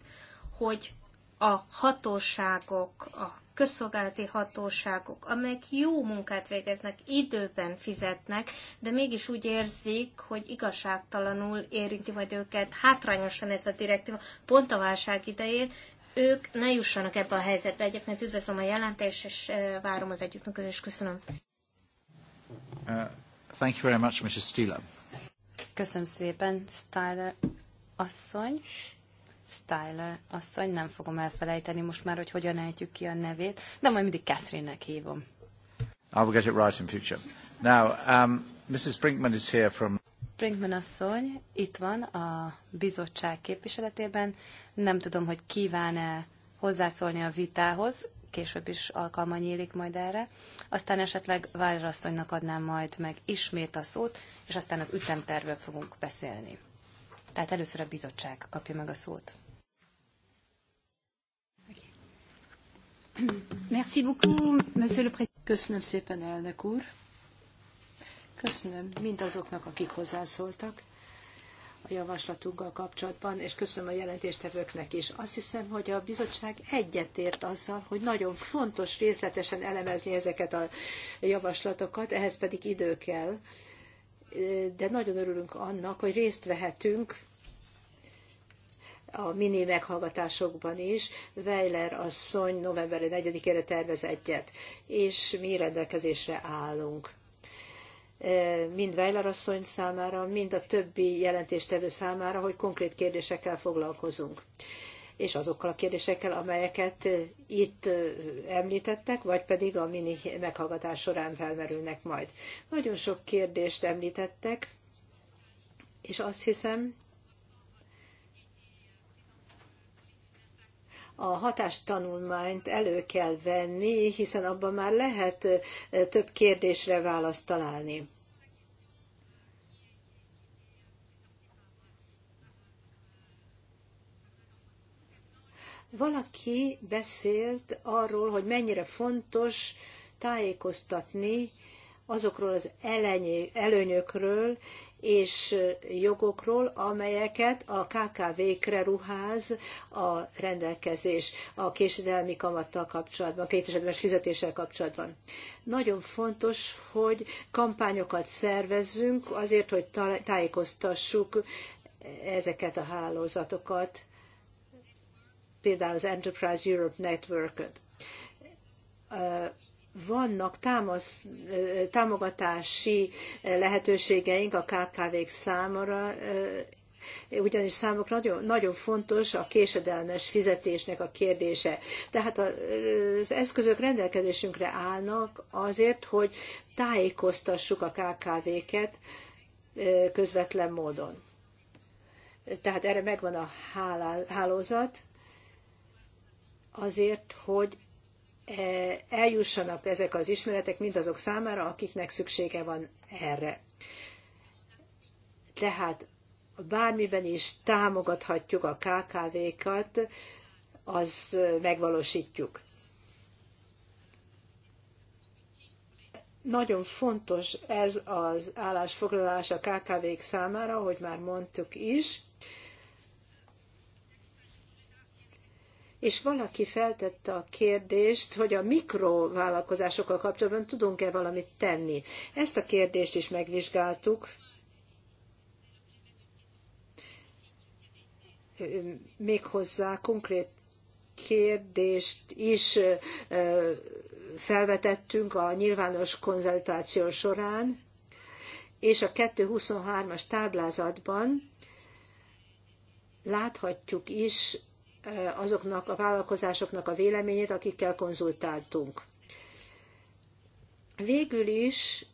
[SPEAKER 4] hogy a hatóságok, a közszolgálati hatóságok, amelyek jó munkát végeznek, időben fizetnek, de mégis úgy érzik, hogy igazságtalanul érinti majd őket hátrányosan ez a direktíva, pont a válság idején, ők ne jussanak ebbe a helyzetbe. Egyébként üdvözlöm a jelentést, és
[SPEAKER 1] várom az együttműködést. Köszönöm.
[SPEAKER 3] Uh, thank you very much, Mrs.
[SPEAKER 1] Köszönöm szépen, Styler asszony. Styler asszony, nem fogom elfelejteni most már, hogy hogyan ejtjük ki a nevét, de majd mindig Catherine-nek hívom.
[SPEAKER 3] I will get it right in future. Now, um, Mrs. Brinkman is here from...
[SPEAKER 1] Brinkman asszony itt van a bizottság képviseletében. Nem tudom, hogy kíván-e hozzászólni a vitához, később is alkalma nyílik majd erre. Aztán esetleg Várer asszonynak adnám majd meg ismét a szót, és aztán az ütemtervről fogunk beszélni. Tehát először a bizottság kapja meg a szót.
[SPEAKER 2] Merci beaucoup, monsieur le président. Köszönöm szépen, elnök úr. Köszönöm mindazoknak, akik hozzászóltak a javaslatunkkal kapcsolatban, és köszönöm a jelentéstevőknek is. Azt hiszem, hogy a bizottság egyetért azzal, hogy nagyon fontos részletesen elemezni ezeket a javaslatokat, ehhez pedig idő kell. De nagyon örülünk annak, hogy részt vehetünk a mini meghallgatásokban is. Weiler asszony november 4-ére tervez egyet, és mi rendelkezésre állunk e, mind Weiler asszony számára, mind a többi jelentéstevő számára, hogy konkrét kérdésekkel foglalkozunk és azokkal a kérdésekkel, amelyeket itt említettek, vagy pedig a mini meghallgatás során felmerülnek majd. Nagyon sok kérdést említettek, és azt hiszem, a hatástanulmányt elő kell venni, hiszen abban már lehet több kérdésre választ találni. Valaki beszélt arról, hogy mennyire fontos tájékoztatni azokról az elenyé, előnyökről és jogokról, amelyeket a KKV-kre ruház a rendelkezés a késedelmi kamattal kapcsolatban, kétesedmes fizetéssel kapcsolatban. Nagyon fontos, hogy kampányokat szervezzünk azért, hogy tájékoztassuk ezeket a hálózatokat, például az Enterprise Europe Network-öt vannak támasz, támogatási lehetőségeink a KKV-k számára, ugyanis számukra nagyon, nagyon fontos a késedelmes fizetésnek a kérdése. Tehát az eszközök rendelkezésünkre állnak azért, hogy tájékoztassuk a KKV-ket közvetlen módon. Tehát erre megvan a hálózat azért, hogy Eh, eljussanak ezek az ismeretek mindazok számára, akiknek szüksége van erre. Tehát bármiben is támogathatjuk a KKV-kat, az megvalósítjuk. Nagyon fontos ez az állásfoglalás a KKV-k számára, hogy már mondtuk is, és valaki feltette a kérdést, hogy a mikrovállalkozásokkal kapcsolatban tudunk-e valamit tenni. Ezt a kérdést is megvizsgáltuk. Méghozzá konkrét kérdést is felvetettünk a nyilvános konzultáció során, és a 223-as táblázatban láthatjuk is Eh, azoknak a vállalkozásoknak a véleményét, akikkel konzultáltunk. Végül is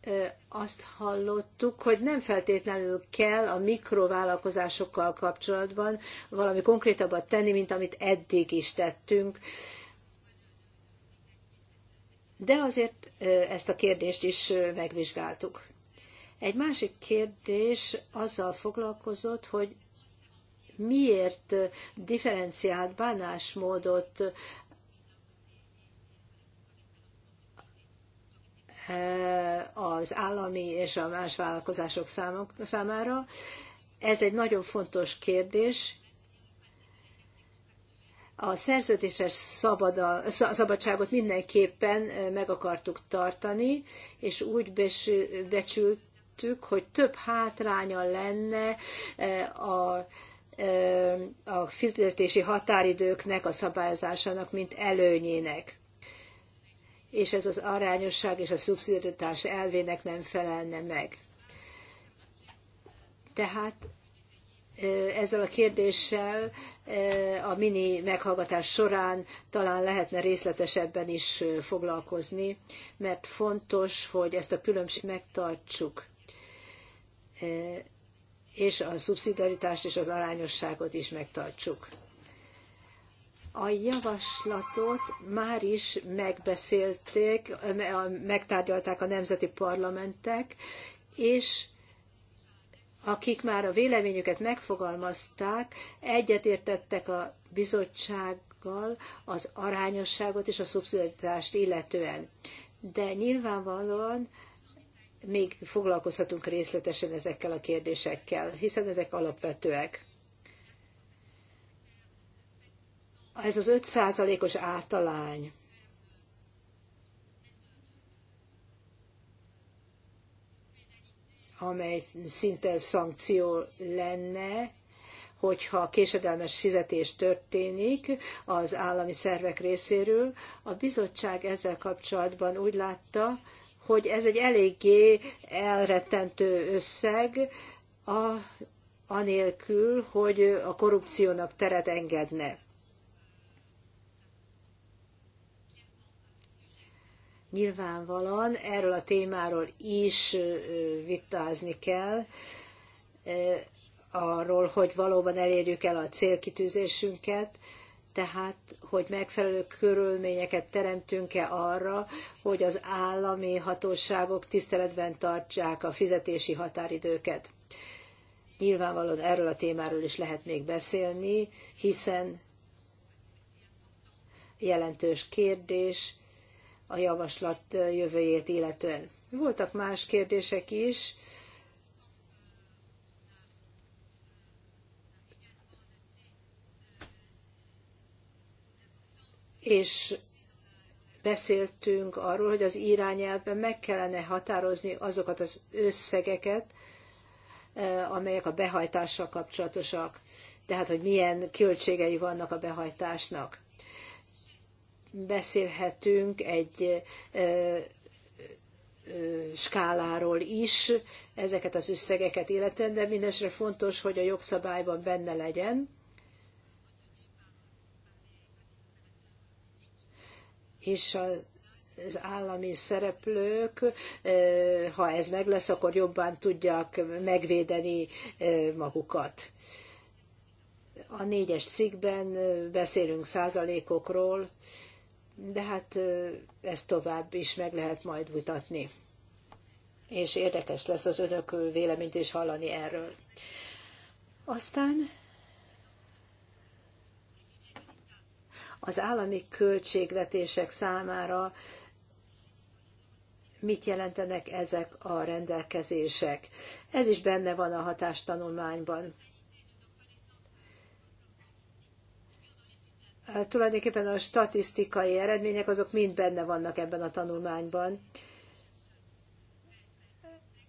[SPEAKER 2] eh, azt hallottuk, hogy nem feltétlenül kell a mikrovállalkozásokkal kapcsolatban valami konkrétabbat tenni, mint amit eddig is tettünk. De azért eh, ezt a kérdést is megvizsgáltuk. Egy másik kérdés azzal foglalkozott, hogy miért differenciált bánásmódot e, az állami és a más vállalkozások számára. Ez egy nagyon fontos kérdés. A szerződéses szabada, szabadságot mindenképpen e, meg akartuk tartani, és úgy becsültük, hogy több hátránya lenne e, a a fizetési határidőknek a szabályozásának, mint előnyének. És ez az arányosság és a szubszidiaritás elvének nem felelne meg. Tehát ezzel a kérdéssel a mini meghallgatás során talán lehetne részletesebben is foglalkozni, mert fontos, hogy ezt a különbséget megtartsuk és a szubszidiaritást és az arányosságot is megtartsuk. A javaslatot már is megbeszélték, megtárgyalták a nemzeti parlamentek, és akik már a véleményüket megfogalmazták, egyetértettek a bizottsággal az arányosságot és a szubszidiaritást illetően. De nyilvánvalóan még foglalkozhatunk részletesen ezekkel a kérdésekkel, hiszen ezek alapvetőek. Ez az 5%-os általány, amely szinte szankció lenne, hogyha késedelmes fizetés történik az állami szervek részéről. A bizottság ezzel kapcsolatban úgy látta, hogy ez egy eléggé elrettentő összeg, a, anélkül, hogy a korrupciónak teret engedne. Nyilvánvalóan erről a témáról is vitázni kell, arról, hogy valóban elérjük el a célkitűzésünket, tehát hogy megfelelő körülményeket teremtünk-e arra, hogy az állami hatóságok tiszteletben tartsák a fizetési határidőket. Nyilvánvalóan erről a témáról is lehet még beszélni, hiszen jelentős kérdés a javaslat jövőjét illetően. Voltak más kérdések is, és beszéltünk arról, hogy az irányelvben meg kellene határozni azokat az összegeket, eh, amelyek a behajtással kapcsolatosak, tehát hogy milyen költségei vannak a behajtásnak. Beszélhetünk egy eh, eh, skáláról is ezeket az összegeket illetően, de mindesre fontos, hogy a jogszabályban benne legyen, és az állami szereplők, ha ez meg lesz, akkor jobban tudják megvédeni magukat. A négyes cikkben beszélünk százalékokról, de hát ezt tovább is meg lehet majd mutatni. És érdekes lesz az önök véleményt is hallani erről. Aztán az állami költségvetések számára mit jelentenek ezek a rendelkezések. Ez is benne van a hatástanulmányban. Tulajdonképpen a statisztikai eredmények azok mind benne vannak ebben a tanulmányban.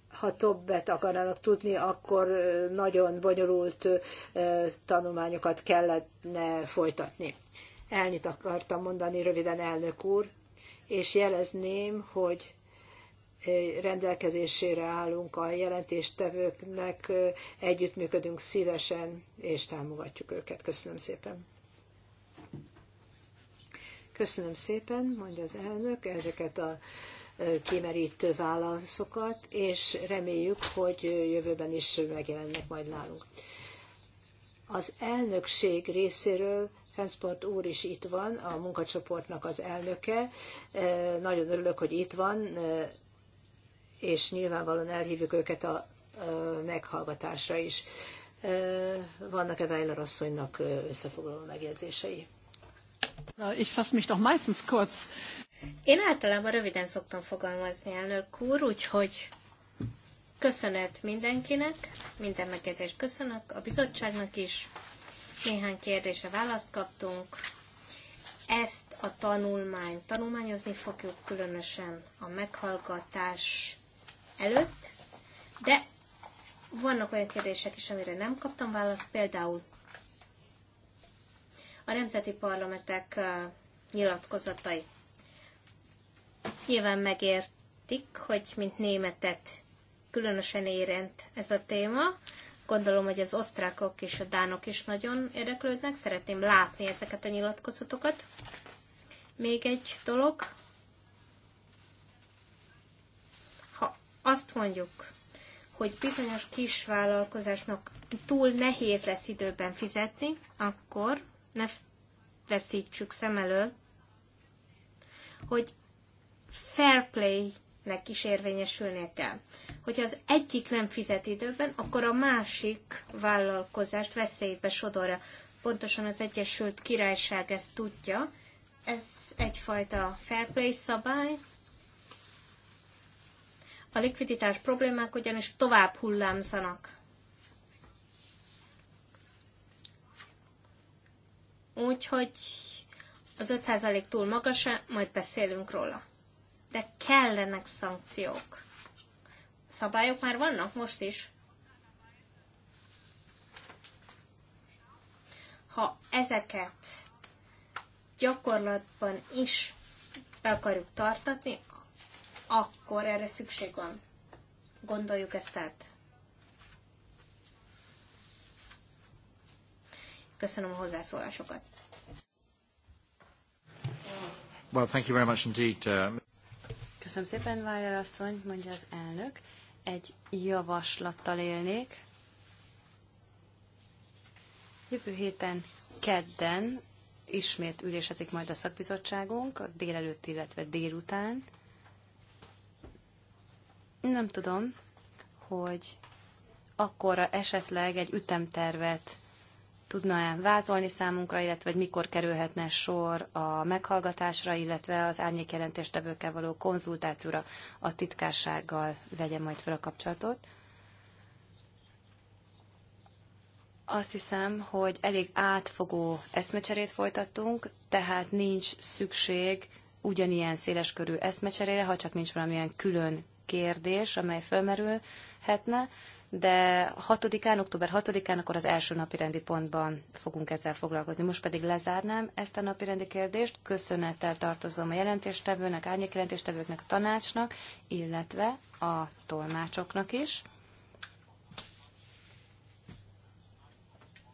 [SPEAKER 2] Ha többet akarnak tudni, akkor nagyon bonyolult tanulmányokat kellene folytatni. Elnyit akartam mondani röviden, elnök úr, és jelezném, hogy rendelkezésére állunk a jelentéstevőknek, együttműködünk szívesen, és támogatjuk őket. Köszönöm szépen. Köszönöm szépen, mondja az elnök, ezeket a kimerítő válaszokat, és reméljük, hogy jövőben is megjelennek majd nálunk. Az elnökség részéről Hensport úr is itt van, a munkacsoportnak az elnöke. Nagyon örülök, hogy itt van, és nyilvánvalóan elhívjuk őket a meghallgatásra is. Vannak-e Weiler asszonynak összefoglaló megjegyzései? Ich fasse mich doch meistens kurz.
[SPEAKER 4] Én általában röviden szoktam fogalmazni, elnök úr, úgyhogy köszönet mindenkinek, minden megjegyzést köszönök, a bizottságnak is, néhány kérdésre választ kaptunk. Ezt a tanulmányt tanulmányozni fogjuk különösen a meghallgatás előtt, de vannak olyan kérdések is, amire nem kaptam választ, például a nemzeti parlamentek nyilatkozatai. Nyilván megértik, hogy mint németet különösen érint ez a téma, Gondolom, hogy az osztrákok és a dánok is nagyon érdeklődnek. Szeretném látni ezeket a nyilatkozatokat. Még egy dolog. Ha azt mondjuk, hogy bizonyos kisvállalkozásnak túl nehéz lesz időben fizetni, akkor ne veszítsük szem elől, hogy fair play nek is érvényesülnie kell. Hogyha az egyik nem fizet időben, akkor a másik vállalkozást veszélybe sodorja. Pontosan az Egyesült Királyság ezt tudja. Ez egyfajta fair play szabály. A likviditás problémák ugyanis tovább hullámzanak. Úgyhogy az 5% túl magas, majd beszélünk róla de kellenek szankciók. Szabályok már vannak most is. Ha ezeket gyakorlatban is be akarjuk tartatni, akkor erre szükség van. Gondoljuk ezt át. Köszönöm a
[SPEAKER 1] hozzászólásokat.
[SPEAKER 3] Well, thank you very much indeed. Uh...
[SPEAKER 1] Köszönöm szépen, Vájer asszony, mondja az elnök. Egy javaslattal élnék. Jövő héten kedden ismét ülésezik majd a szakbizottságunk, a délelőtt, illetve délután. Nem tudom, hogy akkor esetleg egy ütemtervet tudna-e vázolni számunkra, illetve hogy mikor kerülhetne sor a meghallgatásra, illetve az árnyékjelentéstevőkkel való konzultációra a titkársággal vegye majd fel a kapcsolatot. Azt hiszem, hogy elég átfogó eszmecserét folytattunk, tehát nincs szükség ugyanilyen széleskörű eszmecserére, ha csak nincs valamilyen külön kérdés, amely felmerülhetne de 6-án, október 6-án, akkor az első napi rendi pontban fogunk ezzel foglalkozni. Most pedig lezárnám ezt a napi rendi kérdést. Köszönettel tartozom a jelentéstevőnek, jelentéstevőknek, a tanácsnak, illetve a tolmácsoknak is.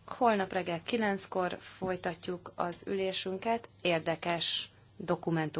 [SPEAKER 1] Holnap reggel 9-kor folytatjuk az ülésünket. Érdekes dokumentum.